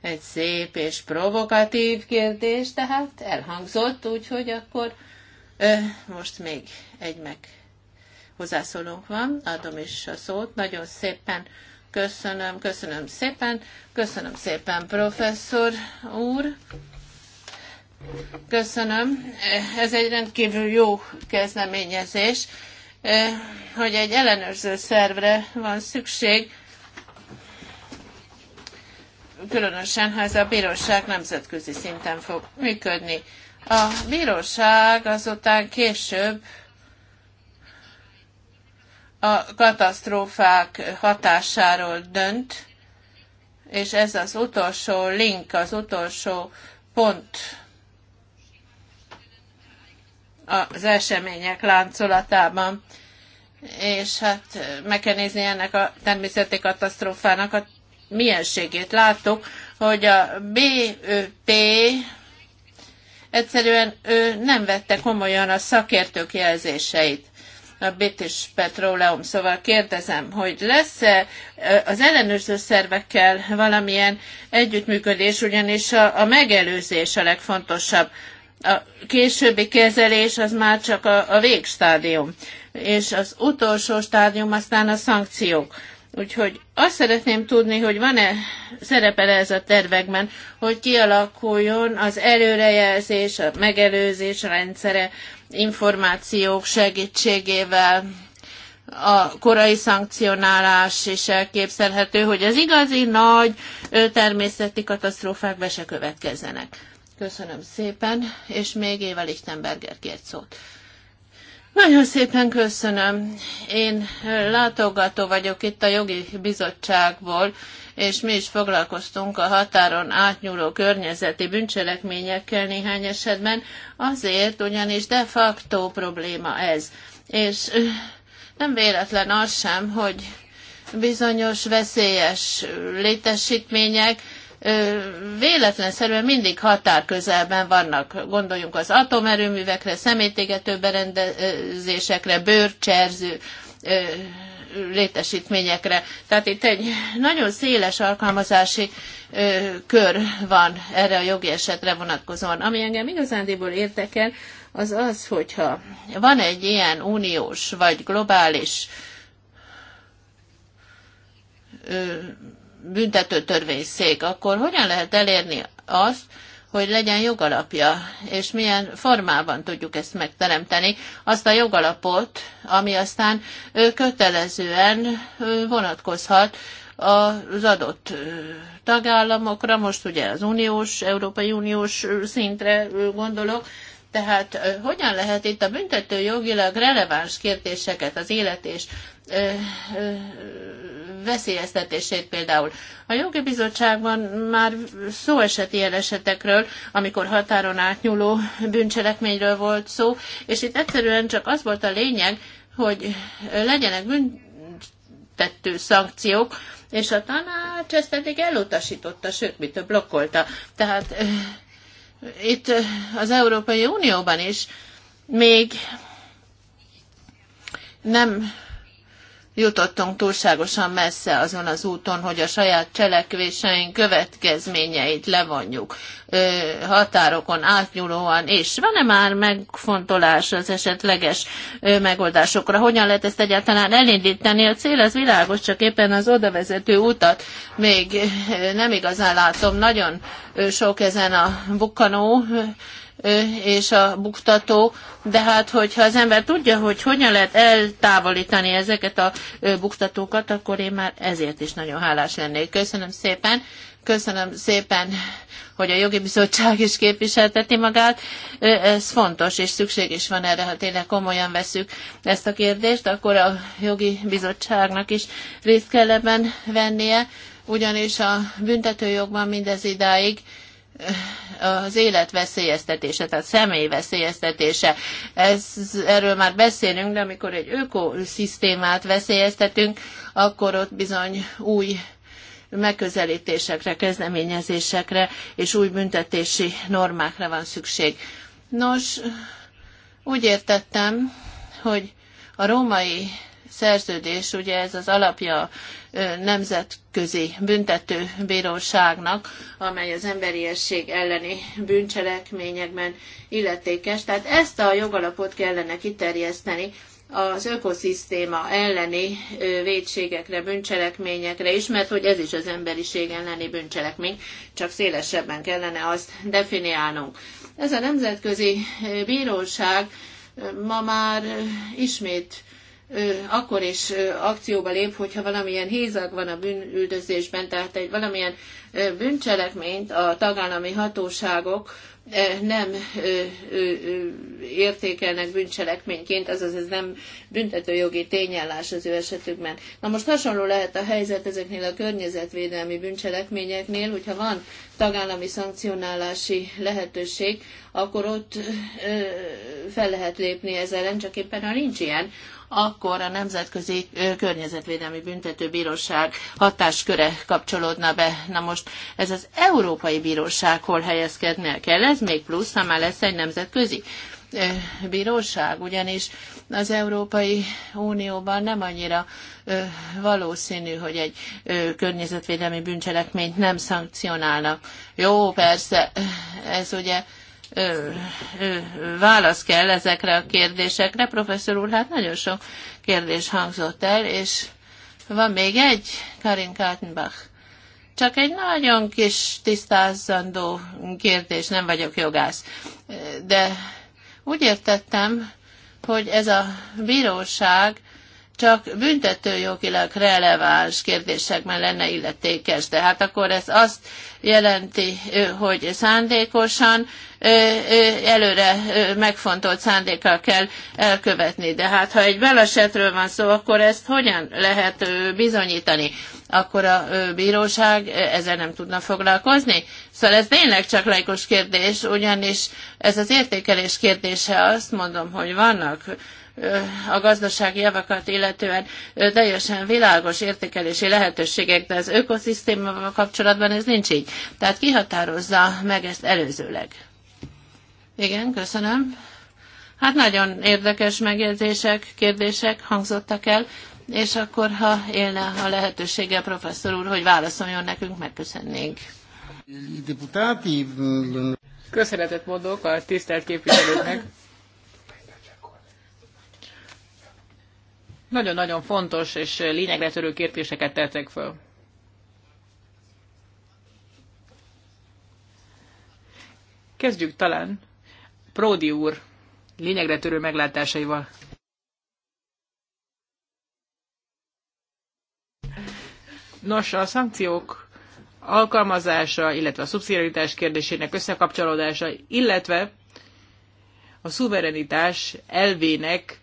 egy szép és provokatív kérdés, tehát elhangzott, úgyhogy akkor ö, most még egy meg hozzászólónk van, adom is a szót, nagyon szépen köszönöm, köszönöm szépen, köszönöm szépen, professzor úr. Köszönöm. Ez egy rendkívül jó kezdeményezés Eh, hogy egy ellenőrző szervre van szükség, különösen ha ez a bíróság nemzetközi szinten fog működni. A bíróság azután később a katasztrófák hatásáról dönt, és ez az utolsó link, az utolsó pont az események láncolatában. És hát meg kell nézni ennek a természeti katasztrófának a mienségét. Láttuk, hogy a BÖP egyszerűen ő nem vette komolyan a szakértők jelzéseit a British Petroleum. Szóval kérdezem, hogy lesz-e az ellenőrző szervekkel valamilyen együttműködés, ugyanis a, a megelőzés a legfontosabb a későbbi kezelés az már csak a, a végstádium, és az utolsó stádium aztán a szankciók. Úgyhogy azt szeretném tudni, hogy van-e szerepel ez a tervekben, hogy kialakuljon az előrejelzés, a megelőzés rendszere információk segítségével, a korai szankcionálás is elképzelhető, hogy az igazi nagy természeti katasztrófák be se következzenek. Köszönöm szépen, és még Éva Lichtenberger kért szót. Nagyon szépen köszönöm. Én látogató vagyok itt a jogi bizottságból, és mi is foglalkoztunk a határon átnyúló környezeti bűncselekményekkel néhány esetben, azért ugyanis de facto probléma ez. És nem véletlen az sem, hogy bizonyos veszélyes létesítmények véletlenszerűen mindig határ közelben vannak. Gondoljunk az atomerőművekre, szemétégető berendezésekre, bőrcserző létesítményekre. Tehát itt egy nagyon széles alkalmazási kör van erre a jogi esetre vonatkozóan. Ami engem igazándiból érdekel, az az, hogyha van egy ilyen uniós vagy globális büntető törvényszék, akkor hogyan lehet elérni azt, hogy legyen jogalapja, és milyen formában tudjuk ezt megteremteni, azt a jogalapot, ami aztán kötelezően vonatkozhat az adott tagállamokra, most ugye az uniós, Európai Uniós szintre gondolok, tehát hogyan lehet itt a büntető jogilag releváns kérdéseket, az élet és veszélyeztetését például. A jogi bizottságban már szó esett ilyen esetekről, amikor határon átnyúló bűncselekményről volt szó, és itt egyszerűen csak az volt a lényeg, hogy legyenek büntető szankciók, és a tanács ezt eddig elutasította, sőt, mit blokkolta. Tehát eh, itt eh, az Európai Unióban is még nem jutottunk túlságosan messze azon az úton, hogy a saját cselekvéseink következményeit levonjuk határokon átnyúlóan, és van-e már megfontolás az esetleges megoldásokra? Hogyan lehet ezt egyáltalán elindítani? A cél az világos, csak éppen az odavezető utat még nem igazán látom. Nagyon sok ezen a bukkanó és a buktató, de hát hogyha az ember tudja, hogy hogyan lehet eltávolítani ezeket a buktatókat, akkor én már ezért is nagyon hálás lennék. Köszönöm szépen, köszönöm szépen, hogy a jogi bizottság is képviselteti magát. Ez fontos, és szükség is van erre, ha tényleg komolyan veszük ezt a kérdést, akkor a jogi bizottságnak is részt kell ebben vennie, ugyanis a büntetőjogban mindez idáig az élet veszélyeztetése, tehát személy veszélyeztetése. Ez, erről már beszélünk, de amikor egy ökoszisztémát veszélyeztetünk, akkor ott bizony új megközelítésekre, kezdeményezésekre és új büntetési normákra van szükség. Nos, úgy értettem, hogy a római szerződés, ugye ez az alapja nemzetközi büntető bíróságnak, amely az emberiesség elleni bűncselekményekben illetékes. Tehát ezt a jogalapot kellene kiterjeszteni az ökoszisztéma elleni védségekre, bűncselekményekre is, mert hogy ez is az emberiség elleni bűncselekmény, csak szélesebben kellene azt definiálnunk. Ez a nemzetközi bíróság ma már ismét akkor is akcióba lép, hogyha valamilyen hézag van a bűnüldözésben, tehát egy valamilyen bűncselekményt a tagállami hatóságok nem értékelnek bűncselekményként, azaz ez nem büntetőjogi tényállás az ő esetükben. Na most hasonló lehet a helyzet ezeknél a környezetvédelmi bűncselekményeknél, hogyha van tagállami szankcionálási lehetőség, akkor ott fel lehet lépni ezzel, nem csak éppen ha nincs ilyen, akkor a Nemzetközi Környezetvédelmi Büntetőbíróság hatásköre kapcsolódna be. Na most ez az Európai Bíróság hol helyezkedne el kell? Ez még plusz, ha már lesz egy nemzetközi bíróság, ugyanis az Európai Unióban nem annyira valószínű, hogy egy környezetvédelmi bűncselekményt nem szankcionálnak. Jó, persze, ez ugye válasz kell ezekre a kérdésekre. Professzor úr, hát nagyon sok kérdés hangzott el, és van még egy, Karin Kartenbach. Csak egy nagyon kis tisztázandó kérdés, nem vagyok jogász. De úgy értettem, hogy ez a bíróság csak büntetőjogilag releváns kérdésekben lenne illetékes. de hát akkor ez azt jelenti, hogy szándékosan, előre megfontolt szándékkal kell elkövetni. De hát ha egy belesetről van szó, akkor ezt hogyan lehet bizonyítani? Akkor a bíróság ezzel nem tudna foglalkozni? Szóval ez tényleg csak laikus kérdés, ugyanis ez az értékelés kérdése, azt mondom, hogy vannak a gazdasági javakat illetően teljesen világos értékelési lehetőségek, de az ökoszisztémával kapcsolatban ez nincs így. Tehát kihatározza meg ezt előzőleg. Igen, köszönöm. Hát nagyon érdekes megjegyzések, kérdések hangzottak el, és akkor, ha élne a lehetősége, professzor úr, hogy válaszoljon nekünk, megköszönnénk. Mm, mm. Köszönetet mondok a tisztelt képviselőknek nagyon-nagyon fontos és lényegre törő kérdéseket tettek föl. Kezdjük talán Pródi úr lényegre törő meglátásaival. Nos, a szankciók alkalmazása, illetve a szubszidiaritás kérdésének összekapcsolódása, illetve a szuverenitás elvének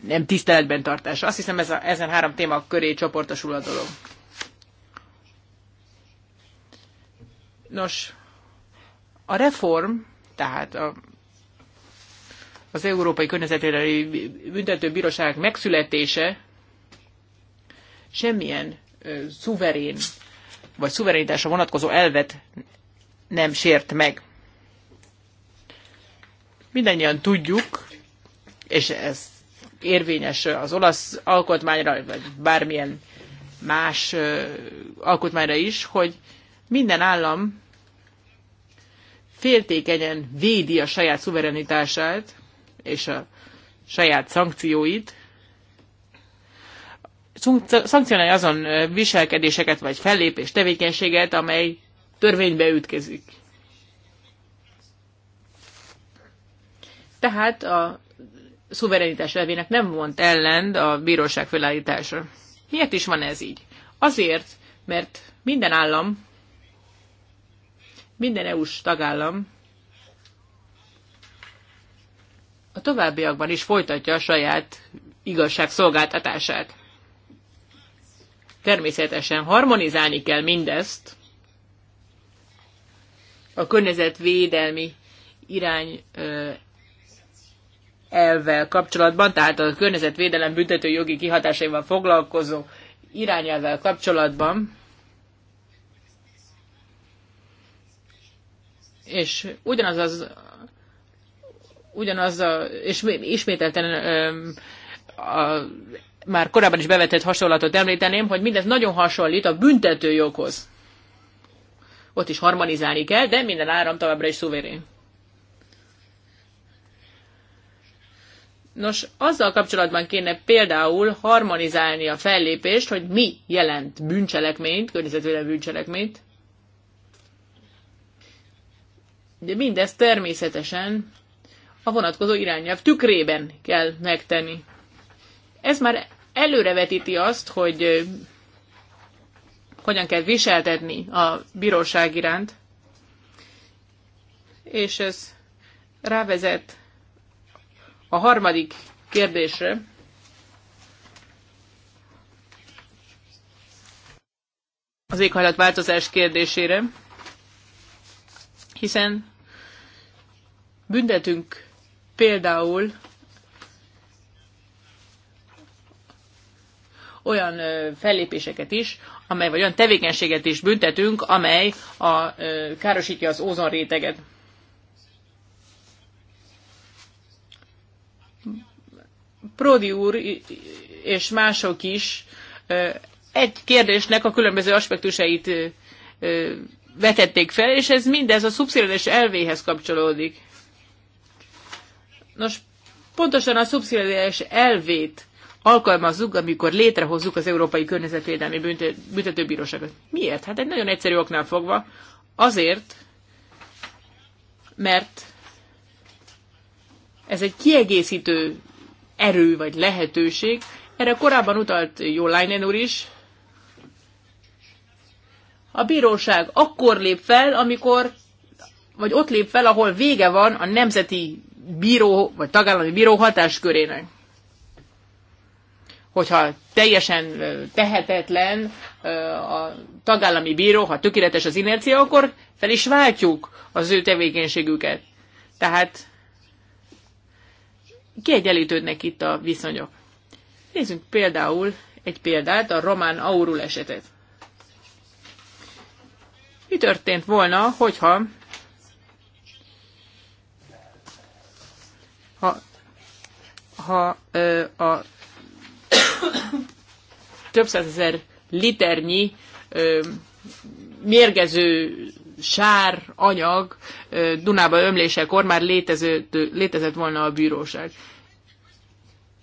nem tiszteletben tartása. Azt hiszem ez a, ezen három téma köré csoportosul a dolog. Nos, a reform, tehát a, az Európai Környezetvédelmi Büntetőbíróság megszületése semmilyen ö, szuverén vagy szuverenitásra vonatkozó elvet nem sért meg. Mindennyian tudjuk, és ezt érvényes az olasz alkotmányra, vagy bármilyen más alkotmányra is, hogy minden állam féltékenyen védi a saját szuverenitását és a saját szankcióit, szankcionálja azon viselkedéseket vagy fellépés tevékenységet, amely törvénybe ütkezik. Tehát a szuverenitás elvének nem vont ellent a bíróság felállítása. Miért is van ez így? Azért, mert minden állam, minden EU-s tagállam a továbbiakban is folytatja a saját igazságszolgáltatását. Természetesen harmonizálni kell mindezt a környezetvédelmi irány elvvel kapcsolatban, tehát a környezetvédelem büntető jogi kihatásaival foglalkozó irányelvvel kapcsolatban, és ugyanaz az ugyanaz a, és ismételten a, a, már korábban is bevetett hasonlatot említeném, hogy mindez nagyon hasonlít a joghoz, Ott is harmonizálni kell, de minden áram továbbra is szuverén. Nos, azzal kapcsolatban kéne például harmonizálni a fellépést, hogy mi jelent bűncselekményt, környezetvédelmi bűncselekményt. De mindezt természetesen a vonatkozó irányelv tükrében kell megtenni. Ez már előrevetíti azt, hogy hogyan kell viseltetni a bíróság iránt, és ez rávezet a harmadik kérdésre, az éghajlatváltozás kérdésére, hiszen büntetünk például olyan fellépéseket is, amely, vagy olyan tevékenységet is büntetünk, amely a, károsítja az ózonréteget. Prodi úr és mások is egy kérdésnek a különböző aspektusait vetették fel, és ez mindez a szubszidiaritás elvéhez kapcsolódik. Nos, pontosan a szubszidiaritás elvét alkalmazzuk, amikor létrehozzuk az Európai Környezetvédelmi Büntetőbíróságot. Miért? Hát egy nagyon egyszerű oknál fogva. Azért, mert ez egy kiegészítő erő vagy lehetőség. Erre korábban utalt Jó Leinen úr is. A bíróság akkor lép fel, amikor, vagy ott lép fel, ahol vége van a nemzeti bíró, vagy tagállami bíró hatáskörének. Hogyha teljesen tehetetlen a tagállami bíró, ha tökéletes az inercia, akkor fel is váltjuk az ő tevékenységüket. Tehát kiegyenlítődnek itt a viszonyok. Nézzünk például egy példát, a román aurul esetet. Mi történt volna, hogyha ha, ha ö, a több százezer liternyi ö, mérgező sár anyag Dunába ömlésekor már létezett, létezett volna a bíróság.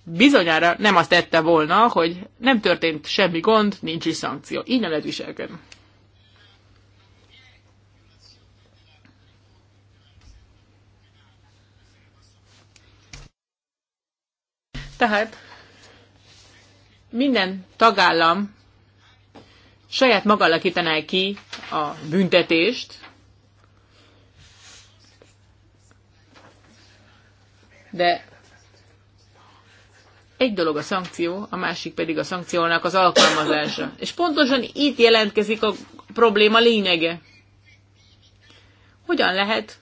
Bizonyára nem azt tette volna, hogy nem történt semmi gond, nincs is szankció. Így nem lehet viselkedni. Tehát minden tagállam saját maga alakítaná ki a büntetést, de egy dolog a szankció, a másik pedig a szankciónak az alkalmazása. És pontosan itt jelentkezik a probléma lényege. Hogyan lehet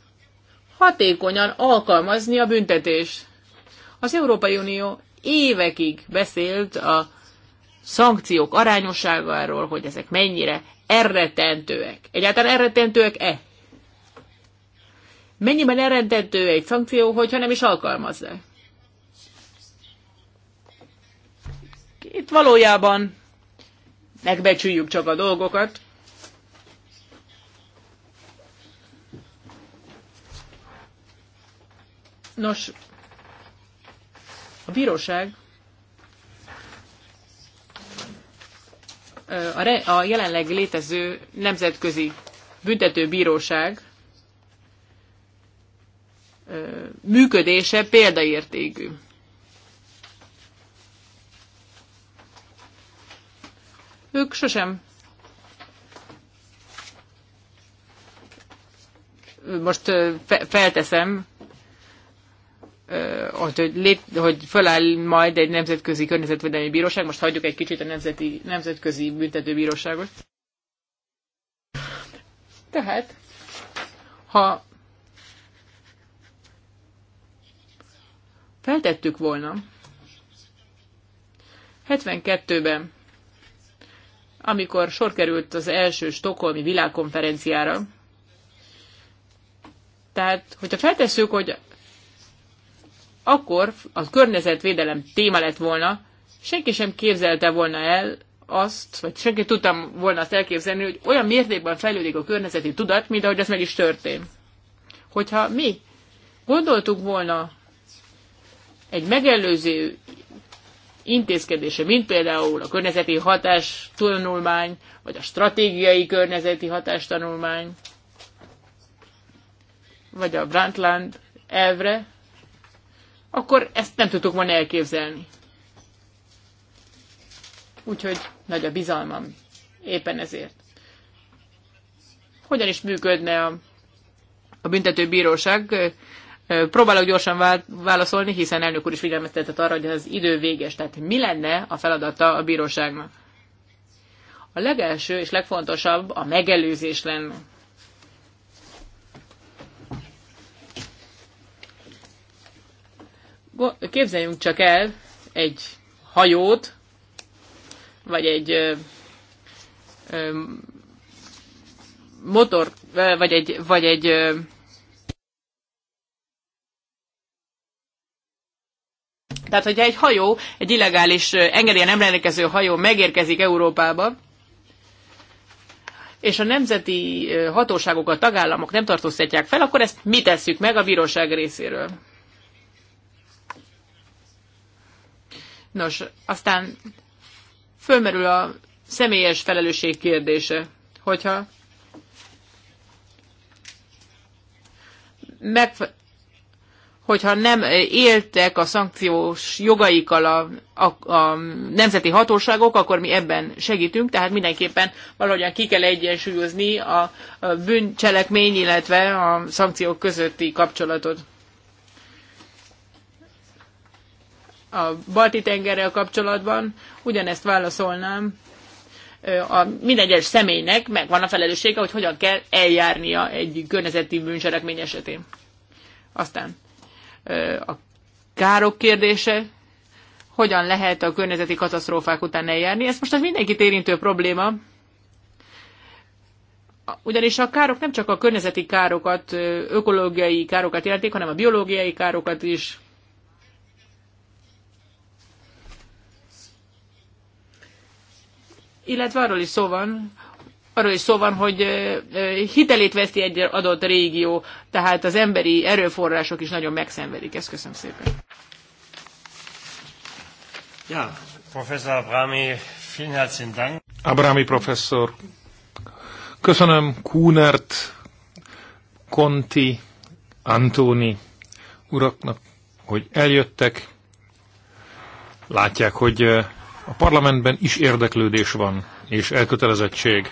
hatékonyan alkalmazni a büntetést? Az Európai Unió évekig beszélt a szankciók arányosságáról, hogy ezek mennyire erretentőek. Egyáltalán erretentőek-e? Mennyiben erretentő egy szankció, hogyha nem is alkalmazza? Itt valójában megbecsüljük csak a dolgokat. Nos, a bíróság a, re, a jelenleg létező nemzetközi büntetőbíróság működése példaértékű. Ők sosem most felteszem, hogy, hogy, lép, hogy föláll majd egy nemzetközi környezetvédelmi bíróság, most hagyjuk egy kicsit a nemzeti, nemzetközi büntetőbíróságot. Tehát, ha feltettük volna 72-ben, amikor sor került az első stokholmi világkonferenciára, tehát, hogyha feltesszük, hogy akkor a környezetvédelem téma lett volna, senki sem képzelte volna el azt, vagy senki tudtam volna azt elképzelni, hogy olyan mértékben fejlődik a környezeti tudat, mint ahogy ez meg is történt. Hogyha mi gondoltuk volna egy megelőző intézkedése, mint például a környezeti hatás tanulmány, vagy a stratégiai környezeti hatás tanulmány, vagy a Brandtland elvre, akkor ezt nem tudtuk volna elképzelni. Úgyhogy nagy a bizalmam éppen ezért. Hogyan is működne a, a büntetőbíróság? Próbálok gyorsan válaszolni, hiszen elnök úr is figyelmeztetett arra, hogy az idő véges. Tehát mi lenne a feladata a bíróságnak? A legelső és legfontosabb a megelőzés lenne. Képzeljünk csak el egy hajót, vagy egy ö, ö, motor, vagy egy, vagy egy ö, Tehát, hogyha egy hajó, egy illegális engedélye nem rendelkező hajó megérkezik Európába, és a nemzeti hatóságok, a tagállamok nem tartóztatják fel, akkor ezt mi tesszük meg a bíróság részéről? Nos, aztán fölmerül a személyes felelősség kérdése, hogyha meg, hogyha nem éltek a szankciós jogaikkal a, a, a nemzeti hatóságok, akkor mi ebben segítünk, tehát mindenképpen valahogyan ki kell egyensúlyozni a, a bűncselekmény, illetve a szankciók közötti kapcsolatot. a balti tengerrel kapcsolatban, ugyanezt válaszolnám, a mindegyes személynek meg megvan a felelőssége, hogy hogyan kell eljárnia egy környezeti bűncselekmény esetén. Aztán a károk kérdése, hogyan lehet a környezeti katasztrófák után eljárni. Ez most az mindenkit érintő probléma, ugyanis a károk nem csak a környezeti károkat, ökológiai károkat jelentik, hanem a biológiai károkat is, illetve arról is szó van, arról is szó van, hogy hitelét veszti egy adott régió, tehát az emberi erőforrások is nagyon megszenvedik. Ezt köszönöm szépen. Ja, professzor Abrami, vielen herzlichen Dank. Abrami professzor, köszönöm Kunert, Conti, Antoni uraknak, hogy eljöttek. Látják, hogy a parlamentben is érdeklődés van, és elkötelezettség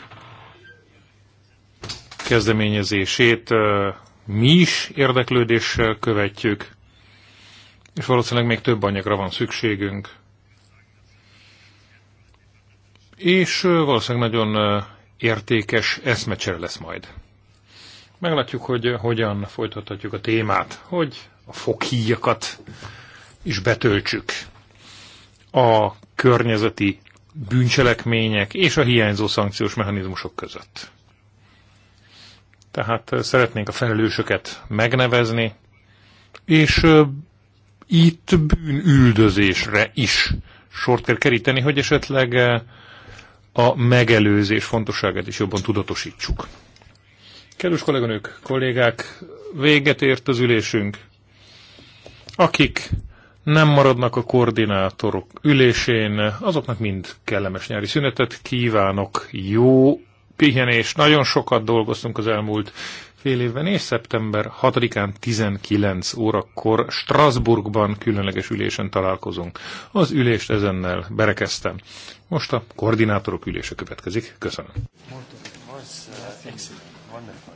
kezdeményezését mi is érdeklődéssel követjük, és valószínűleg még több anyagra van szükségünk. És valószínűleg nagyon értékes eszmecsere lesz majd. Meglátjuk, hogy hogyan folytathatjuk a témát, hogy a fokhíjakat is betöltsük. A környezeti bűncselekmények és a hiányzó szankciós mechanizmusok között. Tehát szeretnénk a felelősöket megnevezni, és itt bűnüldözésre is sort kell keríteni, hogy esetleg a megelőzés fontosságát is jobban tudatosítsuk. Kedves kolléganők, kollégák, véget ért az ülésünk. Akik nem maradnak a koordinátorok ülésén, azoknak mind kellemes nyári szünetet kívánok, jó pihenés, nagyon sokat dolgoztunk az elmúlt fél évben, és szeptember 6-án 19 órakor Strasbourgban különleges ülésen találkozunk. Az ülést ezennel berekeztem. Most a koordinátorok ülése következik. Köszönöm. Wonderful.